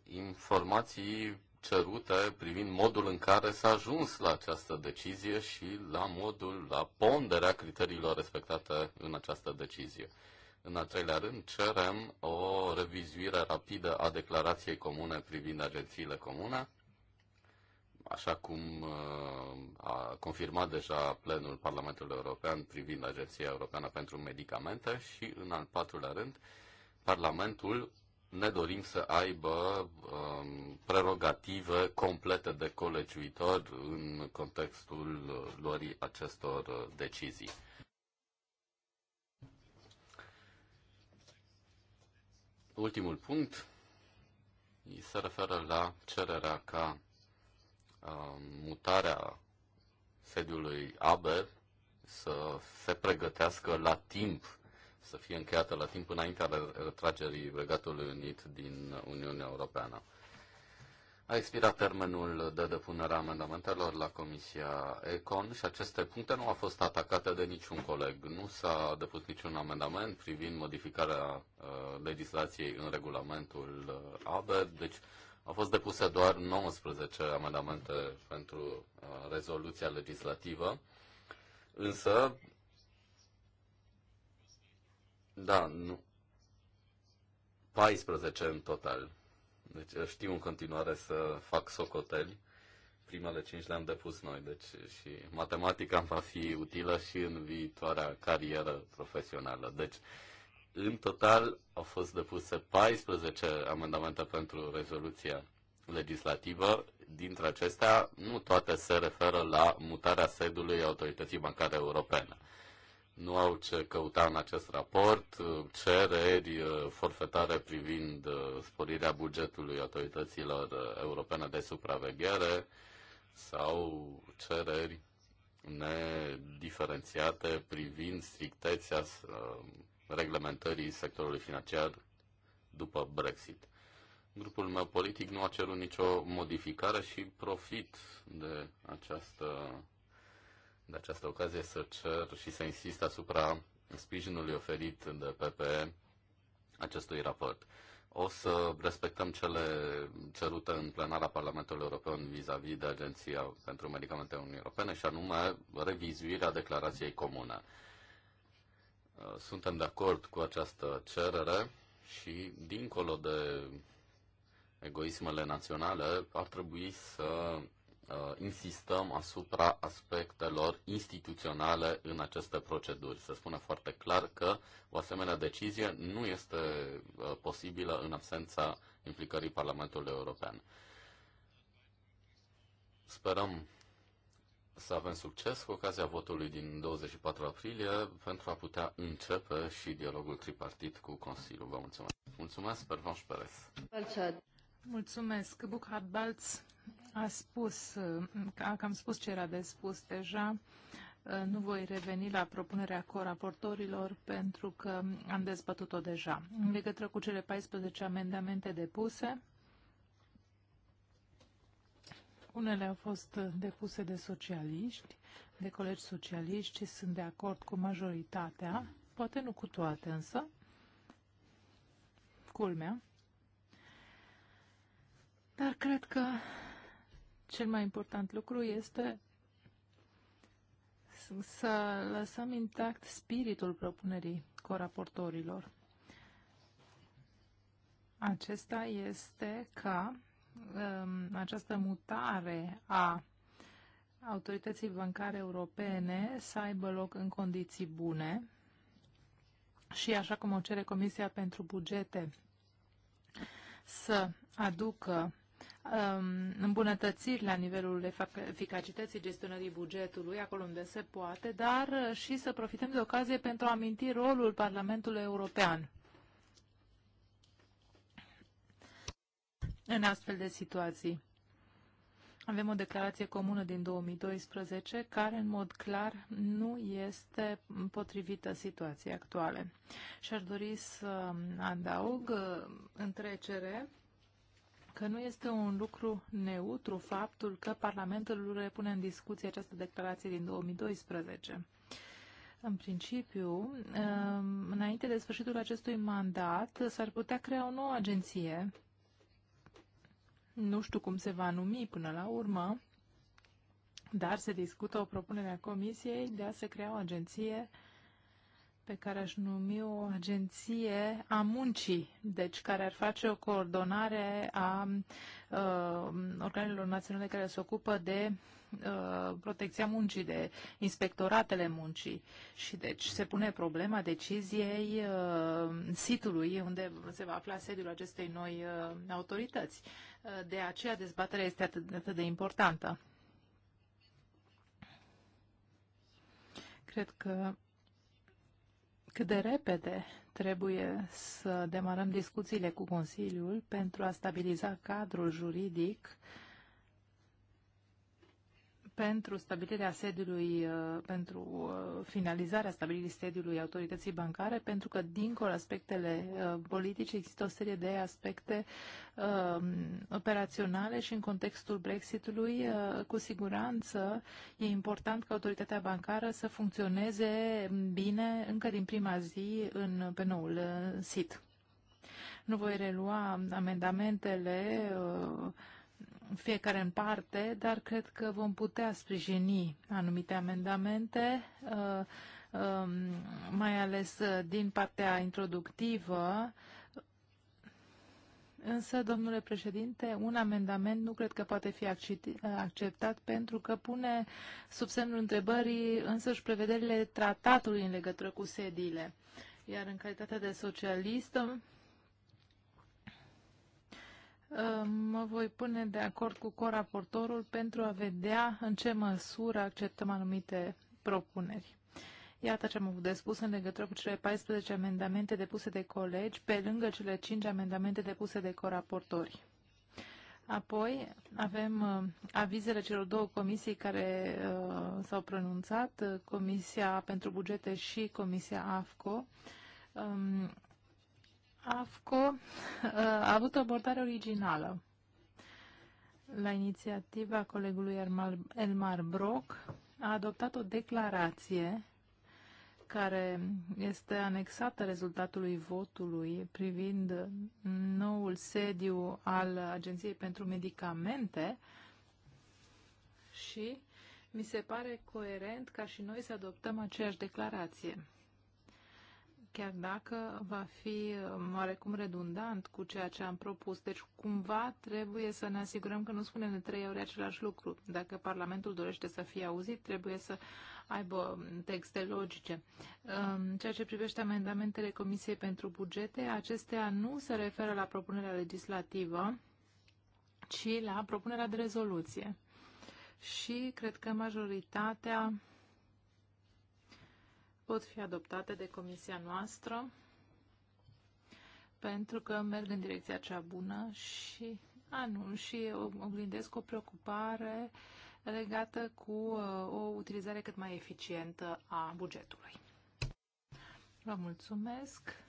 informații cerute privind modul în care s-a ajuns la această decizie și la modul, la ponderea criteriilor respectate în această decizie. În al treilea rând, cerem o revizuire rapidă a declarației comune privind agențiile comune așa cum uh, a confirmat deja plenul Parlamentului European privind Agenția Europeană pentru Medicamente și, în al patrulea rând, Parlamentul ne dorim să aibă um, prerogative complete de colegiuitor în contextul luării acestor uh, decizii. Ultimul punct se referă la cererea ca Uh, mutarea sediului ABER să se pregătească la timp, să fie încheiată la timp înaintea retragerii Regatului Unit din Uniunea Europeană. A expirat termenul de depunere a amendamentelor la Comisia Econ și aceste puncte nu au fost atacate de niciun coleg. Nu s-a depus niciun amendament privind modificarea uh, legislației în regulamentul uh, ABER, deci au fost depuse doar 19 amendamente pentru uh, rezoluția legislativă, însă, da, nu, 14 în total. Deci uh, știu în continuare să fac socoteli. Primele 5 le-am depus noi, deci și matematica va fi utilă și în viitoarea carieră profesională. Deci, în total au fost depuse 14 amendamente pentru rezoluția legislativă. Dintre acestea, nu toate se referă la mutarea sedului Autorității Bancare Europene. Nu au ce căuta în acest raport uh, cereri uh, forfetare privind uh, sporirea bugetului autorităților europene de supraveghere sau cereri nediferențiate privind strictețea reglementării sectorului financiar după Brexit. Grupul meu politic nu a cerut nicio modificare și profit de această, de această ocazie să cer și să insist asupra sprijinului oferit de PPE acestui raport. O să respectăm cele cerute în plenara Parlamentului European vis-a-vis -vis de Agenția pentru medicamente Uniunii Europene și anume revizuirea declarației comune. Uh, suntem de acord cu această cerere și, dincolo de egoismele naționale, ar trebui să uh, insistăm asupra aspectelor instituționale în aceste proceduri. Se spune foarte clar că o asemenea decizie nu este uh, posibilă în absența implicării Parlamentului European. Sperăm să avem succes cu ocazia votului din 24 aprilie pentru a putea începe și dialogul tripartit cu Consiliul. Vă mulțumesc. Mulțumesc, Pervanș Perez. Mulțumesc. Bucat Balț a spus, că am spus ce era de spus deja. Nu voi reveni la propunerea coraportorilor pentru că am dezbătut-o deja. În legătură cu cele 14 amendamente depuse, unele au fost uh, depuse de socialiști, de colegi socialiști și sunt de acord cu majoritatea, poate nu cu toate însă, culmea. Dar cred că cel mai important lucru este să lăsăm intact spiritul propunerii coraportorilor. Acesta este ca Um, această mutare a autorității bancare europene să aibă loc în condiții bune și, așa cum o cere Comisia pentru Bugete, să aducă um, îmbunătățiri la nivelul eficacității gestionării bugetului, acolo unde se poate, dar și să profităm de ocazie pentru a aminti rolul Parlamentului European în astfel de situații. Avem o declarație comună din 2012 care în mod clar nu este potrivită situației actuale. Și aș dori să adaug uh, în trecere că nu este un lucru neutru faptul că Parlamentul repune în discuție această declarație din 2012. În principiu, uh, înainte de sfârșitul acestui mandat, s-ar putea crea o nouă agenție nu știu cum se va numi până la urmă, dar se discută o propunere a Comisiei de a se crea o agenție pe care aș numi o agenție a muncii, deci care ar face o coordonare a uh, organelor naționale care se ocupă de uh, protecția muncii, de inspectoratele muncii. Și deci se pune problema deciziei uh, sitului unde se va afla sediul acestei noi uh, autorități. Uh, de aceea dezbaterea este atât, atât de importantă. Cred că cât de repede trebuie să demarăm discuțiile cu Consiliul pentru a stabiliza cadrul juridic uh, pentru stabilirea sediului, uh, pentru uh, finalizarea stabilirii sediului autorității bancare, pentru că, dincolo aspectele uh, politice, există o serie de aspecte um, operaționale și în contextul Brexitului, cu siguranță, e important ca autoritatea bancară să funcționeze bine încă din prima zi în, pe noul sit. Nu voi relua amendamentele uh, fiecare în parte, dar cred că vom putea sprijini anumite amendamente, uh, um, mai ales uh, din partea introductivă. Însă, domnule președinte, un amendament nu cred că poate fi acceptat pentru că pune sub semnul întrebării însăși prevederile tratatului în legătură cu sediile. Iar în calitate de socialistă, Ă, mă voi pune de acord cu coraportorul pentru a vedea în ce măsură acceptăm anumite propuneri. Iată ce am avut de spus în legătură cu cele 14 amendamente depuse de colegi, pe lângă cele 5 amendamente depuse de coraportori. Apoi avem uh, avizele celor două comisii care uh, s-au pronunțat, Comisia pentru Bugete și Comisia AFCO. Um, AFCO uh, a avut o abordare originală la inițiativa colegului Elmar Brock a adoptat o declarație care este anexată rezultatului votului privind noul sediu al Agenției pentru Medicamente și mi se pare coerent ca și noi să adoptăm aceeași declarație chiar dacă va fi um, oarecum redundant cu ceea ce am propus. Deci, cumva, trebuie să ne asigurăm că nu spunem de trei ori același lucru. Dacă Parlamentul dorește să fie auzit, trebuie să aibă um, texte logice. Um, ceea ce privește amendamentele Comisiei pentru Bugete, acestea nu se referă la propunerea legislativă, ci la propunerea de rezoluție. Și cred că majoritatea pot fi adoptate de comisia noastră pentru că merg în direcția cea bună și, anul, și oglindesc o preocupare legată cu uh, o utilizare cât mai eficientă a bugetului. Vă mulțumesc!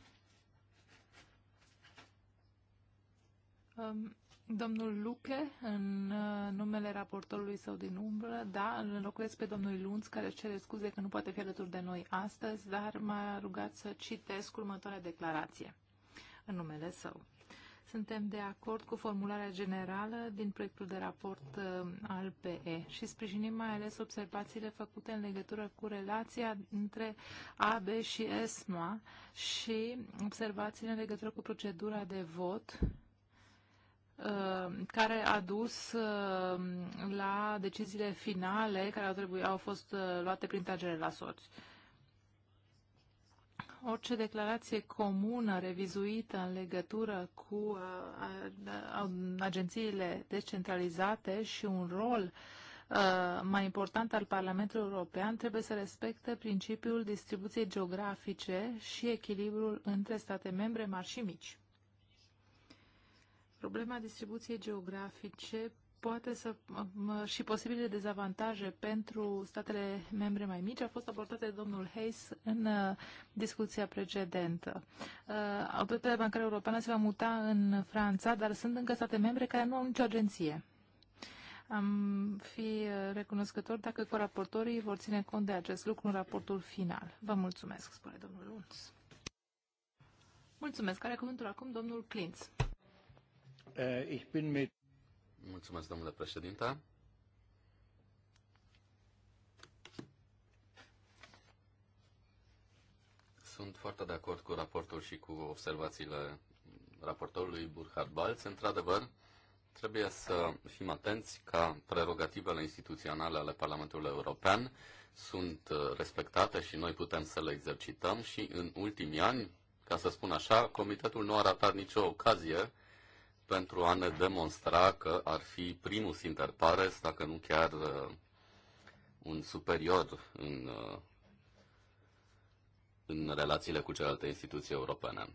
Um, Domnul Luche, în uh, numele raportorului său din umbră, da, îl înlocuiesc pe domnul Lunț, care cere scuze că nu poate fi alături de noi astăzi, dar m-a rugat să citesc următoarea declarație în numele său. Suntem de acord cu formularea generală din proiectul de raport uh, al PE și sprijinim mai ales observațiile făcute în legătură cu relația între AB și ESMA și observațiile în legătură cu procedura de vot Uh, care a dus uh, la deciziile finale care au, trebuit, au fost uh, luate prin tragere la sorți. Orice declarație comună revizuită în legătură cu agențiile decentralizate și un rol mai important al Parlamentului European trebuie să respecte principiul distribuției geografice și echilibrul între state membre mari și mici problema distribuției geografice poate să și posibile dezavantaje pentru statele membre mai mici a fost abordată de domnul Hayes în uh, discuția precedentă. Uh, Autoritatea Bancară Europeană se va muta în Franța, dar sunt încă state membre care nu au nicio agenție. Am fi uh, recunoscător dacă coraportorii vor ține cont de acest lucru în raportul final. Vă mulțumesc, spune domnul Lunț. Mulțumesc. Are cuvântul acum domnul Clinț. Eh, ich bin mit... Mulțumesc, domnule președinte. Sunt foarte de acord cu raportul și cu observațiile raportorului Burhard Balz. Într-adevăr, trebuie să fim atenți ca prerogativele instituționale ale Parlamentului European sunt eh, respectate și noi putem să le exercităm și în ultimii ani, ca să spun așa, comitetul nu a ratat nicio ocazie pentru a ne demonstra că ar fi primus inter pares, dacă nu chiar uh, un superior în, uh, în relațiile cu celelalte instituții europene.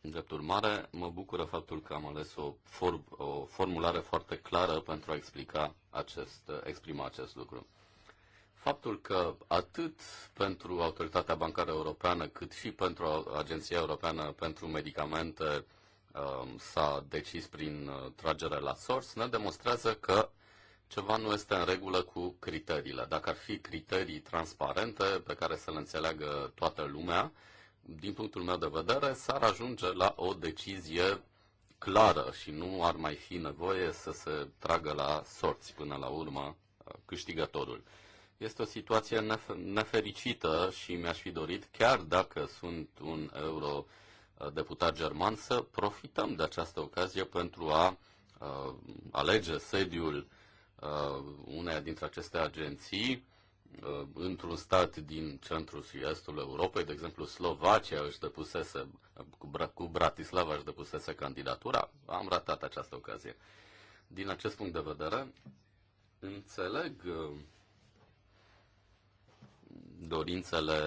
În drept urmare, mă bucură faptul că am ales o, for, o formulare foarte clară pentru a explica acest, uh, exprima acest lucru. Faptul că atât pentru Autoritatea Bancară Europeană cât și pentru Agenția Europeană pentru Medicamente Um, s-a decis prin uh, tragere la sorți, ne demonstrează că ceva nu este în regulă cu criteriile. Dacă ar fi criterii transparente pe care să le înțeleagă toată lumea, din punctul meu de vedere, s-ar ajunge la o decizie clară și nu ar mai fi nevoie să se tragă la sorți până la urmă uh, câștigătorul. Este o situație nefericită și mi-aș fi dorit, chiar dacă sunt un euro deputat german să profităm de această ocazie pentru a alege sediul uneia dintre aceste agenții într-un stat din centrul și estul Europei, de exemplu Slovacia își depusese, cu, Bra- cu Bratislava își depusese candidatura, am ratat această ocazie. Din acest punct de vedere, înțeleg dorințele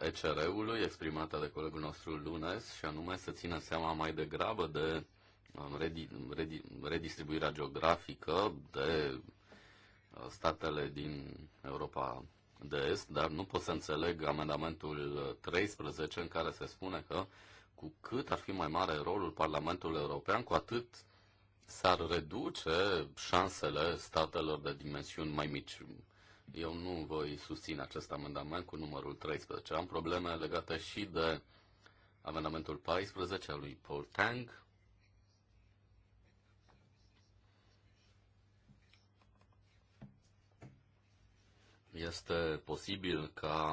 ECR-ului exprimate de colegul nostru Lunes și anume să țină seama mai degrabă de um, redistribuirea geografică de uh, statele din Europa de Est, dar nu pot să înțeleg amendamentul 13 în care se spune că cu cât ar fi mai mare rolul Parlamentului European, cu atât s-ar reduce șansele statelor de dimensiuni mai mici eu nu voi susține acest amendament cu numărul 13. Am probleme legate și de amendamentul 14 al lui Paul Tang. Este posibil ca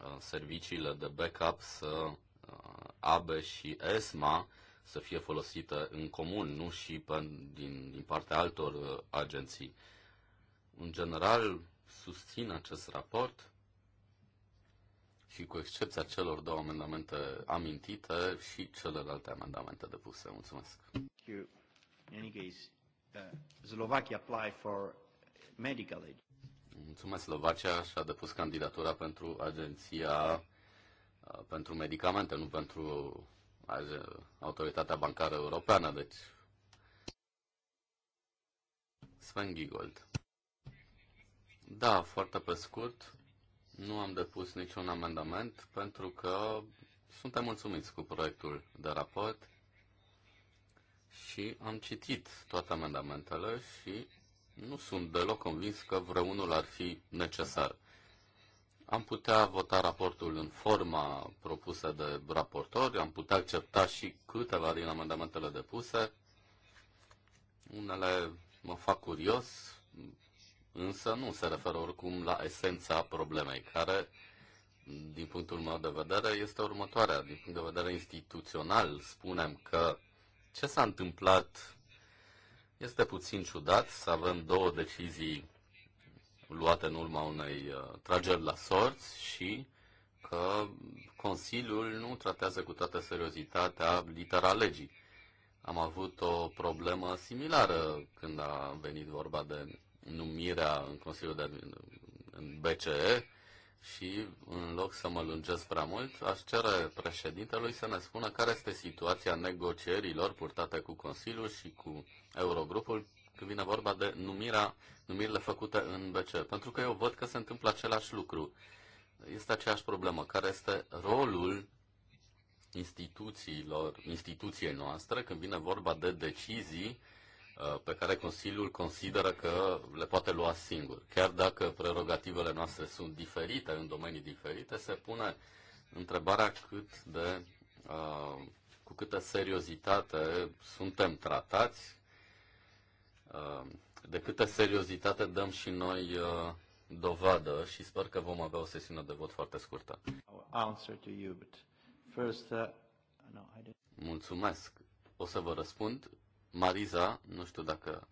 uh, serviciile de backup să uh, ABE și ESMA să fie folosite în comun, nu și pe, din, din partea altor uh, agenții. În general, susțin acest raport și cu excepția celor două amendamente amintite și celelalte amendamente depuse. Mulțumesc. Uh, Mulțumesc. Slovacia și-a depus candidatura pentru agenția uh, pentru medicamente, nu pentru uh, autoritatea bancară europeană, deci Sven Giegold. Da, foarte pe scurt. Nu am depus niciun amendament pentru că suntem mulțumiți cu proiectul de raport și am citit toate amendamentele și nu sunt deloc convins că vreunul ar fi necesar. Am putea vota raportul în forma propusă de raportori, am putea accepta și câteva din amendamentele depuse. Unele mă fac curios, însă nu se referă oricum la esența problemei, care, din punctul meu de vedere, este următoarea. Din punct de vedere instituțional, spunem că ce s-a întâmplat este puțin ciudat să avem două decizii luate în urma unei uh, trageri la sorți și că Consiliul nu tratează cu toată seriozitatea litera legii. Am avut o problemă similară când a venit vorba de numirea în Consiliul de în BCE și în loc să mă lungesc prea mult, aș cere președintelui să ne spună care este situația negocierilor purtate cu Consiliul și cu Eurogrupul când vine vorba de numirea, numirile făcute în BCE. Pentru că eu văd că se întâmplă același lucru. Este aceeași problemă. Care este rolul instituțiilor, instituției noastre când vine vorba de decizii Uh, pe care Consiliul consideră că le poate lua singur. Chiar dacă prerogativele noastre sunt diferite, în domenii diferite, se pune întrebarea cât de, uh, cu câtă seriozitate suntem tratați, uh, de câtă seriozitate dăm și noi dovadă și sper că vom avea o sesiune de vot foarte scurtă. Mulțumesc. O să vă răspund Mariza, nu știu dacă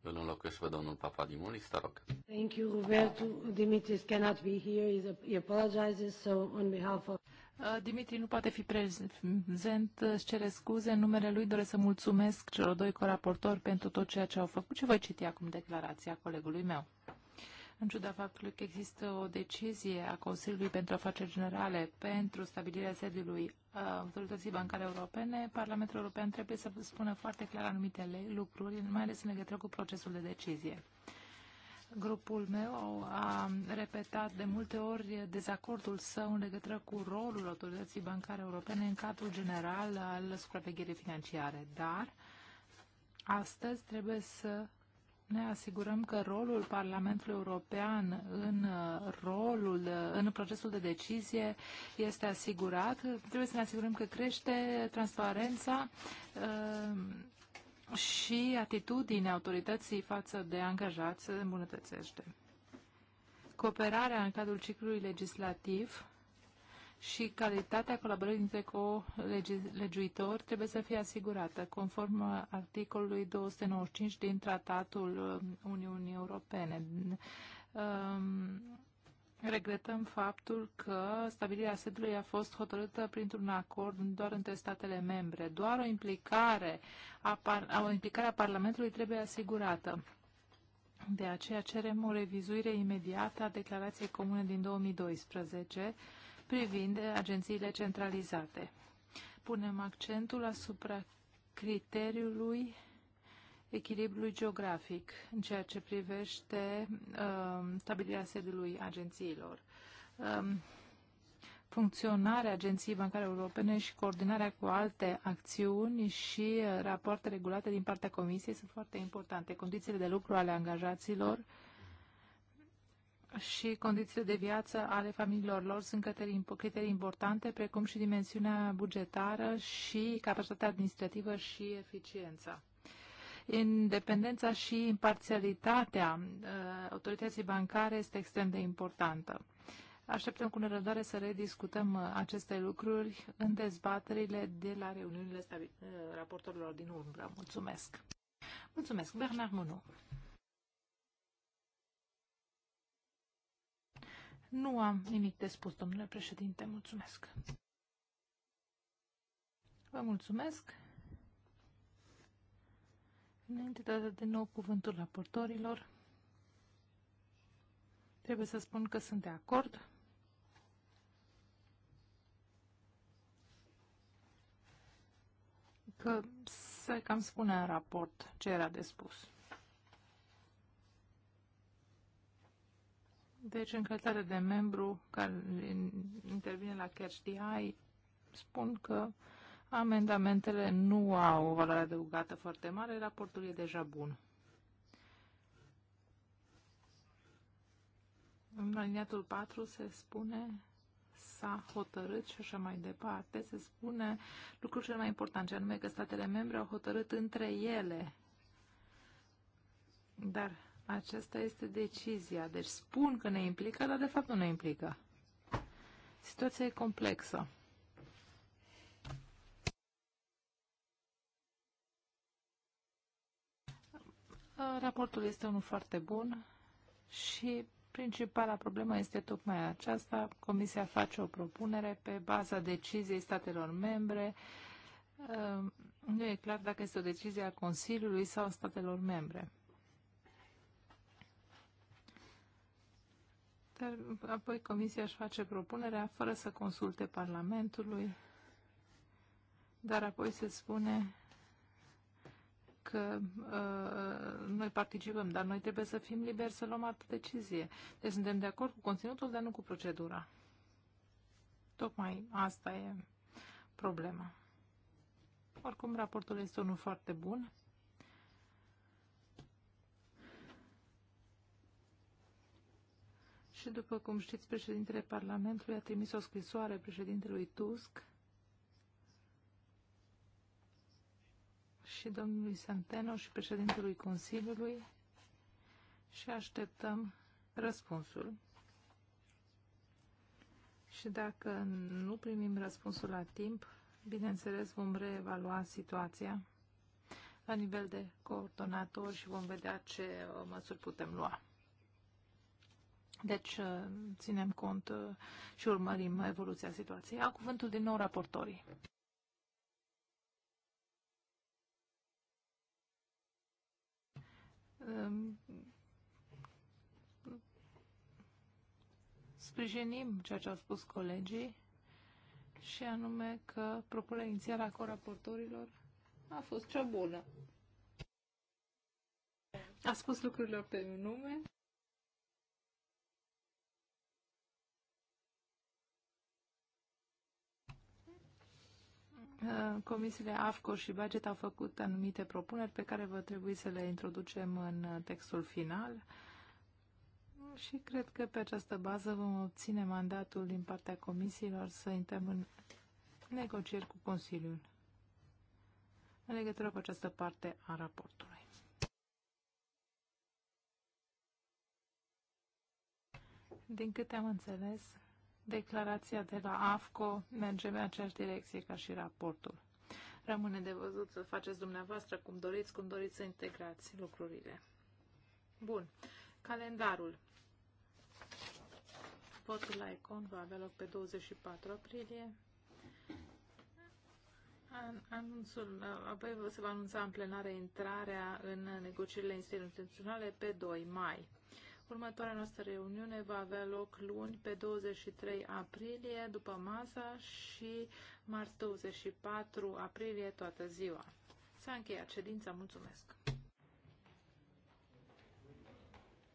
îl înlocuiesc pe domnul Papadimulis, te rog. Thank you, Roberto. Dimitris cannot be here. He apologizes, so on behalf of... Uh, Dimitri nu poate fi prezent, îți cere scuze. În numele lui doresc să mulțumesc celor doi coraportori pentru tot ceea ce au făcut și voi citi acum declarația colegului meu în ciuda faptului că există o decizie a Consiliului pentru Afaceri Generale pentru stabilirea sediului uh, Autorității Bancare Europene, Parlamentul European trebuie să spună foarte clar anumite lucruri, mai ales în legătură cu procesul de decizie. Grupul meu a repetat de multe ori dezacordul său în legătură cu rolul Autorității Bancare Europene în cadrul general al supravegherii financiare, dar astăzi trebuie să ne asigurăm că rolul Parlamentului European în, uh, rolul, uh, în procesul de decizie este asigurat. Trebuie să ne asigurăm că crește transparența uh, și atitudinea autorității față de angajați se îmbunătățește. Cooperarea în cadrul ciclului legislativ și calitatea colaborării dintre co-legiuitori trebuie să fie asigurată, conform articolului 295 din Tratatul um, Uniunii Europene. Um, regretăm faptul că stabilirea sediului a fost hotărâtă printr-un acord doar între statele membre. Doar o implicare a, par- o implicare a Parlamentului trebuie asigurată. De aceea cerem o revizuire imediată a declarației comune din 2012 privind agențiile centralizate. Punem accentul asupra criteriului echilibrului geografic în ceea ce privește uh, stabilirea sediului agențiilor. Um, funcționarea Agenției Bancare Europene și coordinarea cu alte acțiuni și uh, rapoarte regulate din partea Comisiei sunt foarte importante. Condițiile de lucru ale angajaților și condițiile de viață ale familiilor lor sunt criterii, criterii importante, precum și dimensiunea bugetară și capacitatea administrativă și eficiența. Independența și imparțialitatea uh, autorității bancare este extrem de importantă. Așteptăm cu nerăbdare să rediscutăm uh, aceste lucruri în dezbaterile de la reuniunile uh, raportorilor din urmă. Mulțumesc! Mulțumesc, Bernard Monod! Nu am nimic de spus, domnule președinte. Mulțumesc. Vă mulțumesc. Înainte de a da de nou cuvântul raportorilor, trebuie să spun că sunt de acord. Că să cam spune în raport ce era de spus. Deci, în calitate de membru care intervine la Catch spun că amendamentele nu au o valoare adăugată foarte mare, raportul e deja bun. În aliniatul 4 se spune s-a hotărât și așa mai departe, se spune lucrul cel mai important, ce anume că statele membre au hotărât între ele. Dar aceasta este decizia. Deci spun că ne implică, dar de fapt nu ne implică. Situația e complexă. Raportul este unul foarte bun și principala problemă este tocmai aceasta. Comisia face o propunere pe baza deciziei statelor membre. Ehm, nu e clar dacă este o decizie a Consiliului sau a statelor membre. dar apoi Comisia își face propunerea fără să consulte Parlamentului, dar apoi se spune că uh, noi participăm, dar noi trebuie să fim liberi să luăm altă decizie. Deci suntem de acord cu conținutul, dar nu cu procedura. Tocmai asta e problema. Oricum, raportul este unul foarte bun. După cum știți, președintele Parlamentului a trimis o scrisoare președintelui Tusk și domnului Santeno și președintelui Consiliului și așteptăm răspunsul. Și dacă nu primim răspunsul la timp, bineînțeles vom reevalua situația la nivel de coordonator și vom vedea ce măsuri putem lua. Deci uh, ținem cont uh, și urmărim evoluția situației. A cuvântul din nou raportorii. Um, sprijinim ceea ce au spus colegii și anume că propunerea inițială a coraportorilor a fost cea bună. A spus lucrurilor pe nume. Uh, comisiile AFCO și Budget au făcut anumite propuneri pe care vă trebui să le introducem în uh, textul final și cred că pe această bază vom obține mandatul din partea comisiilor să intrăm în negocieri cu Consiliul în legătură cu această parte a raportului. Din câte am înțeles, declarația de la AFCO merge în aceeași direcție ca și raportul. Rămâne de văzut să faceți dumneavoastră cum doriți, cum doriți să integrați lucrurile. Bun. Calendarul. Votul la Econ va avea loc pe 24 aprilie. Anunțul, apoi se va anunța în plenare intrarea în negocierile instituționale pe 2 mai. Următoarea noastră reuniune va avea loc luni pe 23 aprilie după masa și marți 24 aprilie toată ziua. S-a încheiat ședința. Mulțumesc!